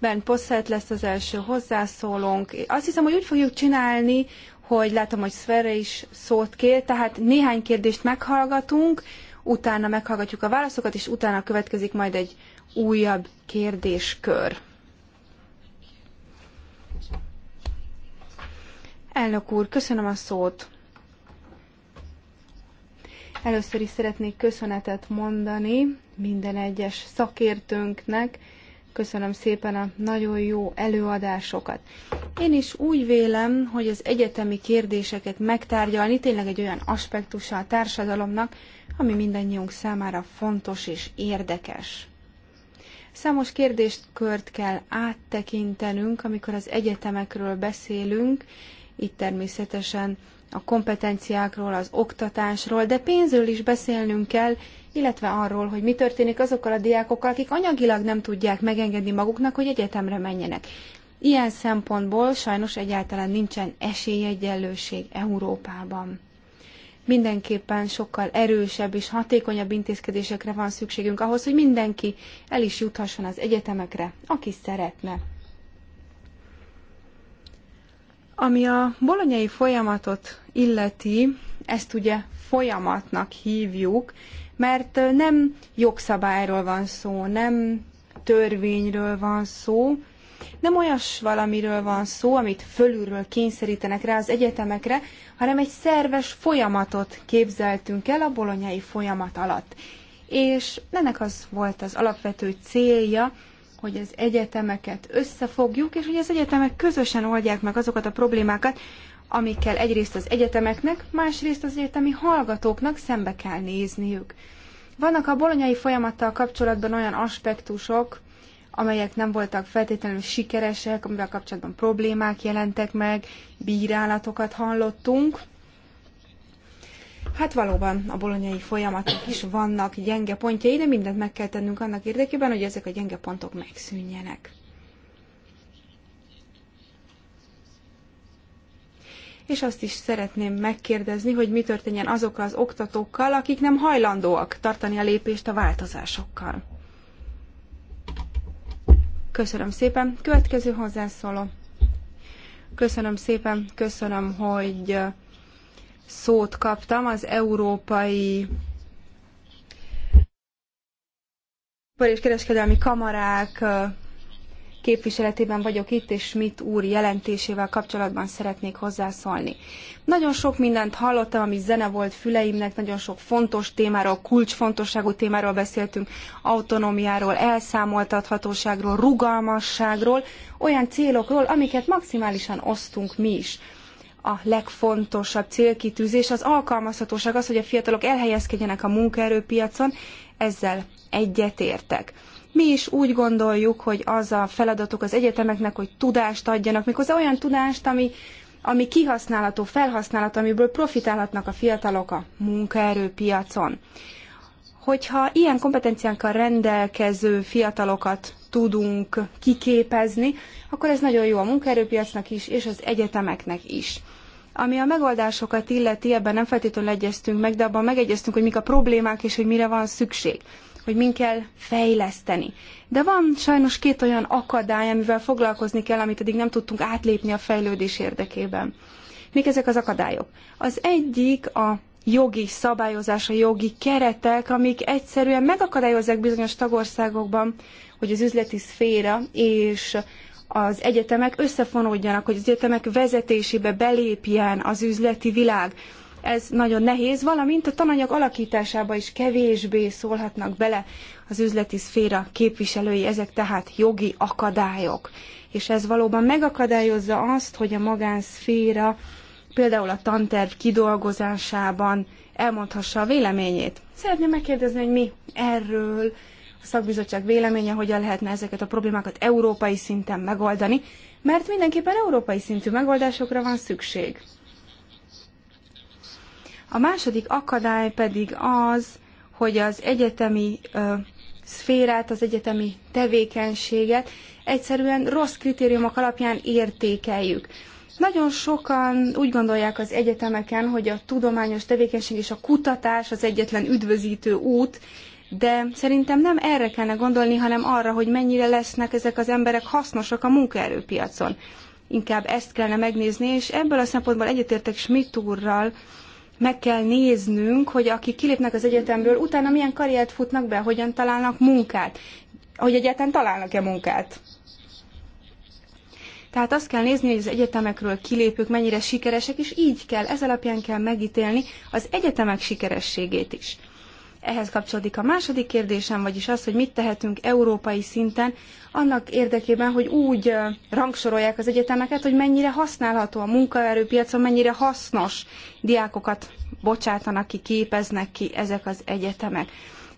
Speaker 2: Ben Posselt lesz az első hozzászólónk. Azt hiszem, hogy úgy fogjuk csinálni, hogy látom, hogy Szfere is szót kér, tehát néhány kérdést meghallgatunk, utána meghallgatjuk a válaszokat, és utána következik majd egy újabb kérdéskör. Elnök úr, köszönöm a szót. Először is szeretnék köszönetet mondani minden egyes szakértőnknek. Köszönöm szépen a nagyon jó előadásokat. Én is úgy vélem, hogy az egyetemi kérdéseket megtárgyalni tényleg egy olyan aspektusa a társadalomnak, ami mindannyiunk számára fontos és érdekes. Számos kérdést kört kell áttekintenünk, amikor az egyetemekről beszélünk, itt természetesen a kompetenciákról, az oktatásról, de pénzről is beszélnünk kell, illetve arról, hogy mi történik azokkal a diákokkal, akik anyagilag nem tudják megengedni maguknak, hogy egyetemre menjenek. Ilyen szempontból sajnos egyáltalán nincsen esélyegyenlőség Európában mindenképpen sokkal erősebb és hatékonyabb intézkedésekre van szükségünk ahhoz, hogy mindenki el is juthasson az egyetemekre, aki szeretne. Ami a bolonyai folyamatot illeti, ezt ugye folyamatnak hívjuk, mert nem jogszabályról van szó, nem törvényről van szó, nem olyas valamiről van szó, amit fölülről kényszerítenek rá az egyetemekre, hanem egy szerves folyamatot képzeltünk el a bolonyai folyamat alatt. És ennek az volt az alapvető célja, hogy az egyetemeket összefogjuk, és hogy az egyetemek közösen oldják meg azokat a problémákat, amikkel egyrészt az egyetemeknek, másrészt az egyetemi hallgatóknak szembe kell nézniük. Vannak a bolonyai folyamattal kapcsolatban olyan aspektusok, amelyek nem voltak feltétlenül sikeresek, amivel kapcsolatban problémák jelentek meg, bírálatokat hallottunk. Hát valóban a bolonyai folyamatok is vannak gyenge pontjai, de mindent meg kell tennünk annak érdekében, hogy ezek a gyenge pontok megszűnjenek. és azt is szeretném megkérdezni, hogy mi történjen azokkal az oktatókkal, akik nem hajlandóak tartani a lépést a változásokkal. Köszönöm szépen. Következő hozzászóló. Köszönöm szépen, köszönöm, hogy szót kaptam az európai és kereskedelmi kamarák képviseletében vagyok itt, és mit úr jelentésével kapcsolatban szeretnék hozzászólni. Nagyon sok mindent hallottam, ami zene volt füleimnek, nagyon sok fontos témáról, kulcsfontosságú témáról beszéltünk, autonómiáról, elszámoltathatóságról, rugalmasságról, olyan célokról, amiket maximálisan osztunk mi is a legfontosabb célkitűzés az alkalmazhatóság, az, hogy a fiatalok elhelyezkedjenek a munkaerőpiacon, ezzel egyetértek. Mi is úgy gondoljuk, hogy az a feladatuk az egyetemeknek, hogy tudást adjanak, méghozzá olyan tudást, ami, ami kihasználható, felhasználható, amiből profitálhatnak a fiatalok a munkaerőpiacon. Hogyha ilyen kompetenciánkkal rendelkező fiatalokat tudunk kiképezni, akkor ez nagyon jó a munkaerőpiacnak is, és az egyetemeknek is. Ami a megoldásokat illeti, ebben nem feltétlenül egyeztünk meg, de abban megegyeztünk, hogy mik a problémák és hogy mire van szükség hogy min kell fejleszteni. De van sajnos két olyan akadály, amivel foglalkozni kell, amit eddig nem tudtunk átlépni a fejlődés érdekében. Mik ezek az akadályok? Az egyik a jogi szabályozás, a jogi keretek, amik egyszerűen megakadályozzák bizonyos tagországokban, hogy az üzleti szféra és az egyetemek összefonódjanak, hogy az egyetemek vezetésébe belépjen az üzleti világ ez nagyon nehéz, valamint a tananyag alakításába is kevésbé szólhatnak bele az üzleti szféra képviselői, ezek tehát jogi akadályok. És ez valóban megakadályozza azt, hogy a magánszféra például a tanterv kidolgozásában elmondhassa a véleményét. Szeretném megkérdezni, hogy mi erről a szakbizottság véleménye, hogyan lehetne ezeket a problémákat európai szinten megoldani, mert mindenképpen európai szintű megoldásokra van szükség. A második akadály pedig az, hogy az egyetemi ö, szférát, az egyetemi tevékenységet egyszerűen rossz kritériumok alapján értékeljük. Nagyon sokan úgy gondolják az egyetemeken, hogy a tudományos tevékenység és a kutatás az egyetlen üdvözítő út, de szerintem nem erre kellene gondolni, hanem arra, hogy mennyire lesznek ezek az emberek hasznosak a munkaerőpiacon. Inkább ezt kellene megnézni, és ebből a szempontból egyetértek Schmidt úrral, meg kell néznünk, hogy akik kilépnek az egyetemről, utána milyen karriert futnak be, hogyan találnak munkát, hogy egyáltalán találnak-e munkát. Tehát azt kell nézni, hogy az egyetemekről kilépők mennyire sikeresek, és így kell, ez alapján kell megítélni az egyetemek sikerességét is. Ehhez kapcsolódik a második kérdésem, vagyis az, hogy mit tehetünk európai szinten annak érdekében, hogy úgy rangsorolják az egyetemeket, hogy mennyire használható a munkaerőpiacon, mennyire hasznos diákokat bocsátanak ki, képeznek ki ezek az egyetemek.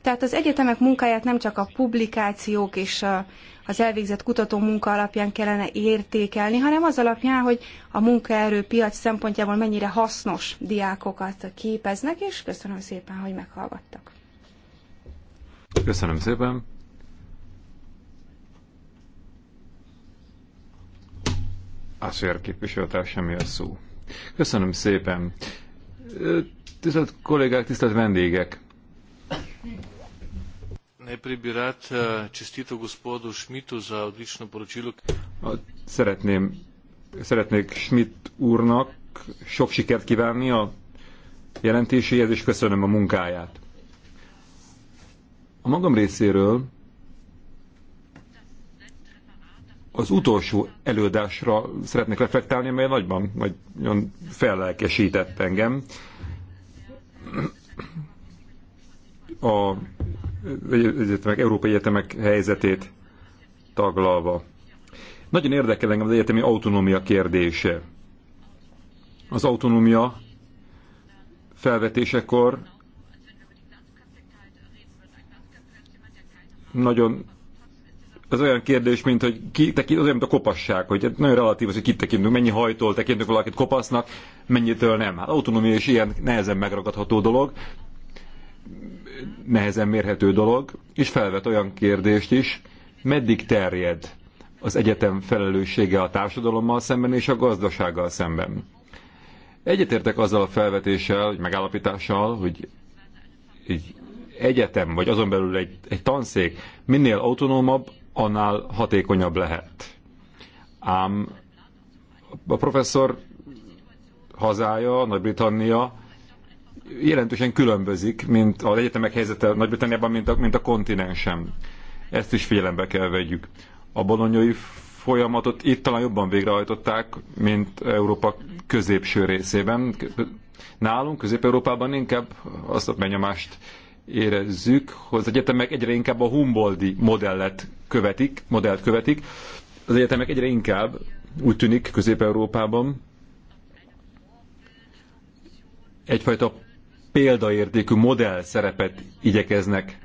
Speaker 2: Tehát az egyetemek munkáját nem csak a publikációk és az elvégzett kutató munka alapján kellene értékelni, hanem az alapján, hogy a munkaerőpiac szempontjából mennyire hasznos diákokat képeznek, és köszönöm szépen, hogy meghallgattak.
Speaker 1: Köszönöm szépen. Azért semmi a szó. Köszönöm szépen. Tisztelt kollégák, tisztelt vendégek!
Speaker 5: Najprej bi rad eh, čestitev gospodu Schmidtu za odlično poročilo.
Speaker 1: Szeretném, szeretnék Schmidt úrnak sok sikert kívánni a jelentéséhez, és köszönöm a munkáját. A magam részéről az utolsó előadásra szeretnék reflektálni, mely nagyban, nagyon fellelkesített engem. A egyetemek, európai egyetemek helyzetét taglalva. Nagyon érdekel engem az egyetemi autonómia kérdése. Az autonómia felvetésekor nagyon ez olyan kérdés, mint hogy ki tekint, az olyan, mint a kopasság, hogy hát nagyon relatív az, hogy kit tekintünk, mennyi hajtól tekintünk valakit kopasznak, mennyitől nem. Hát autonómia is ilyen nehezen megragadható dolog, nehezen mérhető dolog, és felvet olyan kérdést is, meddig terjed az egyetem felelőssége a társadalommal szemben és a gazdasággal szemben. Egyetértek azzal a felvetéssel, hogy megállapítással, hogy egy egyetem, vagy azon belül egy, egy tanszék minél autonómabb, annál hatékonyabb lehet. Ám a professzor hazája, Nagy-Britannia jelentősen különbözik, mint az egyetemek helyzete Nagy-Britanniában, mint a, mint a kontinensen. Ezt is figyelembe kell vegyük. A bolonyai folyamatot itt talán jobban végrehajtották, mint Európa középső részében. Nálunk, Közép-Európában inkább azt a benyomást érezzük, hogy az egyetemek egyre inkább a Humboldti modellet követik, modellt követik. Az egyetemek egyre inkább, úgy tűnik Közép-Európában, egyfajta példaértékű modell szerepet igyekeznek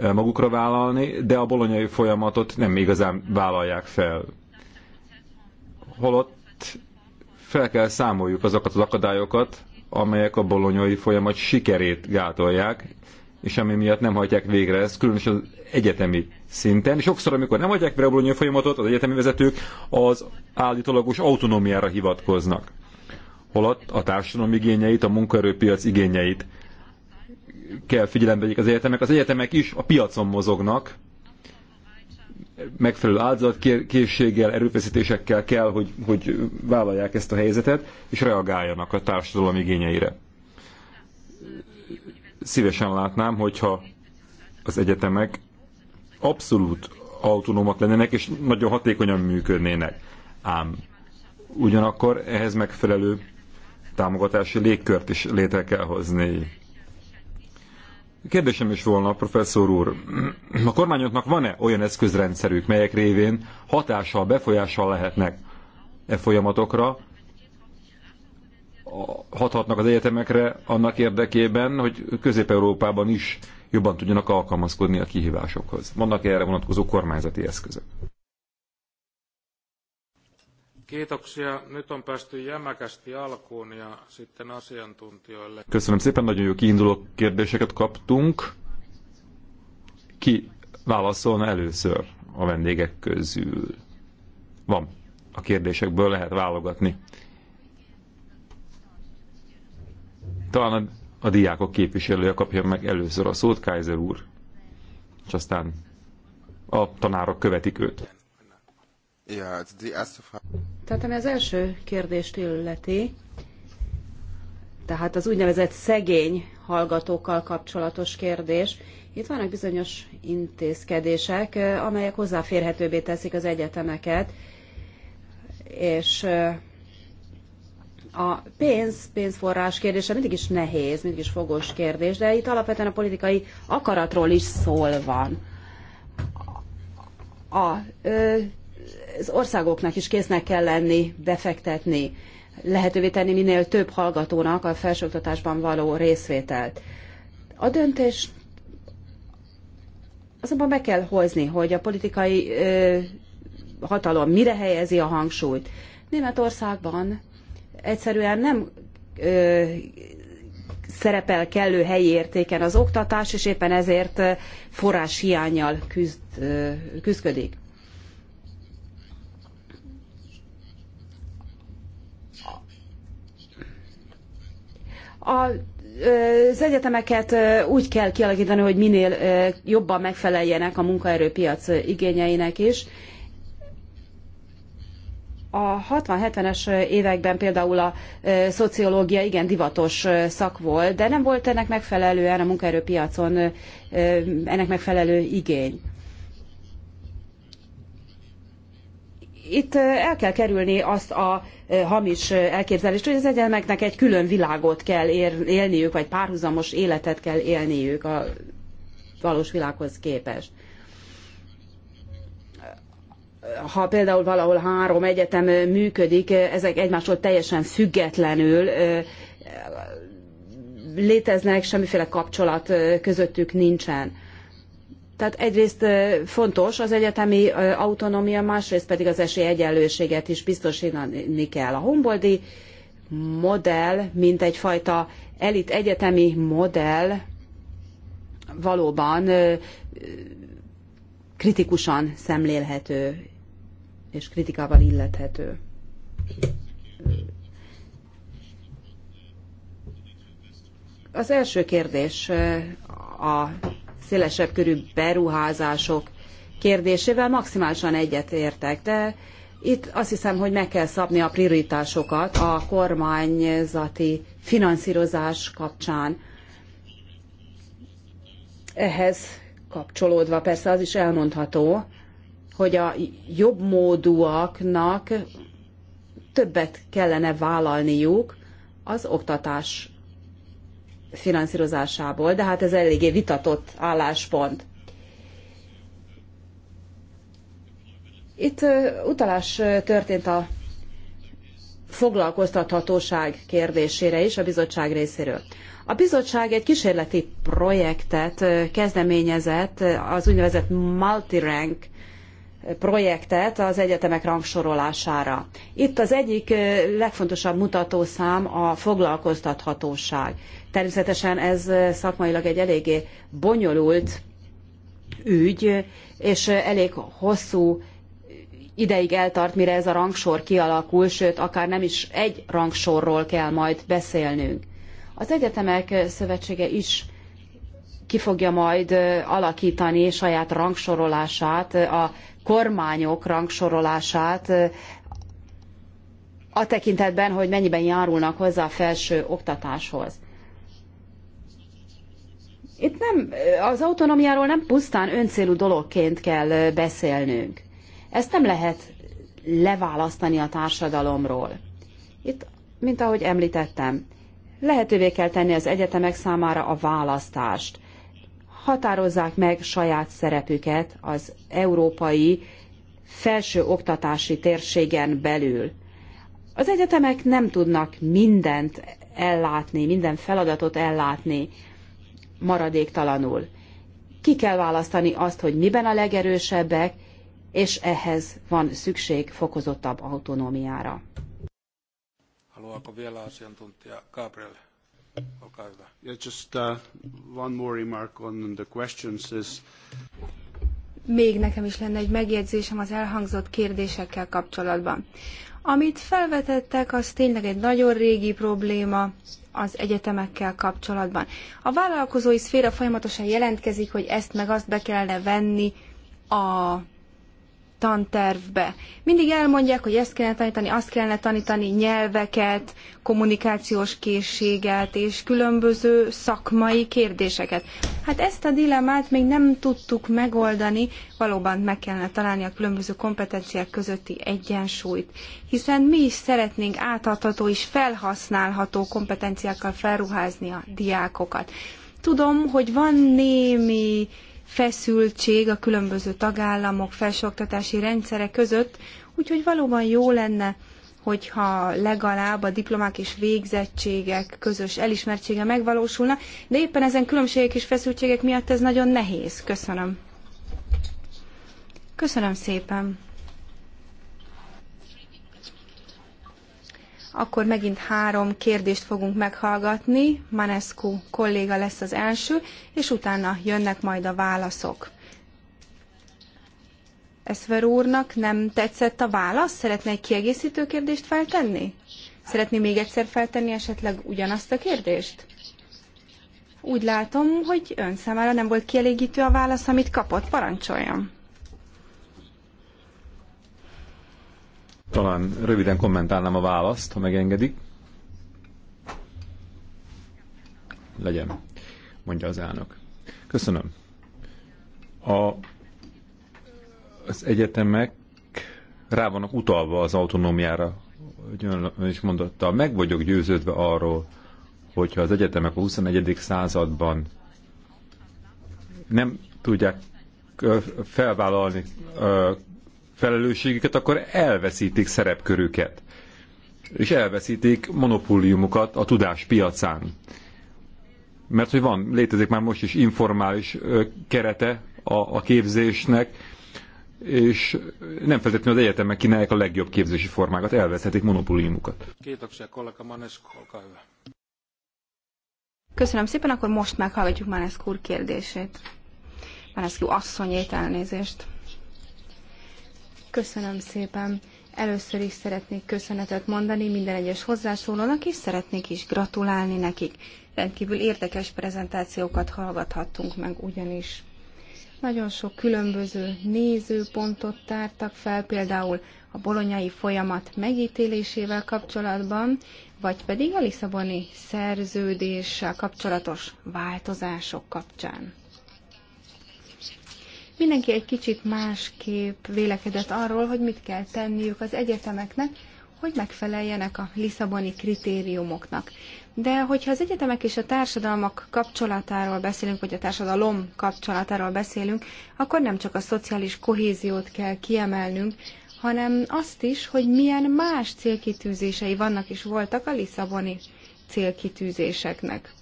Speaker 1: eh, magukra vállalni, de a bolonyai folyamatot nem igazán vállalják fel. Holott fel kell számoljuk azokat az akadályokat, amelyek a bolonyai folyamat sikerét gátolják, és ami miatt nem hagyják végre ezt, különösen az egyetemi szinten. És sokszor, amikor nem hagyják végre a bolonyai folyamatot, az egyetemi vezetők az állítólagos autonómiára hivatkoznak. Holott a társadalom igényeit, a munkaerőpiac igényeit kell figyelembe vegyék az egyetemek. Az egyetemek is a piacon mozognak, megfelelő áldozatkészséggel, erőfeszítésekkel kell, hogy, hogy vállalják ezt a helyzetet, és reagáljanak a társadalom igényeire szívesen látnám, hogyha az egyetemek abszolút autonómak lennének, és nagyon hatékonyan működnének. Ám ugyanakkor ehhez megfelelő támogatási légkört is létre kell hozni. Kérdésem is volna, professzor úr, a kormányoknak van-e olyan eszközrendszerük, melyek révén hatással, befolyással lehetnek e folyamatokra, hathatnak az egyetemekre annak érdekében, hogy Közép-Európában is jobban tudjanak alkalmazkodni a kihívásokhoz. Vannak erre vonatkozó kormányzati eszközök.
Speaker 5: Kiitoksia. Nyt on päästy jämäkästi alkuun ja sitten asiantuntijoille.
Speaker 1: Köszönöm szépen, nagyon jó kiinduló kérdéseket kaptunk. Ki válaszolna először a vendégek közül? Van. A kérdésekből lehet válogatni. Talán a, a diákok képviselője kapja meg először a szót, Kaiser úr, és aztán a tanárok követik őt.
Speaker 3: Tehát ami az első kérdést illeti, tehát az úgynevezett szegény hallgatókkal kapcsolatos kérdés. Itt vannak bizonyos intézkedések, amelyek hozzáférhetőbbé teszik az egyetemeket, és a pénz, pénzforrás kérdése mindig is nehéz, mindig is fogos kérdés, de itt alapvetően a politikai akaratról is szól van. A, ö, az országoknak is késznek kell lenni, befektetni, lehetővé tenni minél több hallgatónak a felsőoktatásban való részvételt. A döntés azonban meg kell hozni, hogy a politikai ö, hatalom mire helyezi a hangsúlyt. Németországban egyszerűen nem ö, szerepel kellő helyi értéken az oktatás, és éppen ezért forrás hiányjal küzd, ö, A az egyetemeket úgy kell kialakítani, hogy minél jobban megfeleljenek a munkaerőpiac igényeinek is, a 60-70-es években például a szociológia igen divatos szak volt, de nem volt ennek megfelelően a munkaerőpiacon ennek megfelelő igény. Itt el kell kerülni azt a hamis elképzelést, hogy az egyenemeknek egy külön világot kell élniük, vagy párhuzamos életet kell élniük a valós világhoz képest ha például valahol három egyetem működik, ezek egymástól teljesen függetlenül léteznek, semmiféle kapcsolat közöttük nincsen. Tehát egyrészt fontos az egyetemi autonómia, másrészt pedig az esélyegyenlőséget is biztosítani kell. A Humboldi modell, mint egyfajta elit egyetemi modell valóban kritikusan szemlélhető és kritikával illethető. Az első kérdés eh, a szélesebb körű beruházások kérdésével maximálisan egyetértek, de itt azt hiszem, hogy meg kell szabni a prioritásokat a kormányzati finanszírozás kapcsán. Ehhez kapcsolódva persze az is elmondható, hogy a jobb módúaknak többet kellene vállalniuk az oktatás finanszírozásából, de hát ez eléggé vitatott álláspont. Itt utalás történt a foglalkoztathatóság kérdésére is a bizottság részéről. A bizottság egy kísérleti projektet kezdeményezett az úgynevezett multirank projektet az egyetemek rangsorolására. Itt az egyik legfontosabb mutatószám a foglalkoztathatóság. Természetesen ez szakmailag egy eléggé bonyolult ügy, és elég hosszú ideig eltart, mire ez a rangsor kialakul, sőt, akár nem is egy rangsorról kell majd beszélnünk. Az Egyetemek Szövetsége is ki fogja majd alakítani saját rangsorolását, a kormányok rangsorolását a tekintetben, hogy mennyiben járulnak hozzá a felső oktatáshoz. Itt nem, az autonómiáról nem pusztán öncélú dologként kell beszélnünk. Ezt nem lehet leválasztani a társadalomról. Itt, mint ahogy említettem, lehetővé kell tenni az egyetemek számára a választást határozzák meg saját szerepüket az európai felső oktatási térségen belül. Az egyetemek nem tudnak mindent ellátni, minden feladatot ellátni maradéktalanul. Ki kell választani azt, hogy miben a legerősebbek, és ehhez van szükség fokozottabb autonómiára.
Speaker 5: Haluaako vielä asiantuntija
Speaker 4: Gabriel Yeah, just uh, one more remark on the questions is...
Speaker 2: Még nekem is lenne egy megjegyzésem az elhangzott kérdésekkel kapcsolatban. Amit felvetettek, az tényleg egy nagyon régi probléma az egyetemekkel kapcsolatban. A vállalkozói szféra folyamatosan jelentkezik, hogy ezt meg azt be kellene venni a tantervbe. Mindig elmondják, hogy ezt kellene tanítani, azt kellene tanítani, nyelveket, kommunikációs készséget és különböző szakmai kérdéseket. Hát ezt a dilemmát még nem tudtuk megoldani, valóban meg kellene találni a különböző kompetenciák közötti egyensúlyt, hiszen mi is szeretnénk átadható és felhasználható kompetenciákkal felruházni a diákokat. Tudom, hogy van némi feszültség a különböző tagállamok felsőoktatási rendszere között, úgyhogy valóban jó lenne, hogyha legalább a diplomák és végzettségek közös elismertsége megvalósulna, de éppen ezen különbségek és feszültségek miatt ez nagyon nehéz. Köszönöm. Köszönöm szépen. akkor megint három kérdést fogunk meghallgatni. Manescu kolléga lesz az első, és utána jönnek majd a válaszok. Eszver úrnak nem tetszett a válasz? Szeretne egy kiegészítő kérdést feltenni? Szeretné még egyszer feltenni esetleg ugyanazt a kérdést? Úgy látom, hogy ön számára nem volt kielégítő a válasz, amit kapott. Parancsoljon!
Speaker 1: Talán röviden kommentálnám a választ, ha megengedik. Legyen, mondja az elnök. Köszönöm. A, az egyetemek rá vannak utalva az autonómiára, hogy ön is mondotta, meg vagyok győződve arról, hogyha az egyetemek a 21. században nem tudják felvállalni felelősségüket, akkor elveszítik szerepkörüket. És elveszítik monopóliumukat a tudás piacán. Mert hogy van, létezik már most is informális kerete a, a képzésnek, és nem feltétlenül az egyetemek kínálják a legjobb képzési formákat, elveszhetik monopóliumukat.
Speaker 2: Köszönöm szépen, akkor most meghallgatjuk Manesko úr kérdését. Manesko asszonyét elnézést. Köszönöm szépen. Először is szeretnék köszönetet mondani minden egyes hozzászólónak, és szeretnék is gratulálni nekik. Rendkívül érdekes prezentációkat hallgathattunk meg ugyanis. Nagyon sok különböző nézőpontot tártak fel, például a bolonyai folyamat megítélésével kapcsolatban, vagy pedig a Lisszaboni szerződéssel kapcsolatos változások kapcsán. Mindenki egy kicsit másképp vélekedett arról, hogy mit kell tenniük az egyetemeknek, hogy megfeleljenek a Lisszaboni kritériumoknak. De hogyha az egyetemek és a társadalmak kapcsolatáról beszélünk, vagy a társadalom kapcsolatáról beszélünk, akkor nem csak a szociális kohéziót kell kiemelnünk, hanem azt is, hogy milyen más célkitűzései vannak és voltak a Lisszaboni célkitűzéseknek.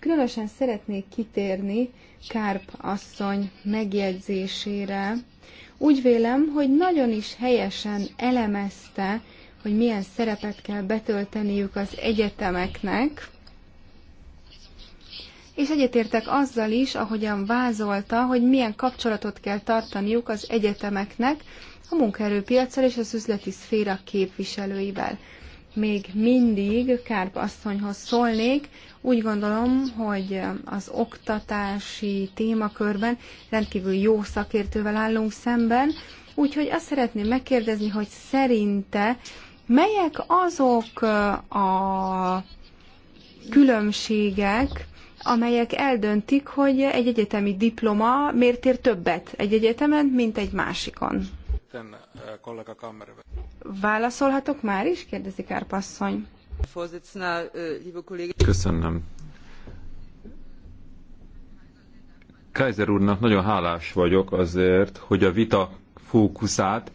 Speaker 2: Különösen szeretnék kitérni Kárp asszony megjegyzésére. Úgy vélem, hogy nagyon is helyesen elemezte, hogy milyen szerepet kell betölteniük az egyetemeknek, és egyetértek azzal is, ahogyan vázolta, hogy milyen kapcsolatot kell tartaniuk az egyetemeknek a munkaerőpiacsal és az üzleti szféra képviselőivel még mindig Kárp asszonyhoz szólnék. Úgy gondolom, hogy az oktatási témakörben rendkívül jó szakértővel állunk szemben, úgyhogy azt szeretném megkérdezni, hogy szerinte melyek azok a különbségek, amelyek
Speaker 5: eldöntik,
Speaker 2: hogy egy egyetemi diploma miért ér többet egy egyetemen, mint egy másikon.
Speaker 5: Eh, kollega
Speaker 2: Válaszolhatok már is? kérdezi Kárpasszony.
Speaker 1: Köszönöm. Kaiser úrnak nagyon hálás vagyok azért, hogy a vita fókuszát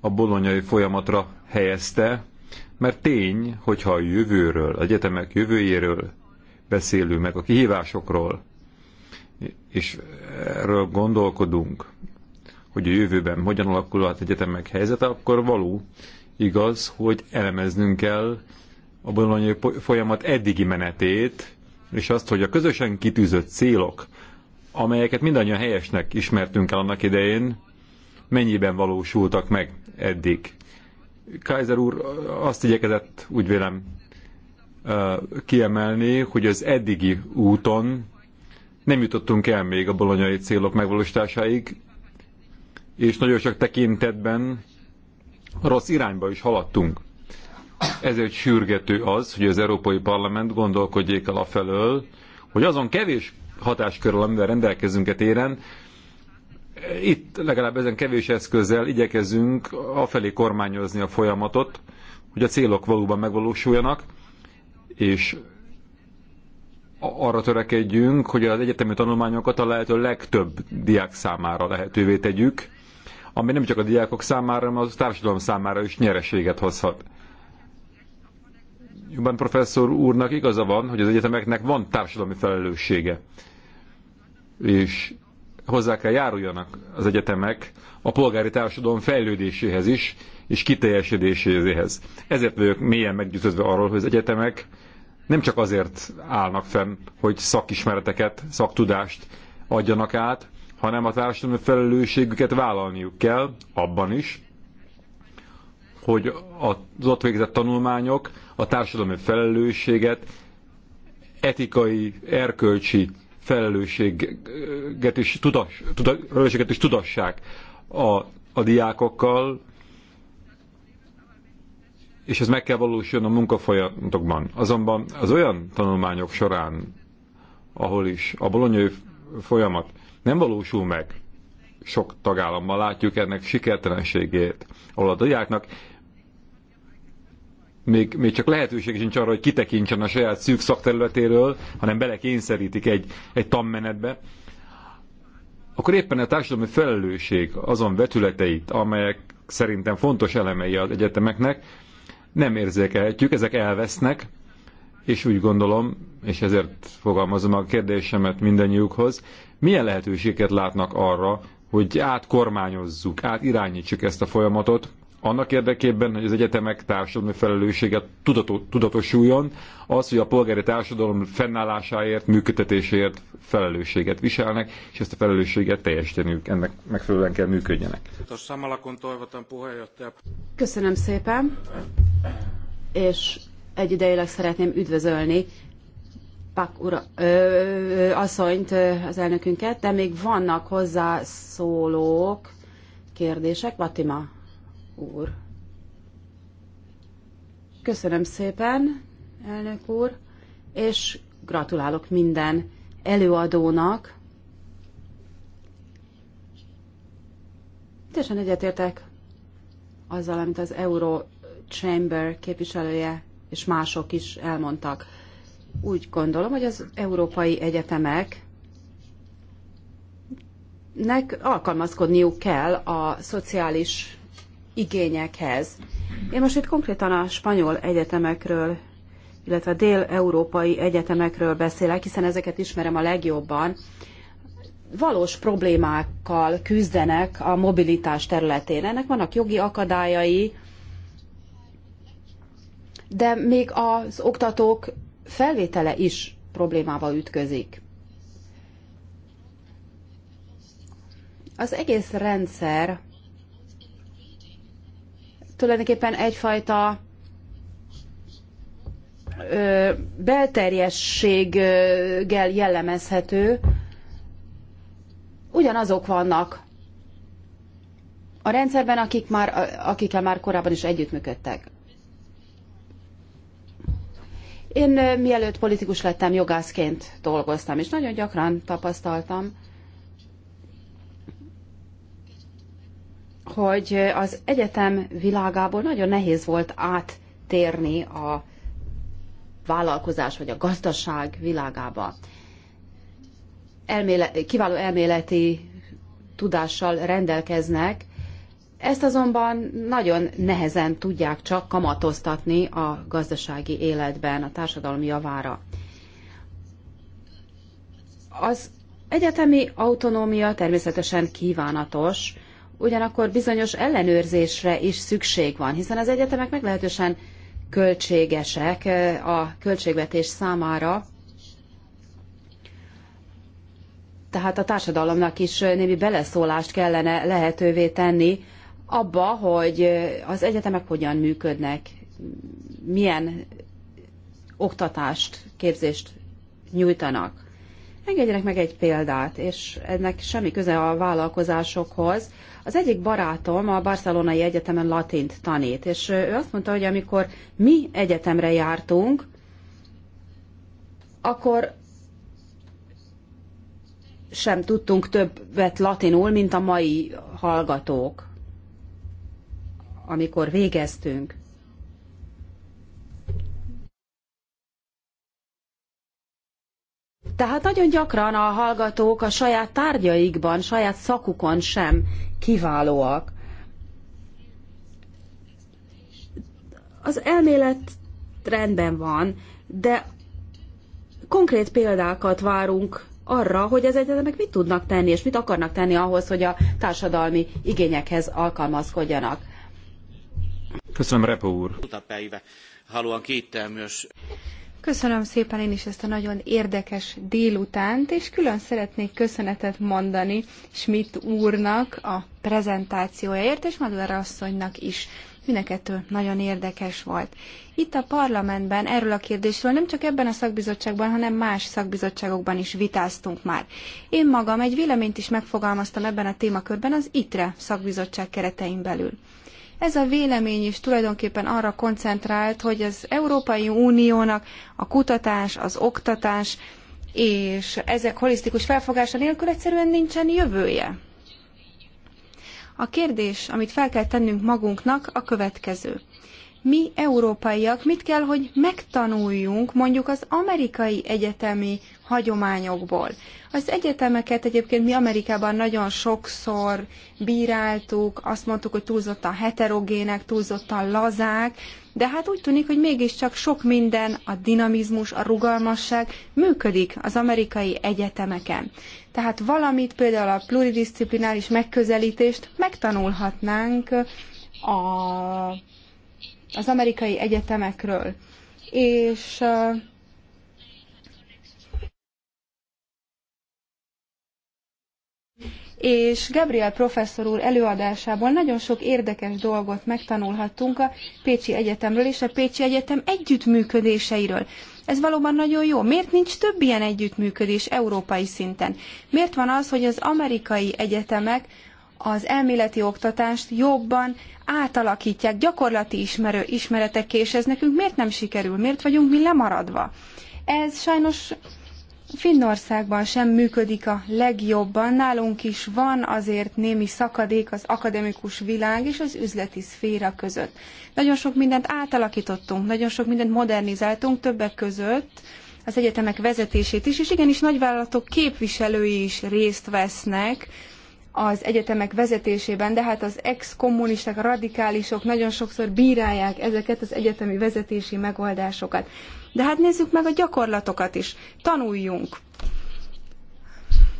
Speaker 1: a bolonyai folyamatra helyezte, mert tény, hogyha a jövőről, a egyetemek jövőjéről beszélünk, meg a kihívásokról, és erről gondolkodunk, hogy a jövőben hogyan alakulhat egyetemek helyzete, akkor való igaz, hogy elemeznünk kell a bolonyai folyamat eddigi menetét, és azt, hogy a közösen kitűzött célok, amelyeket mindannyian helyesnek ismertünk el annak idején, mennyiben valósultak meg eddig. Kaiser úr azt igyekezett, úgy vélem, kiemelni, hogy az eddigi úton nem jutottunk el még a bolonyai célok megvalósításáig, és nagyon sok tekintetben rossz irányba is haladtunk. Ezért sürgető az, hogy az Európai Parlament gondolkodjék el felől, hogy azon kevés hatáskörrel, amivel rendelkezünk e téren, itt legalább ezen kevés eszközzel igyekezünk afelé kormányozni a folyamatot, hogy a célok valóban megvalósuljanak, és arra törekedjünk, hogy az egyetemi tanulmányokat a lehető legtöbb diák számára lehetővé tegyük, ami nem csak a diákok számára, hanem a társadalom számára is nyereséget hozhat. Jobban professzor úrnak igaza van, hogy az egyetemeknek van társadalmi felelőssége. És hozzá kell járuljanak az egyetemek a polgári társadalom fejlődéséhez is, és kiteljesedéséhez. Ezért vagyok mélyen meggyőződve arról, hogy az egyetemek nem csak azért állnak fenn, hogy szakismereteket, szaktudást adjanak át, hanem a társadalmi felelősségüket vállalniuk kell, abban is, hogy az ott végzett tanulmányok a társadalmi felelősséget etikai, erkölcsi felelősséget is, tudass, tuda, felelősséget is tudassák a, a diákokkal, és ez meg kell valósuljon a munkafolyamatokban. Azonban az olyan tanulmányok során, ahol is a bolonyai folyamat nem valósul meg. Sok tagállamban látjuk ennek sikertelenségét, ahol a diáknak még, még csak lehetőség sincs arra, hogy kitekintsen a saját szűk szakterületéről, hanem belekényszerítik egy, egy tanmenetbe, akkor éppen a társadalmi felelősség azon vetületeit, amelyek szerintem fontos elemei az egyetemeknek, nem érzékelhetjük, ezek elvesznek, és úgy gondolom, és ezért fogalmazom a kérdésemet mindannyiukhoz, milyen lehetőséget látnak arra, hogy átkormányozzuk, átirányítsuk ezt a folyamatot, annak érdekében, hogy az egyetemek társadalmi felelősséget tudatosuljon, az, hogy a polgári társadalom fennállásáért, működtetéséért felelősséget viselnek, és ezt a felelősséget teljesíteniük, ennek megfelelően kell működjenek.
Speaker 3: Köszönöm szépen, és egy idejileg szeretném üdvözölni Pak ura, ö, ö, asszonyt, az elnökünket, de még vannak hozzászólók, kérdések. Vatima úr. Köszönöm szépen, elnök úr, és gratulálok minden előadónak. Teljesen egyetértek azzal, amit az Euro Chamber képviselője és mások is elmondtak úgy gondolom, hogy az európai egyetemek nek alkalmazkodniuk kell a szociális igényekhez. Én most itt konkrétan a spanyol egyetemekről, illetve a dél-európai egyetemekről beszélek, hiszen ezeket ismerem a legjobban. Valós problémákkal küzdenek a mobilitás területén. Ennek vannak jogi akadályai, de még az oktatók felvétele is problémába ütközik. Az egész rendszer tulajdonképpen egyfajta ö, belterjességgel jellemezhető, ugyanazok vannak a rendszerben, akik már, akikkel már korábban is együttműködtek. Én mielőtt politikus lettem, jogászként dolgoztam, és nagyon gyakran tapasztaltam, hogy az egyetem világából nagyon nehéz volt áttérni a vállalkozás vagy a gazdaság világába. Elméle, kiváló elméleti tudással rendelkeznek, ezt azonban nagyon nehezen tudják csak kamatoztatni a gazdasági életben, a társadalmi javára. Az egyetemi autonómia természetesen kívánatos, ugyanakkor bizonyos ellenőrzésre is szükség van, hiszen az egyetemek meglehetősen költségesek eh, a költségvetés számára, tehát a társadalomnak is némi beleszólást kellene lehetővé tenni abba, hogy az egyetemek hogyan működnek, milyen oktatást, képzést nyújtanak. Engedjenek meg egy példát, és ennek semmi köze a vállalkozásokhoz. Az egyik barátom a Barcelonai Egyetemen latint tanít, és ő azt mondta, hogy amikor mi egyetemre jártunk, akkor sem tudtunk többet latinul, mint a mai hallgatók amikor végeztünk. Tehát nagyon gyakran a hallgatók a saját tárgyaikban, saját szakukon sem kiválóak. Az elmélet rendben van, de konkrét példákat várunk arra, hogy az egyetemek mit tudnak tenni, és mit akarnak tenni ahhoz, hogy a társadalmi igényekhez alkalmazkodjanak.
Speaker 5: Köszönöm, Repo úr.
Speaker 2: Köszönöm szépen én is ezt a nagyon érdekes délutánt, és külön szeretnék köszönetet mondani Schmidt úrnak a prezentációjáért, és Madler asszonynak is. Mindenkettő nagyon érdekes volt. Itt a parlamentben erről a kérdésről nem csak ebben a szakbizottságban, hanem más szakbizottságokban is vitáztunk már. Én magam egy véleményt is megfogalmaztam ebben a témakörben az ITRE szakbizottság keretein belül. Ez a vélemény is tulajdonképpen arra koncentrált, hogy az Európai Uniónak a kutatás, az oktatás és ezek holisztikus felfogása nélkül egyszerűen nincsen jövője. A kérdés, amit fel kell tennünk magunknak, a következő mi európaiak mit kell, hogy megtanuljunk mondjuk az amerikai egyetemi hagyományokból. Az egyetemeket egyébként mi Amerikában nagyon sokszor bíráltuk, azt mondtuk, hogy túlzottan heterogének, túlzottan lazák, de hát úgy tűnik, hogy mégiscsak sok minden, a dinamizmus, a rugalmasság működik az amerikai egyetemeken. Tehát valamit, például a pluridisciplináris megközelítést megtanulhatnánk a az amerikai egyetemekről. És és Gabriel professzor úr előadásából nagyon sok érdekes dolgot megtanulhattunk a Pécsi Egyetemről és a Pécsi Egyetem együttműködéseiről. Ez valóban nagyon jó. Miért nincs több ilyen együttműködés európai szinten? Miért van az, hogy az amerikai egyetemek az elméleti oktatást jobban átalakítják gyakorlati ismerő ismeretekké, és ez nekünk miért nem sikerül? Miért vagyunk mi lemaradva? Ez sajnos Finnországban sem működik a legjobban, nálunk is van azért némi szakadék az akademikus világ és az üzleti szféra között. Nagyon sok mindent átalakítottunk, nagyon sok mindent modernizáltunk többek között, az egyetemek vezetését is, és igenis nagyvállalatok képviselői is részt vesznek az egyetemek vezetésében, de hát az ex-kommunisták, radikálisok nagyon sokszor bírálják ezeket az egyetemi vezetési megoldásokat. De hát nézzük meg a gyakorlatokat is. Tanuljunk!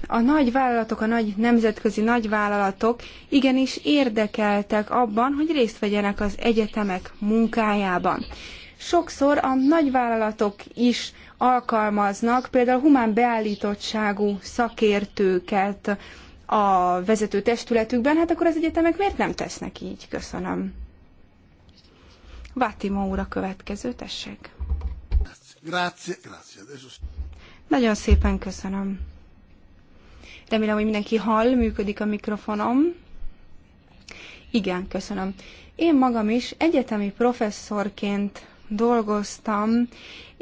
Speaker 2: a nagy vállalatok, a nagy nemzetközi nagyvállalatok igenis érdekeltek abban, hogy részt vegyenek az egyetemek munkájában. Sokszor a nagyvállalatok is alkalmaznak például humán beállítottságú szakértőket, a vezető testületükben, hát akkor az egyetemek miért nem tesznek így? Köszönöm. Vátimo úr a következő, tessék.
Speaker 4: Grazie, grazie.
Speaker 2: Nagyon szépen köszönöm. Remélem, hogy mindenki hall, működik a mikrofonom. Igen, köszönöm. Én magam is egyetemi professzorként dolgoztam,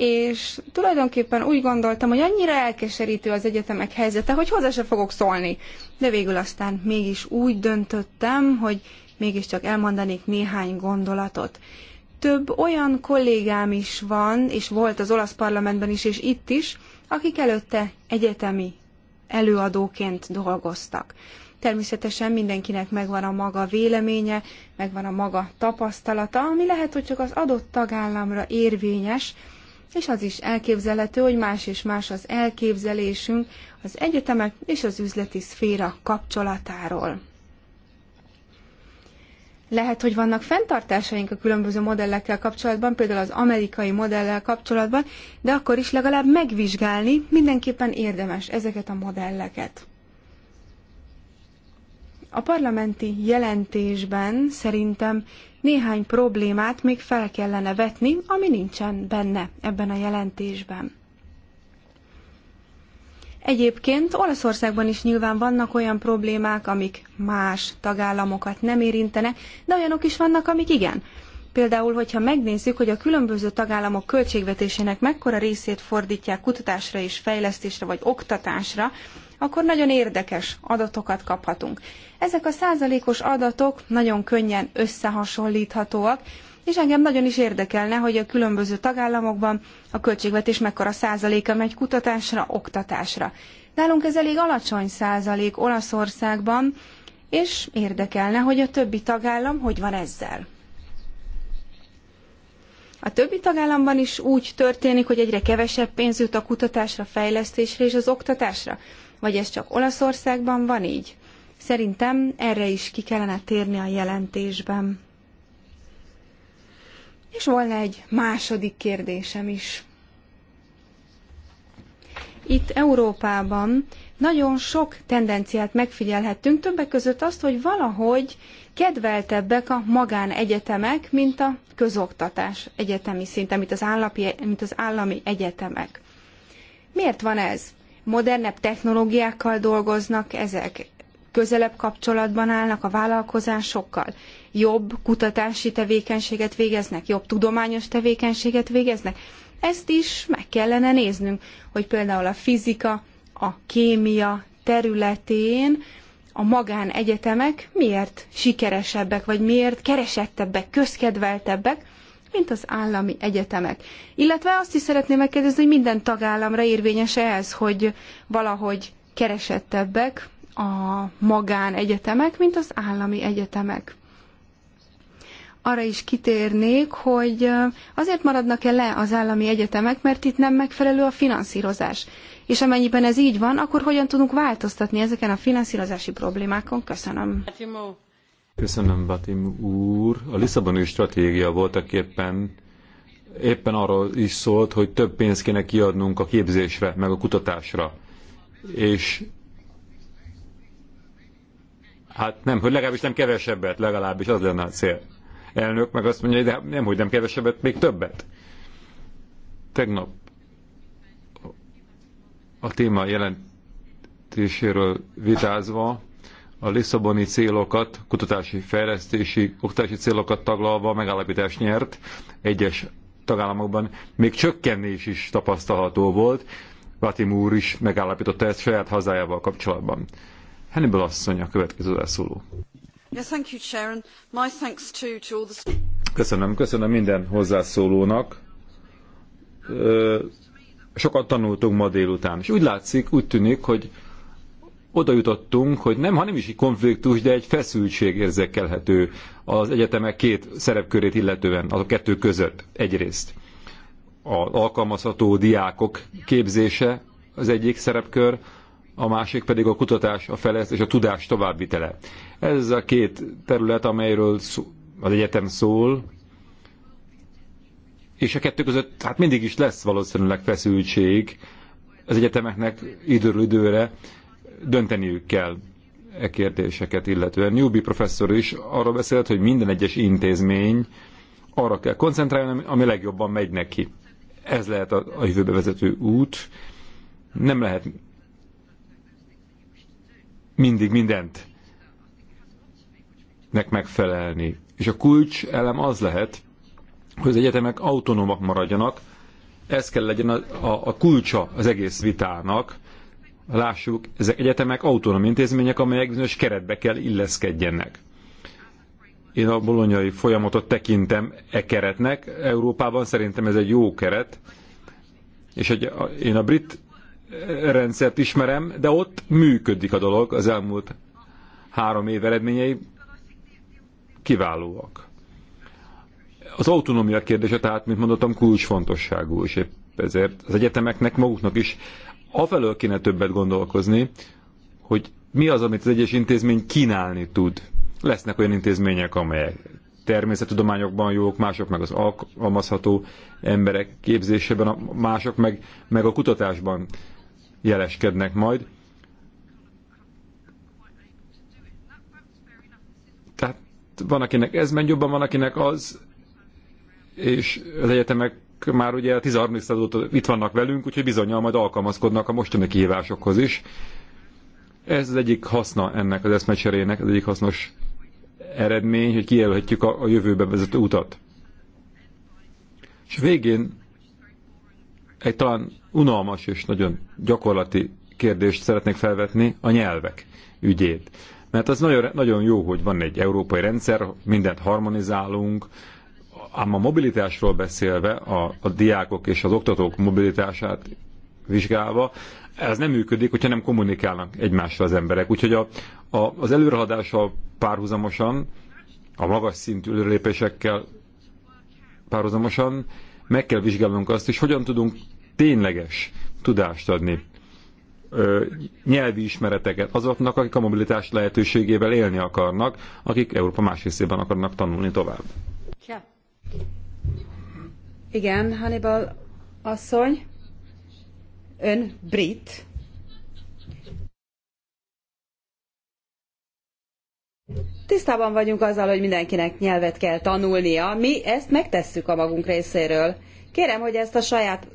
Speaker 2: és tulajdonképpen úgy gondoltam, hogy annyira elkeserítő az egyetemek helyzete, hogy hozzá se fogok szólni. De végül aztán mégis úgy döntöttem, hogy mégiscsak elmondanék néhány gondolatot. Több olyan kollégám is van, és volt az olasz parlamentben is, és itt is, akik előtte egyetemi előadóként dolgoztak. Természetesen mindenkinek megvan a maga véleménye, megvan a maga tapasztalata, ami lehet, hogy csak az adott tagállamra érvényes, és az is elképzelhető, hogy más és más az elképzelésünk az egyetemek és az üzleti szféra kapcsolatáról. Lehet, hogy vannak fenntartásaink a különböző modellekkel kapcsolatban, például az amerikai modellel kapcsolatban, de akkor is legalább megvizsgálni mindenképpen érdemes ezeket a modelleket. A parlamenti
Speaker 5: jelentésben
Speaker 2: szerintem néhány problémát még fel kellene vetni, ami nincsen benne ebben a jelentésben. Egyébként Olaszországban is nyilván vannak olyan problémák, amik más tagállamokat nem érintenek, de olyanok is vannak, amik igen. Például, hogyha megnézzük, hogy a különböző tagállamok költségvetésének mekkora részét fordítják kutatásra és fejlesztésre vagy oktatásra, akkor nagyon érdekes adatokat kaphatunk. Ezek a százalékos adatok nagyon könnyen összehasonlíthatóak, és engem nagyon is érdekelne, hogy a különböző tagállamokban a költségvetés mekkora százaléka megy kutatásra, oktatásra. Nálunk ez elég alacsony százalék Olaszországban, és érdekelne, hogy a többi tagállam hogy van ezzel. A többi tagállamban is úgy történik, hogy egyre kevesebb pénz jut a kutatásra, fejlesztésre és az oktatásra. Vagy ez csak Olaszországban van így? Szerintem erre is ki kellene térni a jelentésben. És volna egy második kérdésem is. Itt Európában nagyon sok tendenciát megfigyelhettünk, többek között azt, hogy valahogy kedveltebbek a magánegyetemek, mint a közoktatás egyetemi szinten, mint az állami, mint az állami egyetemek. Miért van ez? modernebb technológiákkal dolgoznak ezek, közelebb kapcsolatban állnak a vállalkozásokkal, jobb kutatási tevékenységet végeznek, jobb tudományos tevékenységet végeznek. Ezt is meg kellene néznünk, hogy például a fizika, a kémia területén a magánegyetemek miért sikeresebbek, vagy miért keresettebbek, közkedveltebbek, mint az állami egyetemek. Illetve azt is szeretném megkérdezni, hogy minden tagállamra érvényes ez, hogy valahogy keresettebbek a magánegyetemek, mint az állami egyetemek arra is kitérnék, hogy azért maradnak-e le az állami egyetemek, mert itt nem megfelelő a finanszírozás. És amennyiben ez így van, akkor hogyan tudunk változtatni ezeken a finanszírozási problémákon? Köszönöm.
Speaker 1: Köszönöm, Batim úr. A Lisszaboni stratégia voltak éppen éppen arról is szólt, hogy több pénzt kéne kiadnunk a képzésre, meg a kutatásra. És hát nem, hogy legalábbis nem kevesebbet, legalábbis az lenne a cél. Elnök meg azt mondja, de hát nem, hogy nem kevesebbet, még többet. Tegnap a téma jelentéséről vitázva a Lisszaboni célokat, kutatási, fejlesztési, oktatási célokat taglalva megállapítást nyert egyes tagállamokban, még csökkenés is tapasztalható volt. Vatim úr is megállapította ezt saját hazájával kapcsolatban. Hannibal asszony a következő elszóló. Köszönöm, köszönöm minden hozzászólónak. Sokat tanultunk ma délután, és úgy látszik, úgy tűnik, hogy oda jutottunk, hogy nem, ha nem is egy konfliktus, de egy feszültség érzékelhető az egyetemek két szerepkörét illetően, az a kettő között egyrészt. Az alkalmazható diákok képzése az egyik szerepkör, a másik pedig a kutatás, a fejlesztés és a tudás továbbvitele. Ez a két terület, amelyről az egyetem szól, és a kettő között hát mindig is lesz valószínűleg feszültség az egyetemeknek időről időre, dönteniük kell e kérdéseket illetően. Newby professzor is arról beszélt, hogy minden egyes intézmény arra kell koncentrálni, ami legjobban megy neki. Ez lehet a, a jövőbe vezető út. Nem lehet mindig mindent nek megfelelni. És a kulcs elem az lehet, hogy az egyetemek autonómak maradjanak, ez kell legyen a, a, a kulcsa az egész vitának, Lássuk, ezek egyetemek autonóm intézmények, amelyek bizonyos keretbe kell illeszkedjenek. Én a bolonyai folyamatot tekintem e keretnek. Európában szerintem ez egy jó keret, és egy, én a brit rendszert ismerem, de ott működik a dolog, az elmúlt három év eredményei kiválóak. Az autonómia kérdése tehát, mint mondottam, kulcsfontosságú, és épp ezért az egyetemeknek maguknak is afelől kéne többet gondolkozni, hogy mi az, amit az egyes intézmény kínálni tud. Lesznek olyan intézmények, amelyek természettudományokban jók, mások meg az alkalmazható emberek képzésében, mások meg, meg a kutatásban jeleskednek majd. Tehát van, akinek ez megy jobban, van, akinek az,
Speaker 5: és az
Speaker 1: egyetemek már ugye a 13. századóta itt vannak velünk, úgyhogy bizonyal majd alkalmazkodnak a mostani kihívásokhoz is. Ez az egyik haszna ennek az eszmecserének, az egyik hasznos eredmény, hogy kijelölhetjük a, a jövőbe vezető utat. És végén egy talán unalmas és nagyon gyakorlati kérdést szeretnék felvetni, a nyelvek ügyét. Mert az nagyon, nagyon jó, hogy van egy európai rendszer, mindent harmonizálunk, Ám a mobilitásról beszélve, a, a diákok és az oktatók mobilitását vizsgálva, ez nem működik, hogyha nem kommunikálnak egymással az emberek. Úgyhogy a, a, az előrehaladással párhuzamosan, a magas szintű előrelépésekkel párhuzamosan meg kell vizsgálnunk azt is, hogyan tudunk tényleges tudást adni, ö, nyelvi ismereteket azoknak, akik a mobilitás lehetőségével élni akarnak, akik Európa más részében akarnak tanulni tovább.
Speaker 3: Igen, Hannibal asszony, ön brit. Tisztában vagyunk azzal, hogy mindenkinek nyelvet kell tanulnia. Mi ezt megtesszük a magunk részéről. Kérem, hogy ezt a saját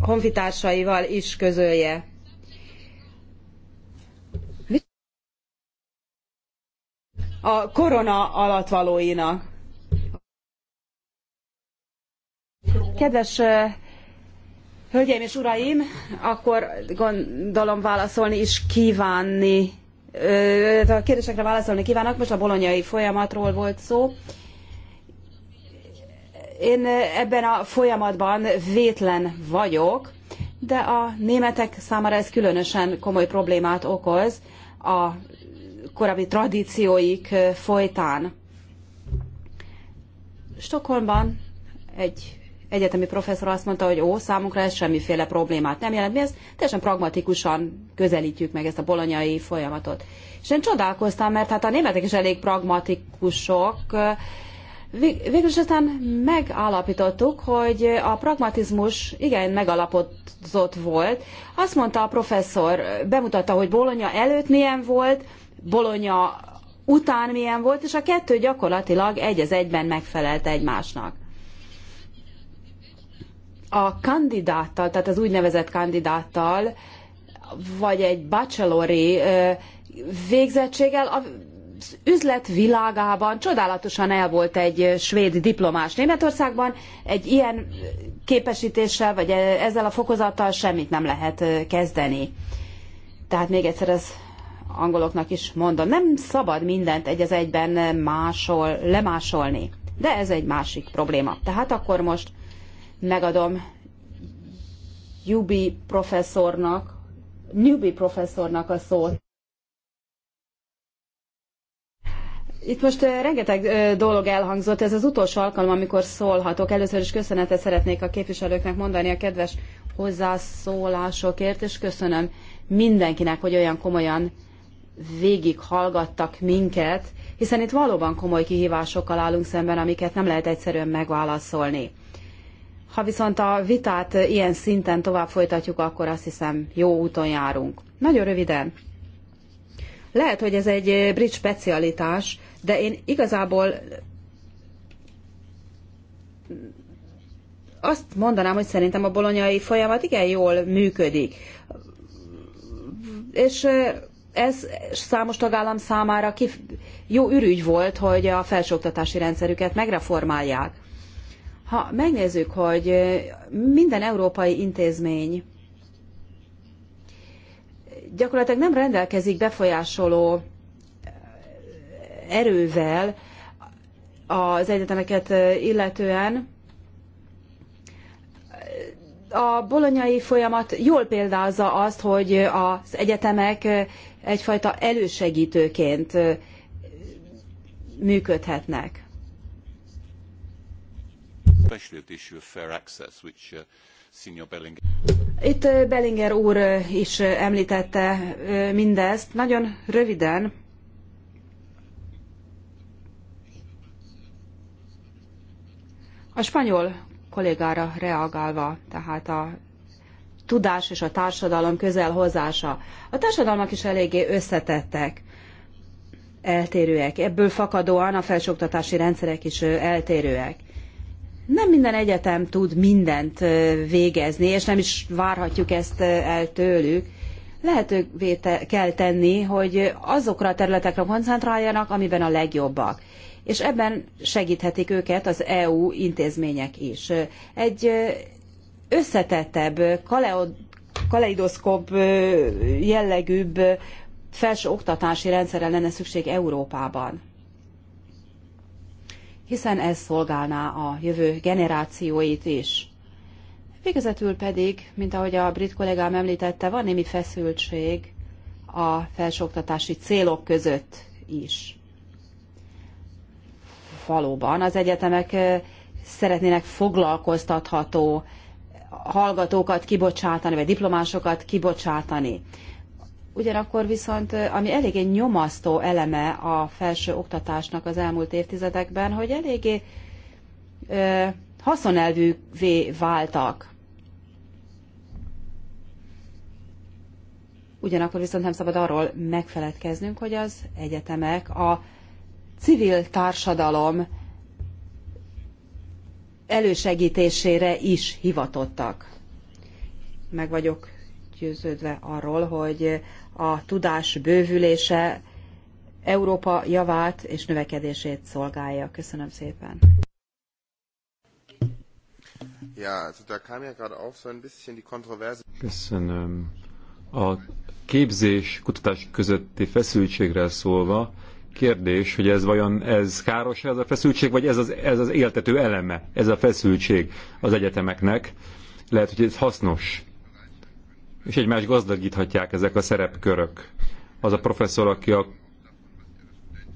Speaker 3: honfitársaival is közölje. A korona alatt valóinak. Kedves hölgyeim és uraim, akkor gondolom válaszolni is kívánni. A kérdésekre válaszolni kívánok, most a bolonyai folyamatról volt szó. Én ebben a folyamatban vétlen vagyok, de a németek számára ez különösen komoly problémát okoz a korábbi tradícióik folytán. Stockholmban egy egyetemi professzor azt mondta, hogy ó, számunkra ez semmiféle problémát nem jelent. Mi ezt teljesen pragmatikusan közelítjük meg ezt a bolonyai folyamatot. És én csodálkoztam, mert hát a németek is elég pragmatikusok, Vég, Végülis aztán megállapítottuk, hogy a pragmatizmus igen megalapozott volt. Azt mondta a professzor, bemutatta, hogy Bolonya előtt milyen volt, Bolonya után milyen volt, és a kettő gyakorlatilag egy az egyben megfelelt egymásnak a kandidáttal, tehát az úgynevezett kandidáttal, vagy egy bachelori végzettséggel az üzlet világában csodálatosan el volt egy svéd diplomás Németországban, egy ilyen képesítéssel, vagy ezzel a fokozattal semmit nem lehet kezdeni. Tehát még egyszer az angoloknak is mondom, nem szabad mindent egy az egyben másol, lemásolni. De ez egy másik probléma. Tehát akkor most megadom Jubi professzornak, Newby professzornak a szót. Itt most rengeteg dolog elhangzott, ez az utolsó alkalom, amikor szólhatok. Először is köszönetet szeretnék a képviselőknek mondani a kedves hozzászólásokért, és köszönöm mindenkinek, hogy olyan komolyan hallgattak minket, hiszen itt valóban komoly kihívásokkal állunk szemben, amiket nem lehet egyszerűen megválaszolni. Ha viszont a vitát ilyen szinten tovább folytatjuk, akkor azt hiszem jó úton járunk. Nagyon röviden. Lehet, hogy ez egy brit specialitás, de én igazából azt mondanám, hogy szerintem a bolonyai folyamat igen jól működik. És ez számos tagállam számára jó ürügy volt, hogy a felsőoktatási rendszerüket megreformálják. Ha megnézzük, hogy minden európai intézmény gyakorlatilag nem rendelkezik befolyásoló erővel az egyetemeket illetően, a bolonyai folyamat jól példázza azt, hogy az egyetemek egyfajta elősegítőként működhetnek
Speaker 4: especially of the issue of fair access, which uh, Bellinger.
Speaker 3: Itt uh, Bellinger úr uh, is uh, említette mindezt. Nagyon röviden, A spanyol kollégára reagálva, tehát a tudás és a társadalom közelhozása. A társadalmak is eléggé összetettek, eltérőek. Ebből fakadóan a felsőoktatási rendszerek is eltérőek nem minden egyetem tud mindent végezni, és nem is várhatjuk ezt el tőlük. Lehetővé kell tenni, hogy azokra a területekre koncentráljanak, amiben a legjobbak. És ebben segíthetik őket az EU intézmények is. Egy összetettebb, kaleidoszkop jellegűbb felső oktatási rendszerre lenne szükség Európában hiszen ez szolgálná a jövő generációit is. Végezetül pedig, mint ahogy a brit kollégám említette, van némi feszültség a felsőoktatási célok között is. Valóban az egyetemek szeretnének foglalkoztatható hallgatókat kibocsátani, vagy diplomásokat kibocsátani. Ugyanakkor viszont, ami eléggé nyomasztó eleme a felső oktatásnak az elmúlt évtizedekben, hogy eléggé ö, haszonelvűvé váltak. Ugyanakkor viszont nem szabad arról megfeledkeznünk, hogy az egyetemek a civil társadalom elősegítésére is hivatottak. Meg vagyok meggyőződve arról, hogy a tudás bővülése Európa javát és növekedését szolgálja. Köszönöm szépen.
Speaker 5: Ja,
Speaker 1: Köszönöm. A képzés kutatás közötti feszültségre szólva, kérdés, hogy ez vajon ez káros ez a feszültség, vagy ez az, ez az éltető eleme, ez a feszültség az egyetemeknek. Lehet, hogy ez hasznos és egymást gazdagíthatják ezek a szerepkörök. Az a professzor, aki a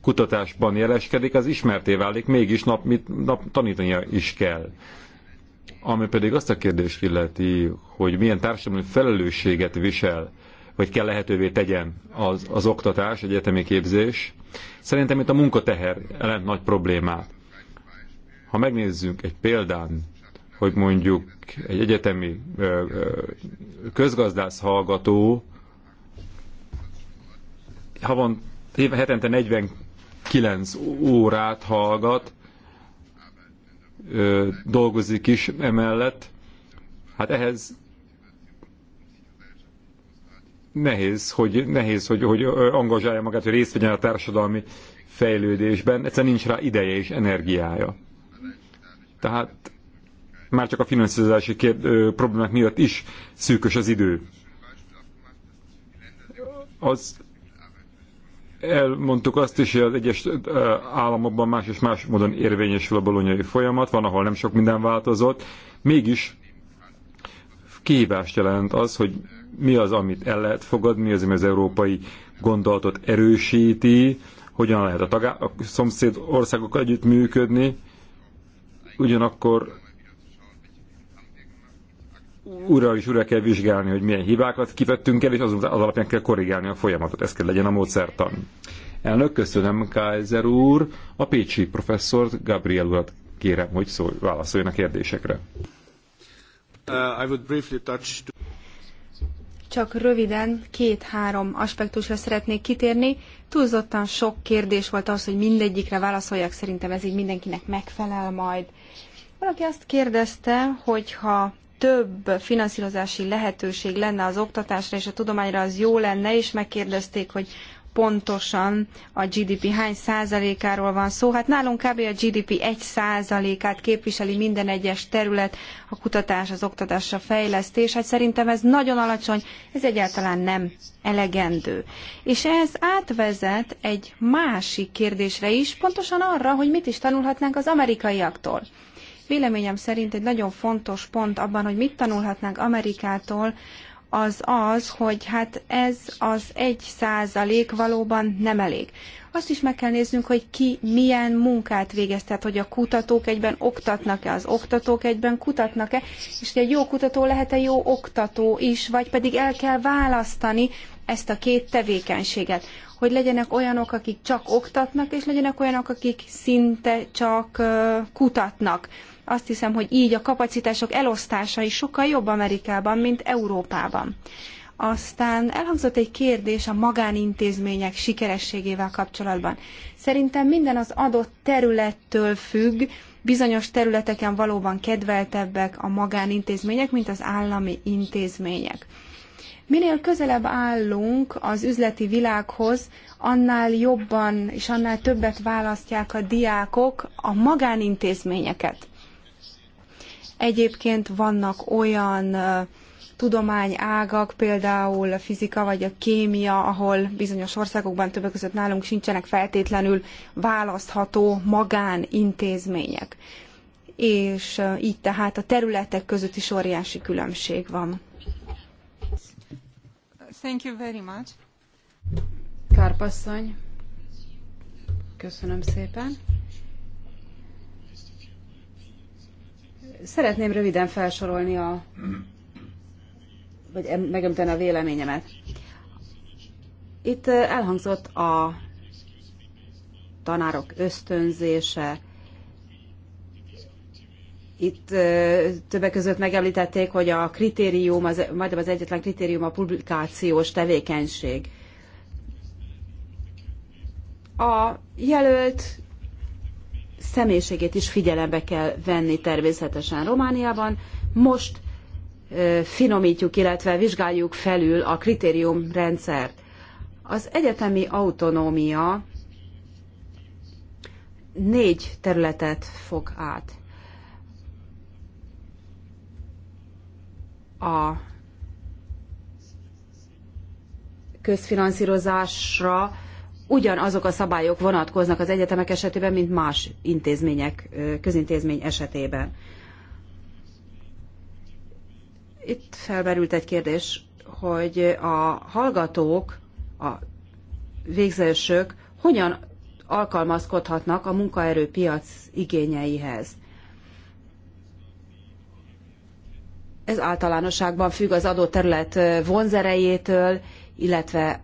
Speaker 1: kutatásban jeleskedik, az ismerté válik, mégis nap, mit, nap tanítania is kell. Ami pedig azt a kérdést illeti, hogy milyen társadalmi felelősséget visel, vagy kell lehetővé tegyen az, az oktatás, egyetemi képzés. Szerintem itt a munkateher jelent nagy problémát. Ha megnézzünk egy példán, hogy mondjuk egy egyetemi közgazdász hallgató havon, hetente 49 órát hallgat, dolgozik is emellett, hát ehhez nehéz, hogy, nehéz, hogy, hogy angazsálja magát, hogy részt vegyen a társadalmi fejlődésben, egyszerűen nincs rá ideje és energiája. Tehát már csak a finanszírozási problémák miatt is szűkös az idő. Az elmondtuk azt is, hogy az egyes államokban más és más módon érvényesül a bolonyai folyamat, van, ahol nem sok minden változott, mégis kihívást jelent az, hogy mi az, amit el lehet fogadni, mi az, ami az európai gondolatot erősíti, hogyan lehet a, tagá- a szomszéd országokkal együttműködni, ugyanakkor újra is újra kell vizsgálni, hogy milyen hibákat kivettünk el, és az, az alapján kell korrigálni a folyamatot. Ez kell legyen a módszertan. Elnök, köszönöm, Kaiser úr. A Pécsi professzort, Gabriel urat kérem, hogy szól, válaszoljon a kérdésekre.
Speaker 4: Uh, I would briefly touch to...
Speaker 2: Csak röviden két-három aspektusra szeretnék kitérni. Túlzottan sok kérdés volt az, hogy mindegyikre válaszoljak, szerintem ez így mindenkinek megfelel majd. Valaki azt kérdezte, hogy ha több finanszírozási lehetőség lenne az oktatásra és a tudományra, az jó lenne, és megkérdezték, hogy pontosan a GDP hány százalékáról van szó. Hát nálunk kb. a GDP egy százalékát képviseli minden egyes terület, a kutatás, az oktatás, a fejlesztés. Hát szerintem ez nagyon alacsony, ez egyáltalán nem elegendő. És ez átvezet egy másik kérdésre is, pontosan arra, hogy mit is tanulhatnánk az amerikaiaktól. Véleményem szerint egy nagyon fontos pont abban, hogy mit tanulhatnánk Amerikától, az az, hogy hát ez az egy százalék valóban nem elég. Azt is meg kell néznünk, hogy ki milyen munkát végez, tehát hogy a kutatók egyben oktatnak-e, az oktatók egyben kutatnak-e, és hogy egy jó kutató lehet-e jó oktató is, vagy pedig el kell választani ezt a két tevékenységet. Hogy legyenek olyanok, akik csak oktatnak, és legyenek olyanok, akik szinte csak kutatnak azt hiszem, hogy így a kapacitások elosztása is sokkal jobb Amerikában, mint Európában. Aztán elhangzott egy kérdés a magánintézmények sikerességével kapcsolatban. Szerintem minden az adott területtől függ, bizonyos területeken valóban kedveltebbek a magánintézmények, mint az állami intézmények. Minél közelebb állunk az üzleti világhoz, annál jobban és annál többet választják a diákok a magánintézményeket. Egyébként vannak olyan tudományágak, például a fizika vagy a kémia, ahol bizonyos országokban, többek között nálunk sincsenek feltétlenül választható magánintézmények. És így tehát a területek között is óriási
Speaker 3: különbség van.
Speaker 2: Thank you very much.
Speaker 3: Kárpasszony, köszönöm szépen. Szeretném röviden felsorolni a, vagy megemlíteni a véleményemet. Itt eh, elhangzott a tanárok ösztönzése. Itt eh, többek között megemlítették, hogy a kritérium, az, majdnem az egyetlen kritérium a publikációs tevékenység. A jelölt személyiségét is figyelembe kell venni természetesen Romániában. Most finomítjuk, illetve vizsgáljuk felül a kritériumrendszert. Az egyetemi autonómia négy területet fog át. A közfinanszírozásra ugyanazok a szabályok vonatkoznak az egyetemek esetében, mint más intézmények, közintézmény esetében. Itt felmerült egy kérdés, hogy a hallgatók, a végzősök hogyan alkalmazkodhatnak a munkaerőpiac igényeihez. Ez általánosságban függ az adott terület vonzerejétől, illetve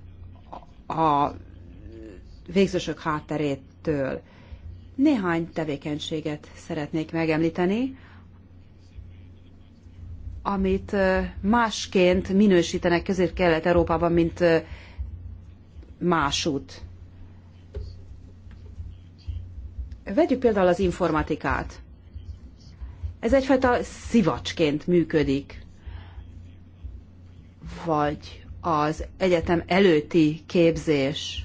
Speaker 3: a végzősök hátterétől. Néhány tevékenységet szeretnék megemlíteni, amit másként minősítenek Közép-Kelet-Európában, mint másút. Vegyük például az informatikát. Ez egyfajta szivacsként működik. Vagy az egyetem előtti képzés.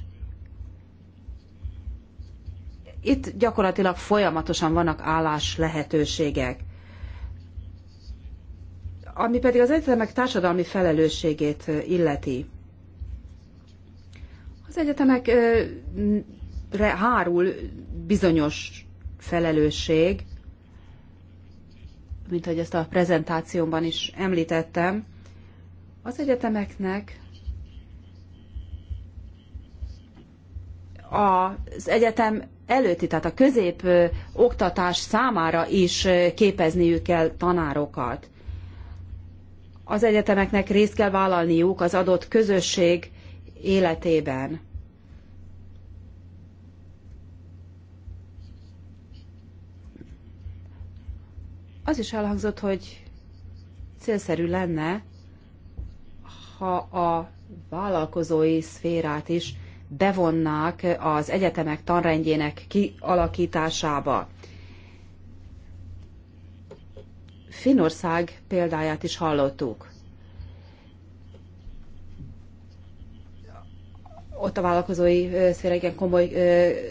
Speaker 3: Itt gyakorlatilag folyamatosan vannak állás lehetőségek. Ami pedig az egyetemek társadalmi felelősségét illeti. Az egyetemekre hárul bizonyos felelősség, mint ahogy ezt a prezentációmban is említettem, az egyetemeknek az egyetem előtti, tehát a közép oktatás számára is képezniük kell tanárokat. Az egyetemeknek részt kell vállalniuk az adott közösség életében. Az is elhangzott, hogy célszerű lenne, ha a vállalkozói szférát is bevonnák az egyetemek tanrendjének kialakításába. Finország példáját is hallottuk. Ott a vállalkozói szféra igen komoly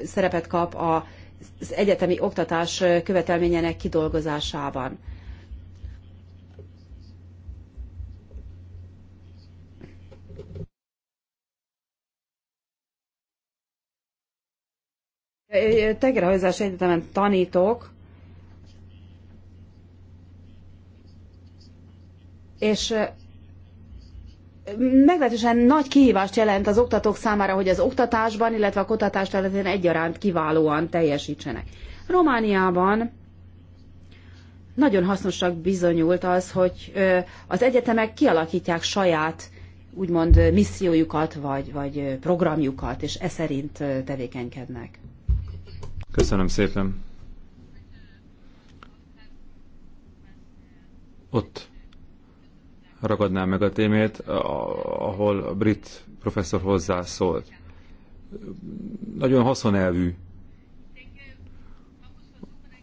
Speaker 3: szerepet kap az egyetemi oktatás követelményének kidolgozásában. Tengerhajózás egyetemen tanítok, és meglehetősen nagy kihívást jelent az oktatók számára, hogy az oktatásban, illetve a kutatás területén egyaránt kiválóan teljesítsenek. Romániában nagyon hasznosak bizonyult az, hogy az egyetemek kialakítják saját úgymond missziójukat, vagy, vagy programjukat, és e szerint tevékenykednek.
Speaker 1: Köszönöm szépen. Ott ragadnám meg a témét, ahol a brit professzor hozzászólt. Nagyon haszonelvű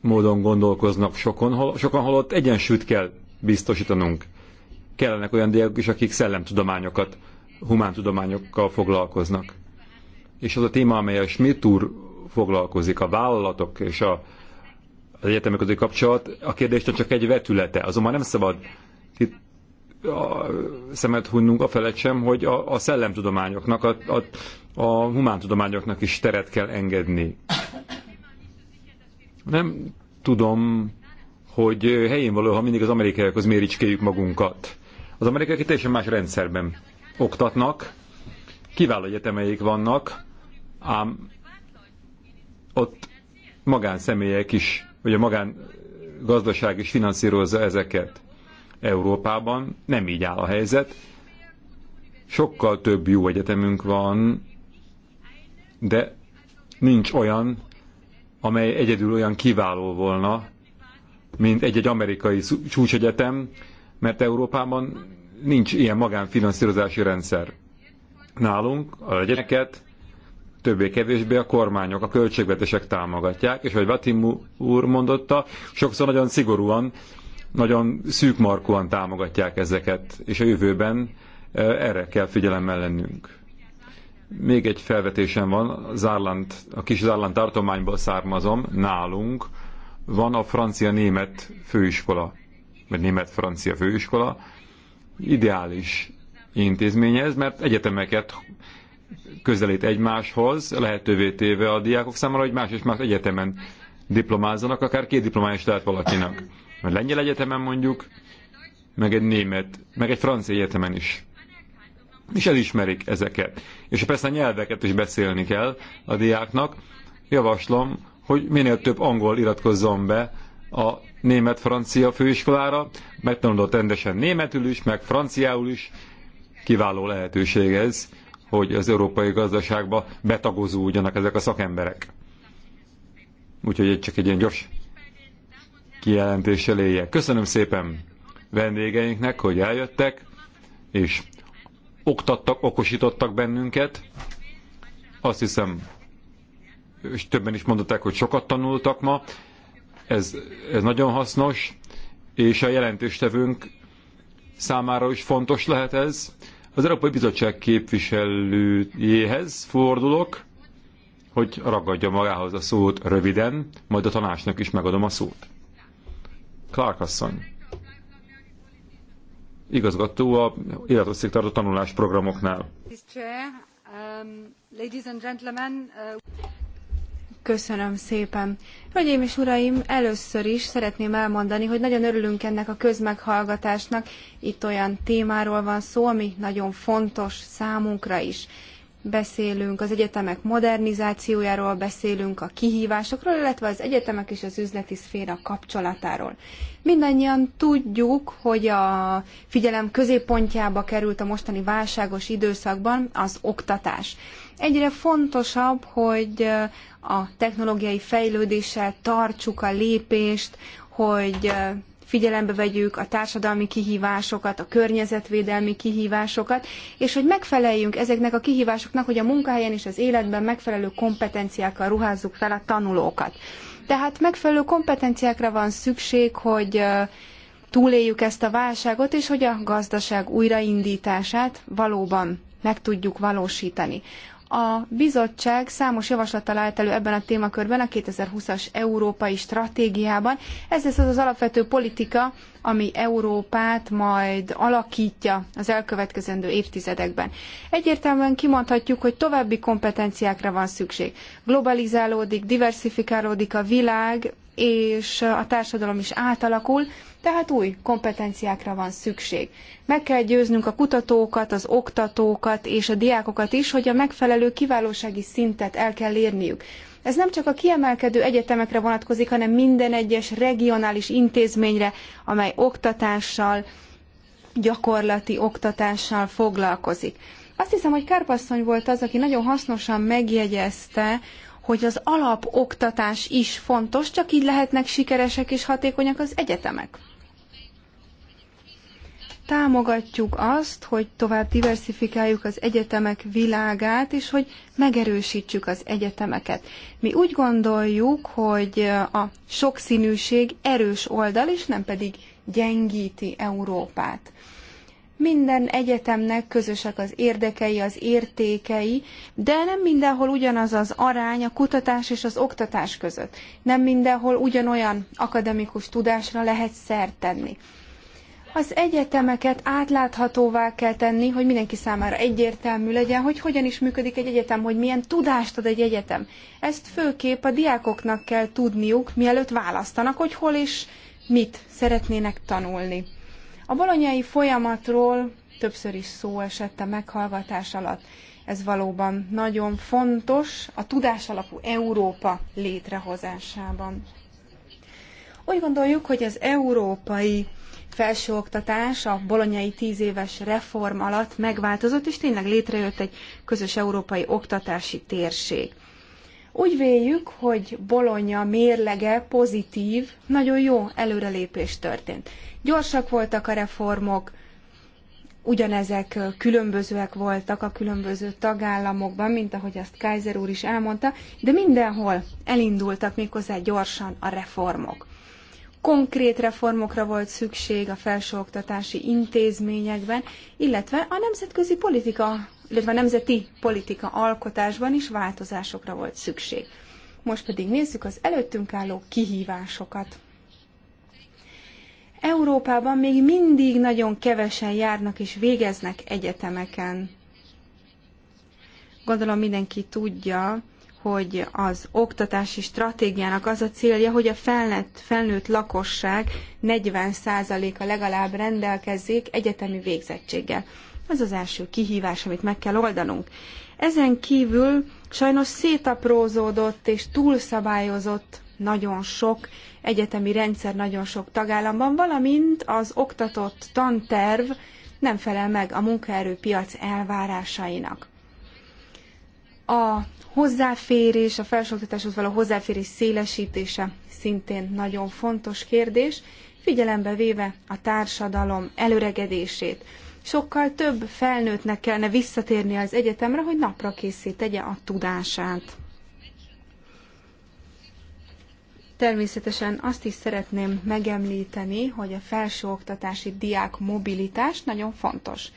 Speaker 1: módon gondolkoznak sokan, sokan holott egyensúlyt kell biztosítanunk. Kellenek olyan diákok is, akik szellemtudományokat, humántudományokkal foglalkoznak. És az a téma, amely a Schmidt úr foglalkozik, a vállalatok és a, az egyetemek közötti kapcsolat, a kérdés csak egy vetülete. Azonban nem szabad itt a szemet hunnunk a felett sem, hogy a, a szellemtudományoknak, a, a, a humántudományoknak is teret kell engedni. Nem tudom, hogy helyén való, ha mindig az amerikaiakhoz méricskéljük magunkat. Az amerikaiak egy teljesen más rendszerben oktatnak, kiváló egyetemeik vannak, ám ott magánszemélyek is, vagy a magán gazdaság is finanszírozza ezeket. Európában nem így áll a helyzet. Sokkal több jó egyetemünk van, de nincs olyan, amely egyedül olyan kiváló volna, mint egy-egy amerikai csúcsegyetem, mert Európában nincs ilyen magánfinanszírozási rendszer. Nálunk a egyeneket többé-kevésbé a kormányok, a költségvetések támogatják, és ahogy Vatim úr mondotta, sokszor nagyon szigorúan, nagyon szűkmarkúan támogatják ezeket, és a jövőben erre kell figyelemmel lennünk. Még egy felvetésem van, Zárland, a kis Zárland tartományból származom, nálunk van a francia-német főiskola, vagy német-francia főiskola, ideális intézménye ez, mert egyetemeket közelít egymáshoz, lehetővé téve a diákok számára, hogy más és más egyetemen diplomázzanak, akár két diplomája is lehet valakinak. A lengyel egyetemen mondjuk, meg egy német, meg egy francia egyetemen is. És elismerik ezeket. És persze a nyelveket is beszélni kell a diáknak. Javaslom, hogy minél több angol iratkozzon be a német-francia főiskolára, megtanulod rendesen németül is, meg franciául is, kiváló lehetőség ez, hogy az európai gazdaságba betagozódjanak ezek a szakemberek. Úgyhogy csak egy ilyen gyors kijelentéssel éljek. Köszönöm szépen vendégeinknek, hogy eljöttek, és oktattak, okosítottak bennünket. Azt hiszem, és többen is mondották, hogy sokat tanultak ma. Ez, ez nagyon hasznos, és a jelentéstevünk számára is fontos lehet ez, az Európai Bizottság képviselőjéhez fordulok, hogy ragadja magához a szót röviden, majd a tanácsnak is megadom a szót. Clark asszony. Igazgató a tartó tanulás programoknál.
Speaker 2: Köszönöm szépen. Hölgyeim és uraim, először is szeretném elmondani, hogy nagyon örülünk ennek a közmeghallgatásnak. Itt olyan témáról van szó, ami nagyon fontos számunkra is. Beszélünk az egyetemek modernizációjáról, beszélünk a kihívásokról, illetve az egyetemek és az üzleti szféra kapcsolatáról. Mindannyian tudjuk, hogy a figyelem középpontjába került a mostani válságos időszakban az oktatás. Egyre fontosabb, hogy a technológiai fejlődéssel tartsuk a lépést, hogy figyelembe vegyük a társadalmi kihívásokat, a környezetvédelmi kihívásokat, és hogy megfeleljünk ezeknek a kihívásoknak, hogy a munkahelyen és az életben megfelelő kompetenciákkal ruházzuk fel a tanulókat. Tehát megfelelő kompetenciákra van szükség, hogy túléljük ezt a válságot, és hogy a gazdaság újraindítását valóban meg tudjuk valósítani. A bizottság számos javaslattal állt elő ebben a témakörben a 2020-as európai stratégiában. Ez lesz az az alapvető politika, ami Európát majd alakítja az elkövetkezendő évtizedekben. Egyértelműen kimondhatjuk, hogy további kompetenciákra van szükség. Globalizálódik, diversifikálódik a világ, és a társadalom is átalakul, tehát új kompetenciákra van szükség. Meg kell győznünk a kutatókat, az oktatókat és a diákokat is, hogy a megfelelő kiválósági szintet el kell érniük. Ez nem csak a kiemelkedő egyetemekre vonatkozik, hanem minden egyes regionális intézményre, amely oktatással, gyakorlati oktatással foglalkozik. Azt hiszem, hogy Kárpasszony volt az, aki nagyon hasznosan megjegyezte hogy az alapoktatás is fontos, csak így lehetnek sikeresek és hatékonyak az egyetemek. Támogatjuk azt, hogy tovább diversifikáljuk az egyetemek világát, és hogy megerősítsük az egyetemeket. Mi úgy gondoljuk, hogy a sokszínűség erős oldal, és nem pedig gyengíti Európát. Minden egyetemnek közösek az érdekei, az értékei, de nem mindenhol ugyanaz az arány a kutatás és az oktatás között. Nem mindenhol ugyanolyan akademikus tudásra lehet szert tenni. Az egyetemeket átláthatóvá kell tenni, hogy mindenki számára egyértelmű legyen, hogy hogyan is működik egy egyetem, hogy milyen tudást ad egy egyetem. Ezt főképp a diákoknak kell tudniuk, mielőtt választanak, hogy hol és mit szeretnének tanulni. A bolonyai folyamatról többször is szó esett a meghallgatás alatt. Ez valóban nagyon fontos a tudás alapú Európa létrehozásában. Úgy gondoljuk, hogy az európai felsőoktatás a bolonyai tíz éves reform alatt megváltozott, és tényleg létrejött egy közös európai oktatási térség. Úgy véljük, hogy Bolonya mérlege pozitív, nagyon jó előrelépés történt. Gyorsak voltak a reformok, ugyanezek különbözőek voltak a különböző tagállamokban, mint ahogy azt Kaiser úr is elmondta, de mindenhol elindultak méghozzá gyorsan a reformok. Konkrét reformokra volt szükség a felsőoktatási intézményekben, illetve a nemzetközi politika, illetve a nemzeti politika alkotásban is változásokra volt szükség. Most pedig nézzük az előttünk álló kihívásokat. Európában még mindig nagyon kevesen járnak és végeznek egyetemeken. Gondolom mindenki tudja, hogy az oktatási stratégiának az a célja, hogy a felnőtt, felnőtt lakosság 40%-a legalább rendelkezzék egyetemi végzettséggel. Ez az első kihívás, amit meg kell oldanunk. Ezen kívül sajnos szétaprózódott és túlszabályozott nagyon sok egyetemi rendszer nagyon sok tagállamban, valamint az oktatott tanterv nem felel meg a munkaerőpiac elvárásainak. A hozzáférés, a felsőoktatáshoz való hozzáférés szélesítése szintén nagyon fontos kérdés, figyelembe véve a társadalom előregedését. Sokkal több felnőttnek kellene visszatérni az egyetemre, hogy napra készít tegye a tudását. Természetesen azt is szeretném megemlíteni, hogy a felsőoktatási diák mobilitás nagyon fontos.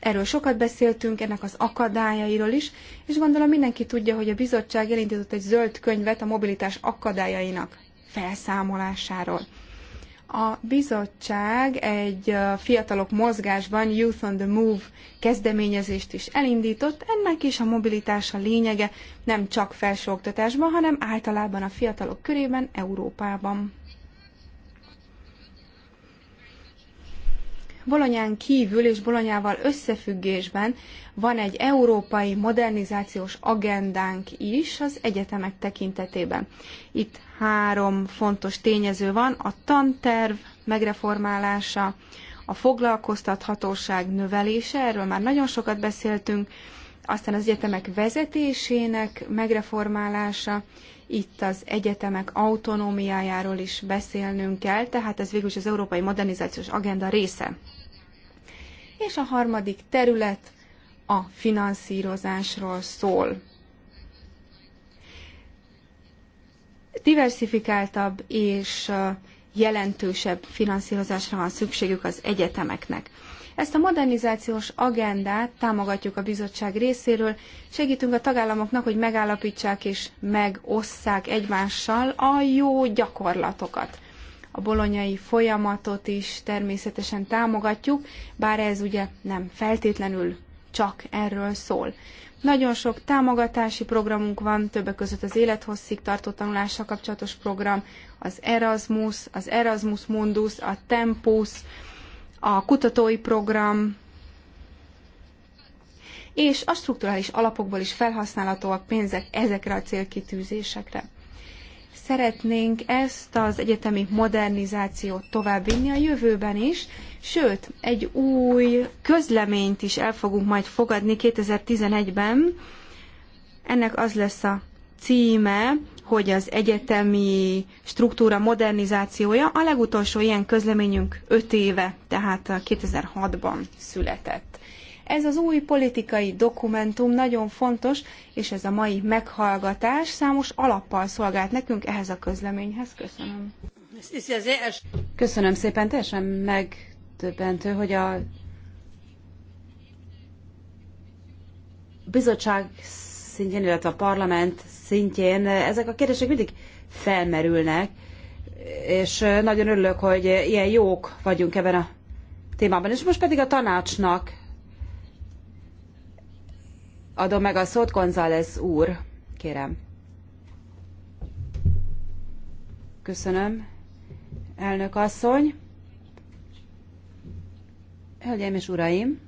Speaker 2: Erről sokat beszéltünk, ennek az akadályairól is, és gondolom mindenki tudja, hogy a bizottság elindított egy zöld könyvet a mobilitás akadályainak felszámolásáról. A bizottság egy fiatalok mozgásban Youth on the Move kezdeményezést is elindított. Ennek is a mobilitás a lényege nem csak felsőoktatásban, hanem általában a fiatalok körében Európában. Bolonyán kívül és Bolonyával összefüggésben van egy európai modernizációs agendánk is az egyetemek tekintetében. Itt három fontos tényező van, a tanterv megreformálása, a foglalkoztathatóság növelése, erről már nagyon sokat beszéltünk, aztán az egyetemek vezetésének megreformálása, itt az egyetemek autonómiájáról is beszélnünk kell, tehát ez végül is az Európai Modernizációs Agenda része. És a harmadik terület a finanszírozásról szól. diversifikáltabb és jelentősebb finanszírozásra van szükségük az egyetemeknek. Ezt a modernizációs agendát támogatjuk a bizottság részéről, segítünk a tagállamoknak, hogy megállapítsák és megosszák egymással a jó gyakorlatokat. A bolonyai folyamatot is természetesen támogatjuk, bár ez ugye nem feltétlenül csak erről szól. Nagyon sok támogatási programunk van, többek között az élethosszig tartó tanulással kapcsolatos program, az Erasmus, az Erasmus Mundus, a Tempus, a kutatói program, és a strukturális alapokból is felhasználhatóak pénzek ezekre a célkitűzésekre. Szeretnénk ezt az egyetemi modernizációt továbbvinni a jövőben is, Sőt, egy új közleményt is el fogunk majd fogadni 2011-ben. Ennek az lesz a címe, hogy az egyetemi struktúra modernizációja a legutolsó ilyen közleményünk 5 éve, tehát 2006-ban született. Ez az új politikai dokumentum nagyon fontos, és ez a mai meghallgatás számos alappal szolgált nekünk ehhez a közleményhez.
Speaker 3: Köszönöm. Köszönöm szépen, teljesen meg megdöbbentő, hogy a bizottság szintjén, illetve a parlament szintjén ezek a kérdések mindig felmerülnek, és nagyon örülök, hogy ilyen jók vagyunk ebben a témában. És most pedig a tanácsnak adom meg a szót, González úr, kérem. Köszönöm, elnök asszony. Hölgyeim és uraim,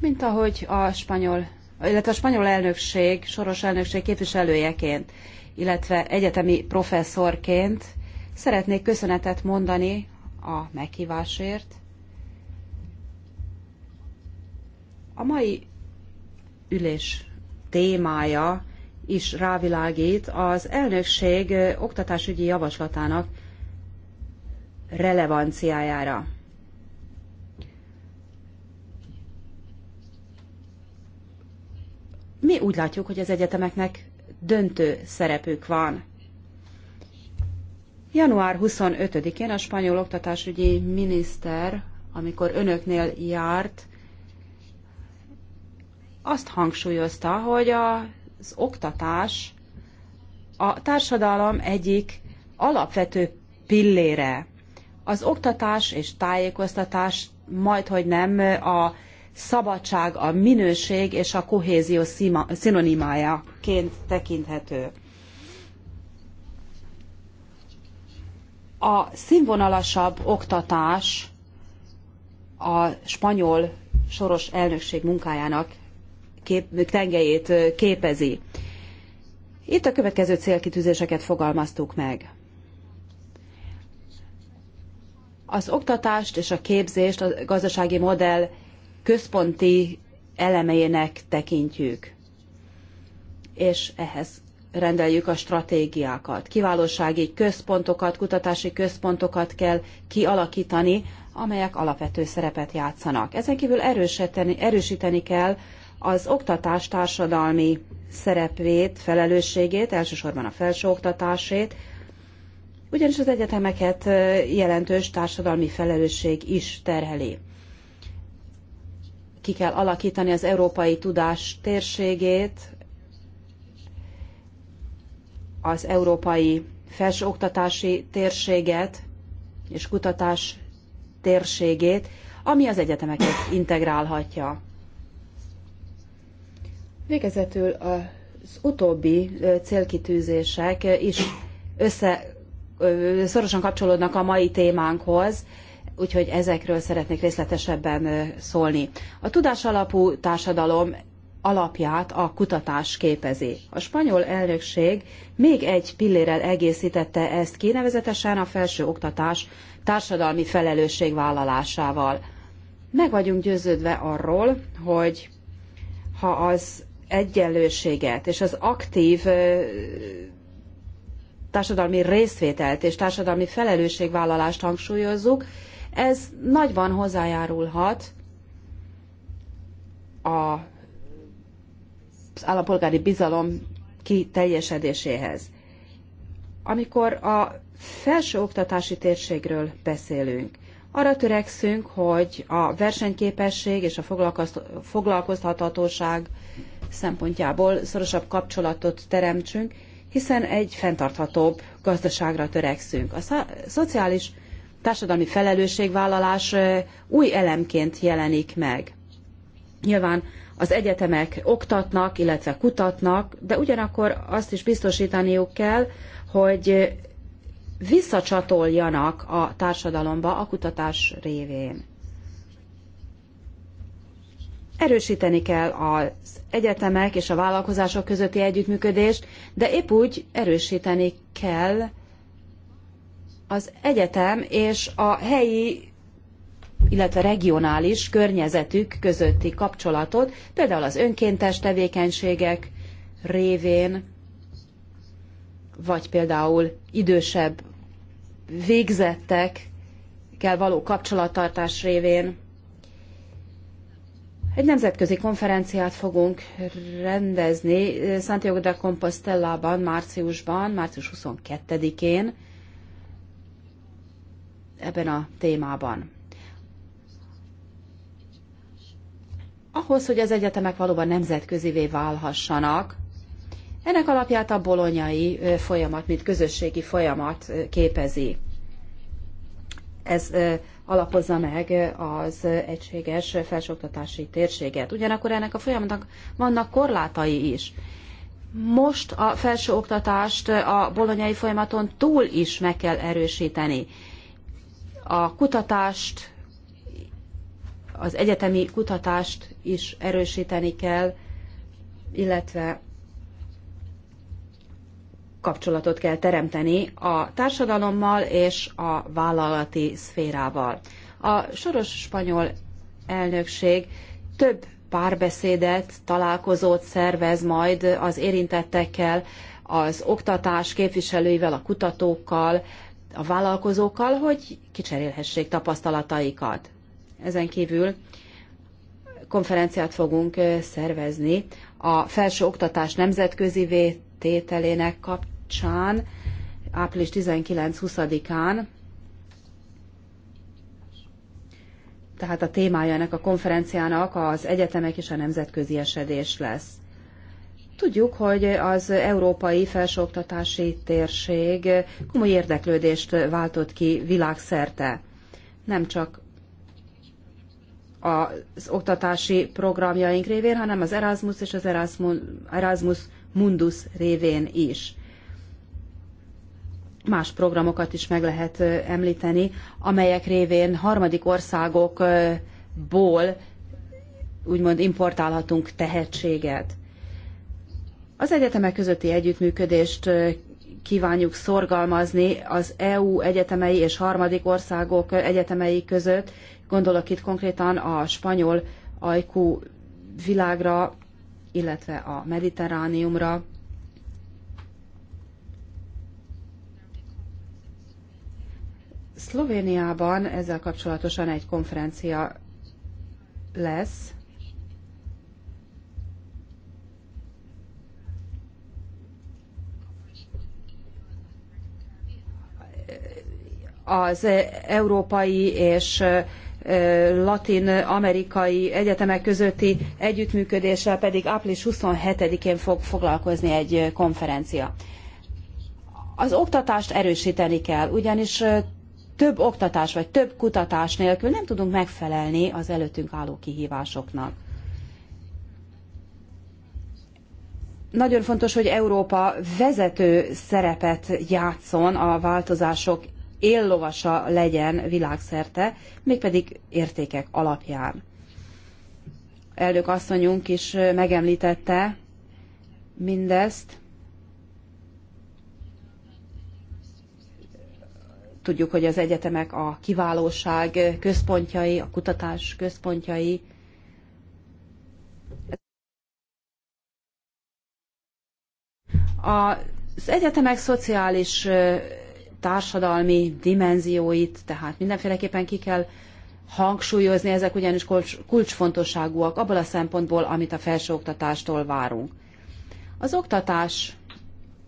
Speaker 3: mint ahogy a spanyol, illetve a spanyol elnökség, soros elnökség képviselőjeként, illetve egyetemi professzorként szeretnék köszönetet mondani a meghívásért. A mai ülés témája is rávilágít az elnökség oktatásügyi javaslatának relevanciájára. Mi úgy látjuk, hogy az egyetemeknek döntő szerepük van. Január 25-én a spanyol oktatásügyi miniszter, amikor önöknél járt, azt hangsúlyozta, hogy az oktatás a társadalom egyik alapvető pillére. Az oktatás és tájékoztatás majd, hogy nem a szabadság, a minőség és a kohézió szinonimájaként tekinthető. A színvonalasabb oktatás a spanyol soros elnökség munkájának kép, tengelyét képezi. Itt a következő célkitűzéseket fogalmaztuk meg. Az oktatást és a képzést a gazdasági modell központi elemeinek tekintjük, és ehhez rendeljük a stratégiákat. Kiválósági központokat, kutatási központokat kell kialakítani, amelyek alapvető szerepet játszanak. Ezen kívül erősíteni, erősíteni kell az oktatás társadalmi szerepvét, felelősségét, elsősorban a felsőoktatásét, ugyanis az egyetemeket jelentős társadalmi felelősség is terheli. Ki kell alakítani az európai tudás térségét, az európai felsőoktatási térséget és kutatás térségét, ami az egyetemeket integrálhatja. Végezetül az utóbbi célkitűzések is össze szorosan kapcsolódnak a mai témánkhoz, úgyhogy ezekről szeretnék részletesebben szólni. A tudásalapú társadalom alapját a kutatás képezi. A spanyol elnökség még egy pillérrel egészítette ezt ki, nevezetesen a felső oktatás társadalmi felelősség vállalásával. Meg vagyunk győződve arról, hogy ha az egyenlőséget és az aktív társadalmi részvételt és társadalmi felelősségvállalást hangsúlyozzuk, ez nagyban hozzájárulhat a, az állampolgári bizalom kiteljesedéséhez. Amikor a felsőoktatási térségről beszélünk, arra törekszünk, hogy a versenyképesség és a foglalkoztathatóság szempontjából szorosabb kapcsolatot teremtsünk, hiszen egy fenntarthatóbb gazdaságra törekszünk. A szociális társadalmi felelősségvállalás új elemként jelenik meg. Nyilván az egyetemek oktatnak, illetve kutatnak, de ugyanakkor azt is biztosítaniuk kell, hogy visszacsatoljanak a társadalomba a kutatás révén. Erősíteni kell az egyetemek és a vállalkozások közötti együttműködést, de épp úgy erősíteni kell az egyetem és a helyi, illetve regionális környezetük közötti kapcsolatot, például az önkéntes tevékenységek révén, vagy például idősebb végzettekkel való kapcsolattartás révén. Egy nemzetközi konferenciát fogunk rendezni Santiago de Compostelában márciusban, március 22-én ebben a témában. Ahhoz, hogy az egyetemek valóban nemzetközivé válhassanak, ennek alapját a bolonyai folyamat, mint közösségi folyamat képezi. Ez alapozza meg az egységes felsőoktatási térséget. Ugyanakkor ennek a folyamatnak vannak korlátai is. Most a felsőoktatást a bolonyai folyamaton túl is meg kell erősíteni. A kutatást, az egyetemi kutatást is erősíteni kell, illetve kapcsolatot kell teremteni a társadalommal és a vállalati szférával. A soros spanyol elnökség több párbeszédet, találkozót szervez majd az érintettekkel, az oktatás képviselőivel, a kutatókkal, a vállalkozókkal, hogy kicserélhessék tapasztalataikat. Ezen kívül konferenciát fogunk szervezni a felső oktatás nemzetközivé tételének kapcsán április 19-20-án, tehát a témája ennek a konferenciának az egyetemek és a nemzetközi esedés lesz. Tudjuk, hogy az európai felsőoktatási térség komoly érdeklődést váltott ki világszerte. Nem csak az oktatási programjaink révén, hanem az Erasmus és az Erasmus, Erasmus Mundus révén is. Más programokat is meg lehet említeni, amelyek révén harmadik országokból úgymond importálhatunk tehetséget. Az egyetemek közötti együttműködést kívánjuk szorgalmazni az EU egyetemei és harmadik országok egyetemei között. Gondolok itt konkrétan a spanyol ajkú világra, illetve a Mediterrániumra. Szlovéniában ezzel kapcsolatosan egy konferencia lesz. Az európai és latin-amerikai egyetemek közötti együttműködéssel pedig április 27-én fog foglalkozni egy konferencia. Az oktatást erősíteni kell, ugyanis több oktatás vagy több kutatás nélkül nem tudunk megfelelni az előttünk álló kihívásoknak. Nagyon fontos, hogy Európa vezető szerepet játszon a változások éllovasa legyen világszerte, mégpedig értékek alapján. Elnök asszonyunk is megemlítette mindezt. Tudjuk, hogy az egyetemek a kiválóság központjai, a kutatás központjai, az egyetemek szociális társadalmi dimenzióit, tehát mindenféleképpen ki kell hangsúlyozni, ezek ugyanis kulcsfontosságúak abból a szempontból, amit a felsőoktatástól várunk. Az oktatás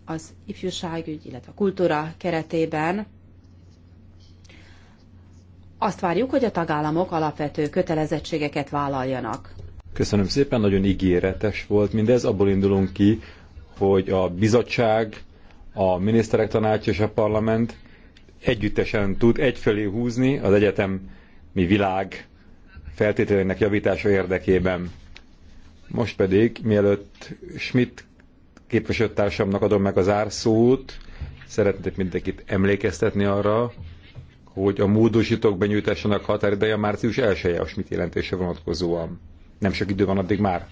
Speaker 3: az ifjúságügy, illetve a kultúra keretében azt várjuk, hogy a tagállamok alapvető kötelezettségeket vállaljanak.
Speaker 1: Köszönöm szépen, nagyon ígéretes volt mindez. Abból indulunk ki, hogy a bizottság a miniszterek tanács és a parlament együttesen tud egyfelé húzni az egyetemi világ feltételeinek javítása érdekében. Most pedig, mielőtt Schmidt képviselőtársamnak adom meg az árszót, szeretnék mindenkit emlékeztetni arra, hogy a módosítók benyújtásának határideje március 1-e a Schmidt jelentése vonatkozóan. Nem sok idő van addig már.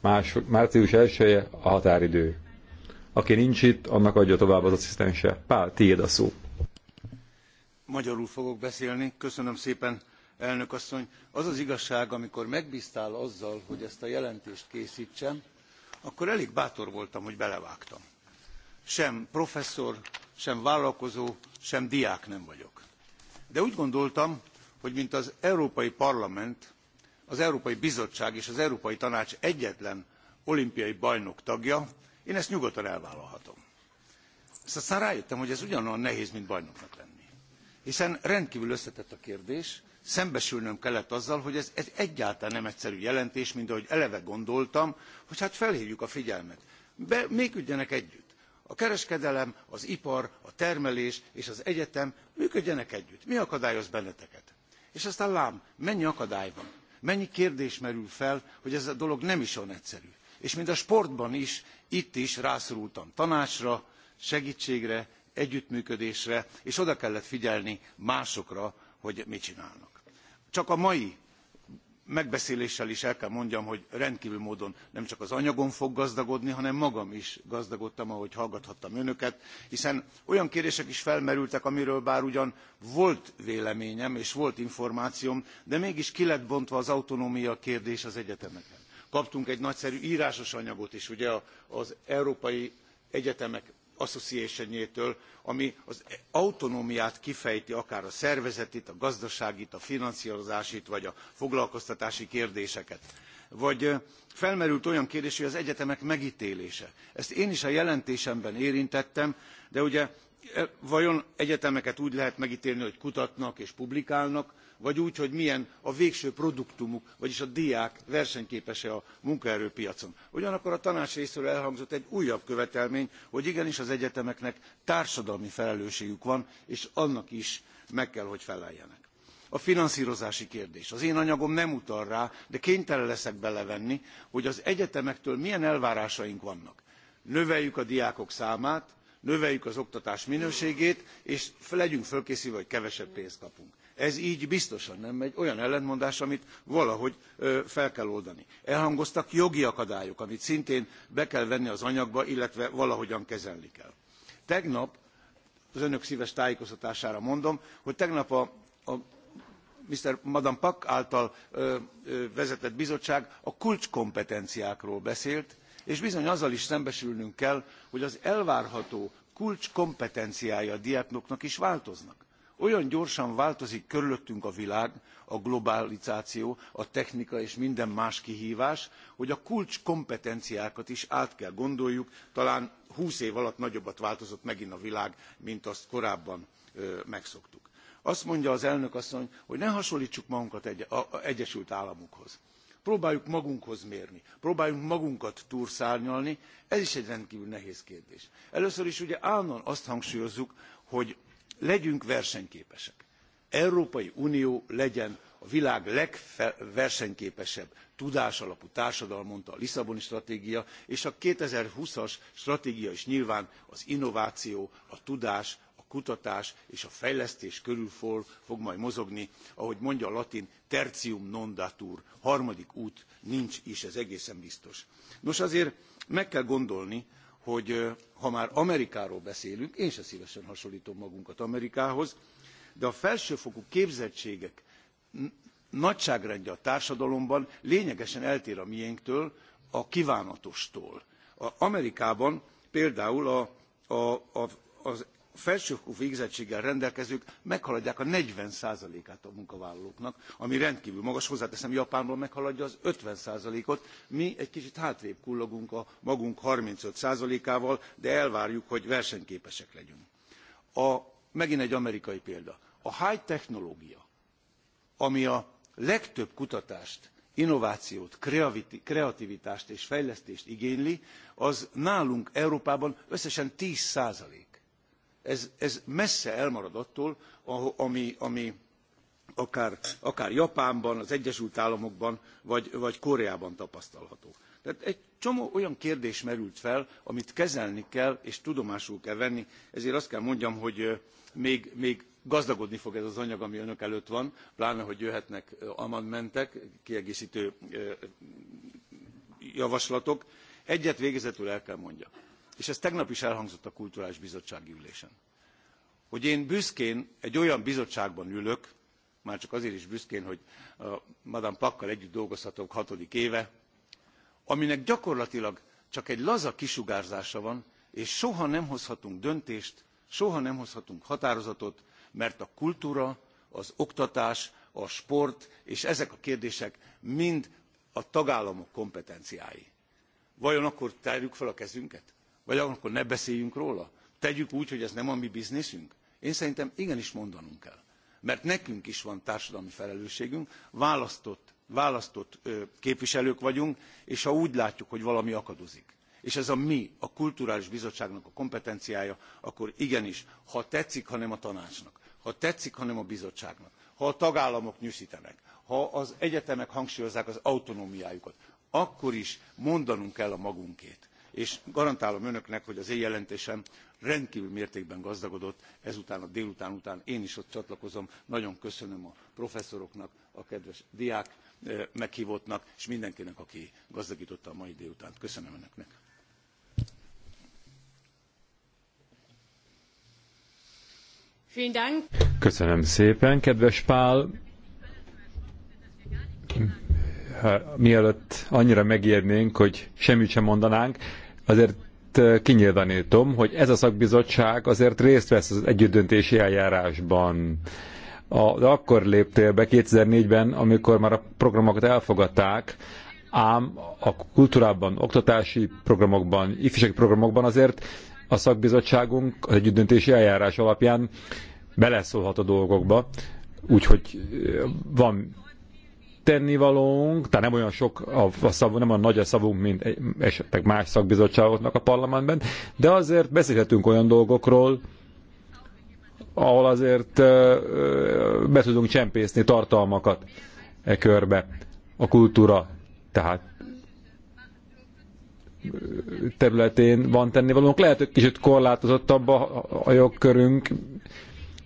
Speaker 1: Más, március 1-e a határidő. Aki nincs itt, annak adja tovább az asszisztense. Pál, tiéd a szó.
Speaker 4: Magyarul fogok beszélni. Köszönöm szépen, elnök asszony. Az az igazság, amikor megbíztál azzal, hogy ezt a jelentést készítsem, akkor elég bátor voltam, hogy belevágtam. Sem professzor, sem vállalkozó, sem diák nem vagyok. De úgy gondoltam, hogy mint az Európai Parlament, az Európai Bizottság és az Európai Tanács egyetlen olimpiai bajnok tagja, én ezt nyugodtan elvállalhatom. Ezt aztán rájöttem, hogy ez ugyanolyan nehéz, mint bajnoknak lenni. Hiszen rendkívül összetett a kérdés, szembesülnöm kellett azzal, hogy ez, ez egyáltalán nem egyszerű jelentés, mint ahogy eleve gondoltam, hogy hát felhívjuk a figyelmet. Be, működjenek együtt. A kereskedelem, az ipar, a termelés és az egyetem működjenek együtt. Mi akadályoz benneteket? És aztán lám, mennyi akadály van? Mennyi kérdés merül fel, hogy ez a dolog nem is olyan egyszerű és mint a sportban is itt is rászorultam tanácsra segtségre együttműködésre és oda kellett figyelni másokra hogy mit csinálnak. csak a mai megbeszéléssel is el kell mondjam hogy rendkvül módon nem csak az anyagom fog gazdagodni hanem magam is gazdagodtam ahogy hallgathattam önöket hiszen olyan kérdések is felmerültek amiről bár ugyan volt véleményem és volt információm de mégis ki lett bontva az autonómia kérdés az egyetemeken kaptunk egy nagyszerű rásos anyagot is ugye az európai egyetemek association-jétől ami az autonómiát kifejti akár a szervezetit a gazdaságit a finanszrozásit vagy a foglalkoztatási kérdéseket vagy felmerült olyan kérdés hogy az egyetemek megtélése ezt én is a jelentésemben érintettem de ugye E, vajon egyetemeket úgy lehet megtélni hogy kutatnak és publikálnak vagy úgy hogy milyen a végső produktumuk vagyis a diák versenyképes e a munkaerőpiacon? ugyanakkor a tanács részéről elhangzott egy újabb követelmény hogy igenis az egyetemeknek társadalmi felelősségük van és annak is meg kell hogy feleljenek a finanszrozási kérdés az én anyagom nem utal rá de kénytelen leszek belevenni hogy az egyetemektől milyen elvárásaink vannak növeljük a diákok számát növeljük az oktatás minőségét és legyünk fölkészülve hogy kevesebb pénzt kapunk. ez gy biztosan nem megy olyan ellentmondás amit valahogy fel kell oldani. elhangoztak jogi akadályok amit szintén be kell venni az anyagba illetve valahogyan kezelni kell. tegnap az önök szves tájékoztatására mondom hogy tegnap a, madame pack által vezetett bizottság a kulcskompetenciákról beszélt és bizony azzal is szembesülnünk kell hogy az elvárható kulcskompetenciái a diáknak is változnak. olyan gyorsan változik körülöttünk a világ a globalizáció a technika és minden más kihvás hogy a kulcskompetenciákat is át kell gondoljuk talán húsz év alatt nagyobbat változott megint a világ mint azt korábban megszoktuk. azt mondja az elnök asszony hogy ne hasonltsuk magunkat az egyesült államokhoz próbáljuk magunkhoz mérni próbáljunk magunkat túlszárnyalni ez is egy rendkvül nehéz kérdés. először is ugye állandóan azt hangsúlyozzuk hogy legyünk versenyképesek európai unió legyen a világ legversenyképesebb tudásalapú társadalma mondta a lisszaboni stratégia és a two thousand and twenty as stratégia is nyilván az innováció a tudás kutatás és a fejlesztés körül fog majd mozogni, ahogy mondja a latin, tertium non datur, harmadik út nincs is, ez egészen biztos. Nos azért meg kell gondolni, hogy ha már Amerikáról beszélünk, én se szívesen hasonlítom magunkat Amerikához, de a felsőfokú képzettségek nagyságrendje a társadalomban lényegesen eltér a miénktől, a kívánatostól. A Amerikában például a, a, a, az felsőfokú végzettséggel rendelkezők meghaladják a 40%-át a munkavállalóknak, ami rendkívül magas, hozzáteszem Japánban meghaladja az 50%-ot. Mi egy kicsit hátrébb kullogunk a magunk 35%-ával, de elvárjuk, hogy versenyképesek legyünk. A, megint egy amerikai példa. A high technológia, ami a legtöbb kutatást innovációt kreativitást és fejlesztést igényli az nálunk európában összesen ten ez, messze elmarad attól, ami, ami akár, akár, Japánban, az Egyesült Államokban vagy, vagy Koreában tapasztalható. Tehát egy csomó olyan kérdés merült fel, amit kezelni kell és tudomásul kell venni, ezért azt kell mondjam, hogy még, még gazdagodni fog ez az anyag, ami önök előtt van, pláne, hogy jöhetnek amendmentek, kiegészítő javaslatok. Egyet végezetül el kell mondjam és ez tegnap is elhangzott a Kulturális Bizottsági Ülésen, hogy én büszkén egy olyan bizottságban ülök, már csak azért is büszkén, hogy Madame Pakkal együtt dolgozhatok hatodik éve, aminek gyakorlatilag csak egy laza kisugárzása van, és soha nem hozhatunk döntést, soha nem hozhatunk határozatot, mert a kultúra, az oktatás, a sport és ezek a kérdések mind a tagállamok kompetenciái. Vajon akkor tárjuk fel a kezünket? Vagy akkor ne beszéljünk róla? Tegyük úgy, hogy ez nem a mi bizniszünk? Én szerintem igenis mondanunk kell. Mert nekünk is van társadalmi felelősségünk, választott, választott ö, képviselők vagyunk, és ha úgy látjuk, hogy valami akadozik, és ez a mi, a kulturális bizottságnak a kompetenciája, akkor igenis, ha tetszik, hanem a tanácsnak, ha tetszik, hanem a bizottságnak, ha a tagállamok nyűsítenek, ha az egyetemek hangsúlyozzák az autonómiájukat, akkor is mondanunk kell a magunkét és garantálom önöknek hogy az én jelentésem rendkvül mértékben gazdagodott ezután a délután után én is ott csatlakozom nagyon köszönöm a professzoroknak a kedves diák eh, meghvottnak és mindenkinek aki gazdagtotta a mai délutánt. köszönöm önöknek.
Speaker 1: Köszönöm szépen, kedves Pál! Mielőtt annyira megijednénk, hogy semmit sem mondanánk, azért kinyilvánítom, hogy ez a szakbizottság azért részt vesz az együttdöntési eljárásban. A, de akkor léptél be 2004-ben, amikor már a programokat elfogadták, ám a kultúrában, oktatási programokban, ifjúsági programokban azért a szakbizottságunk az együttdöntési eljárás alapján beleszólhat a dolgokba, úgyhogy van tennivalónk, tehát nem olyan sok a, a szavunk, nem olyan nagy a szavunk, mint esetleg más szakbizottságoknak a parlamentben, de azért beszélhetünk olyan dolgokról, ahol azért be tudunk csempészni tartalmakat e körbe. A kultúra tehát területén van tennivalónk. Lehet, hogy kicsit korlátozottabb a, a jogkörünk,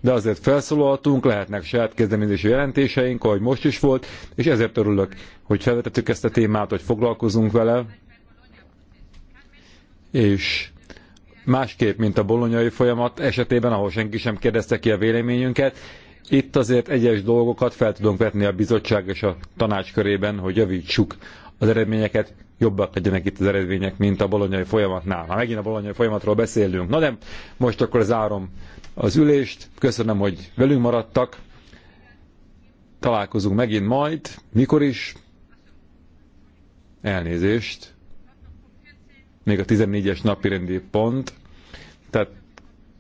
Speaker 1: de azért felszólaltunk, lehetnek saját kezdeményezési jelentéseink, ahogy most is volt, és ezért örülök, hogy felvetettük ezt a témát, hogy foglalkozunk vele, és másképp, mint a bolonyai folyamat esetében, ahol senki sem kérdezte ki a véleményünket, itt azért egyes dolgokat fel tudunk vetni a bizottság és a tanács körében, hogy javítsuk az eredményeket, jobbak legyenek itt az eredmények, mint a bolonyai folyamatnál. Ha megint a bolonyai folyamatról beszélünk. Na de most akkor zárom az ülést, köszönöm, hogy velünk maradtak, találkozunk megint majd, mikor is, elnézést, még a 14-es napi rendi pont, tehát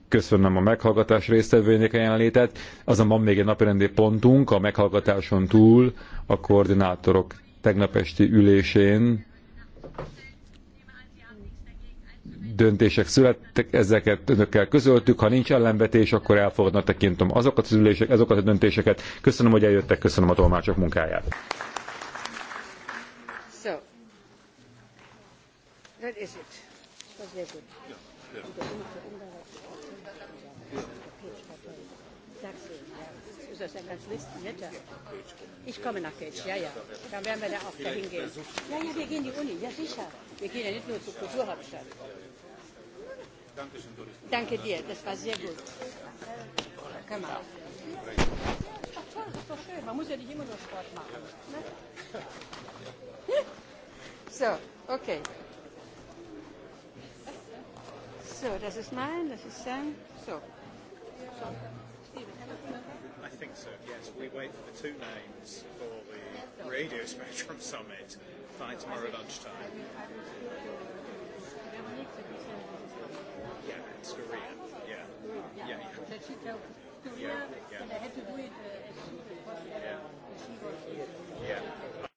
Speaker 1: köszönöm a meghallgatás résztvevőjének a jelenlétet, azonban még egy napirendi pontunk a meghallgatáson túl a koordinátorok tegnap esti ülésén döntések születtek, ezeket önökkel közöltük, ha nincs ellenvetés, akkor elfogadnak tekintem azokat az ülések, azokat a döntéseket. Köszönöm, hogy eljöttek, köszönöm a tolmácsok munkáját.
Speaker 5: So, that is it. Ich komme nach Cage, ja, ja. Dann werden wir da auch dahin gehen. Ja, ja, wir gehen in die
Speaker 3: Uni, ja sicher. Wir gehen ja nicht nur zur Kulturhauptstadt. Danke dir, das war sehr gut. Man muss ja nicht immer nur Sport machen. Ne?
Speaker 4: So,
Speaker 3: okay. So, das ist mein, das ist
Speaker 5: sein. So.
Speaker 4: I think so, yes. We wait for the two names for the Radio Spectrum Summit by tomorrow lunchtime. That's Korea.
Speaker 1: Yeah. Yeah. yeah. That
Speaker 5: she told Korea yeah. yeah. I had to do it uh, as Yeah. she was. Yeah.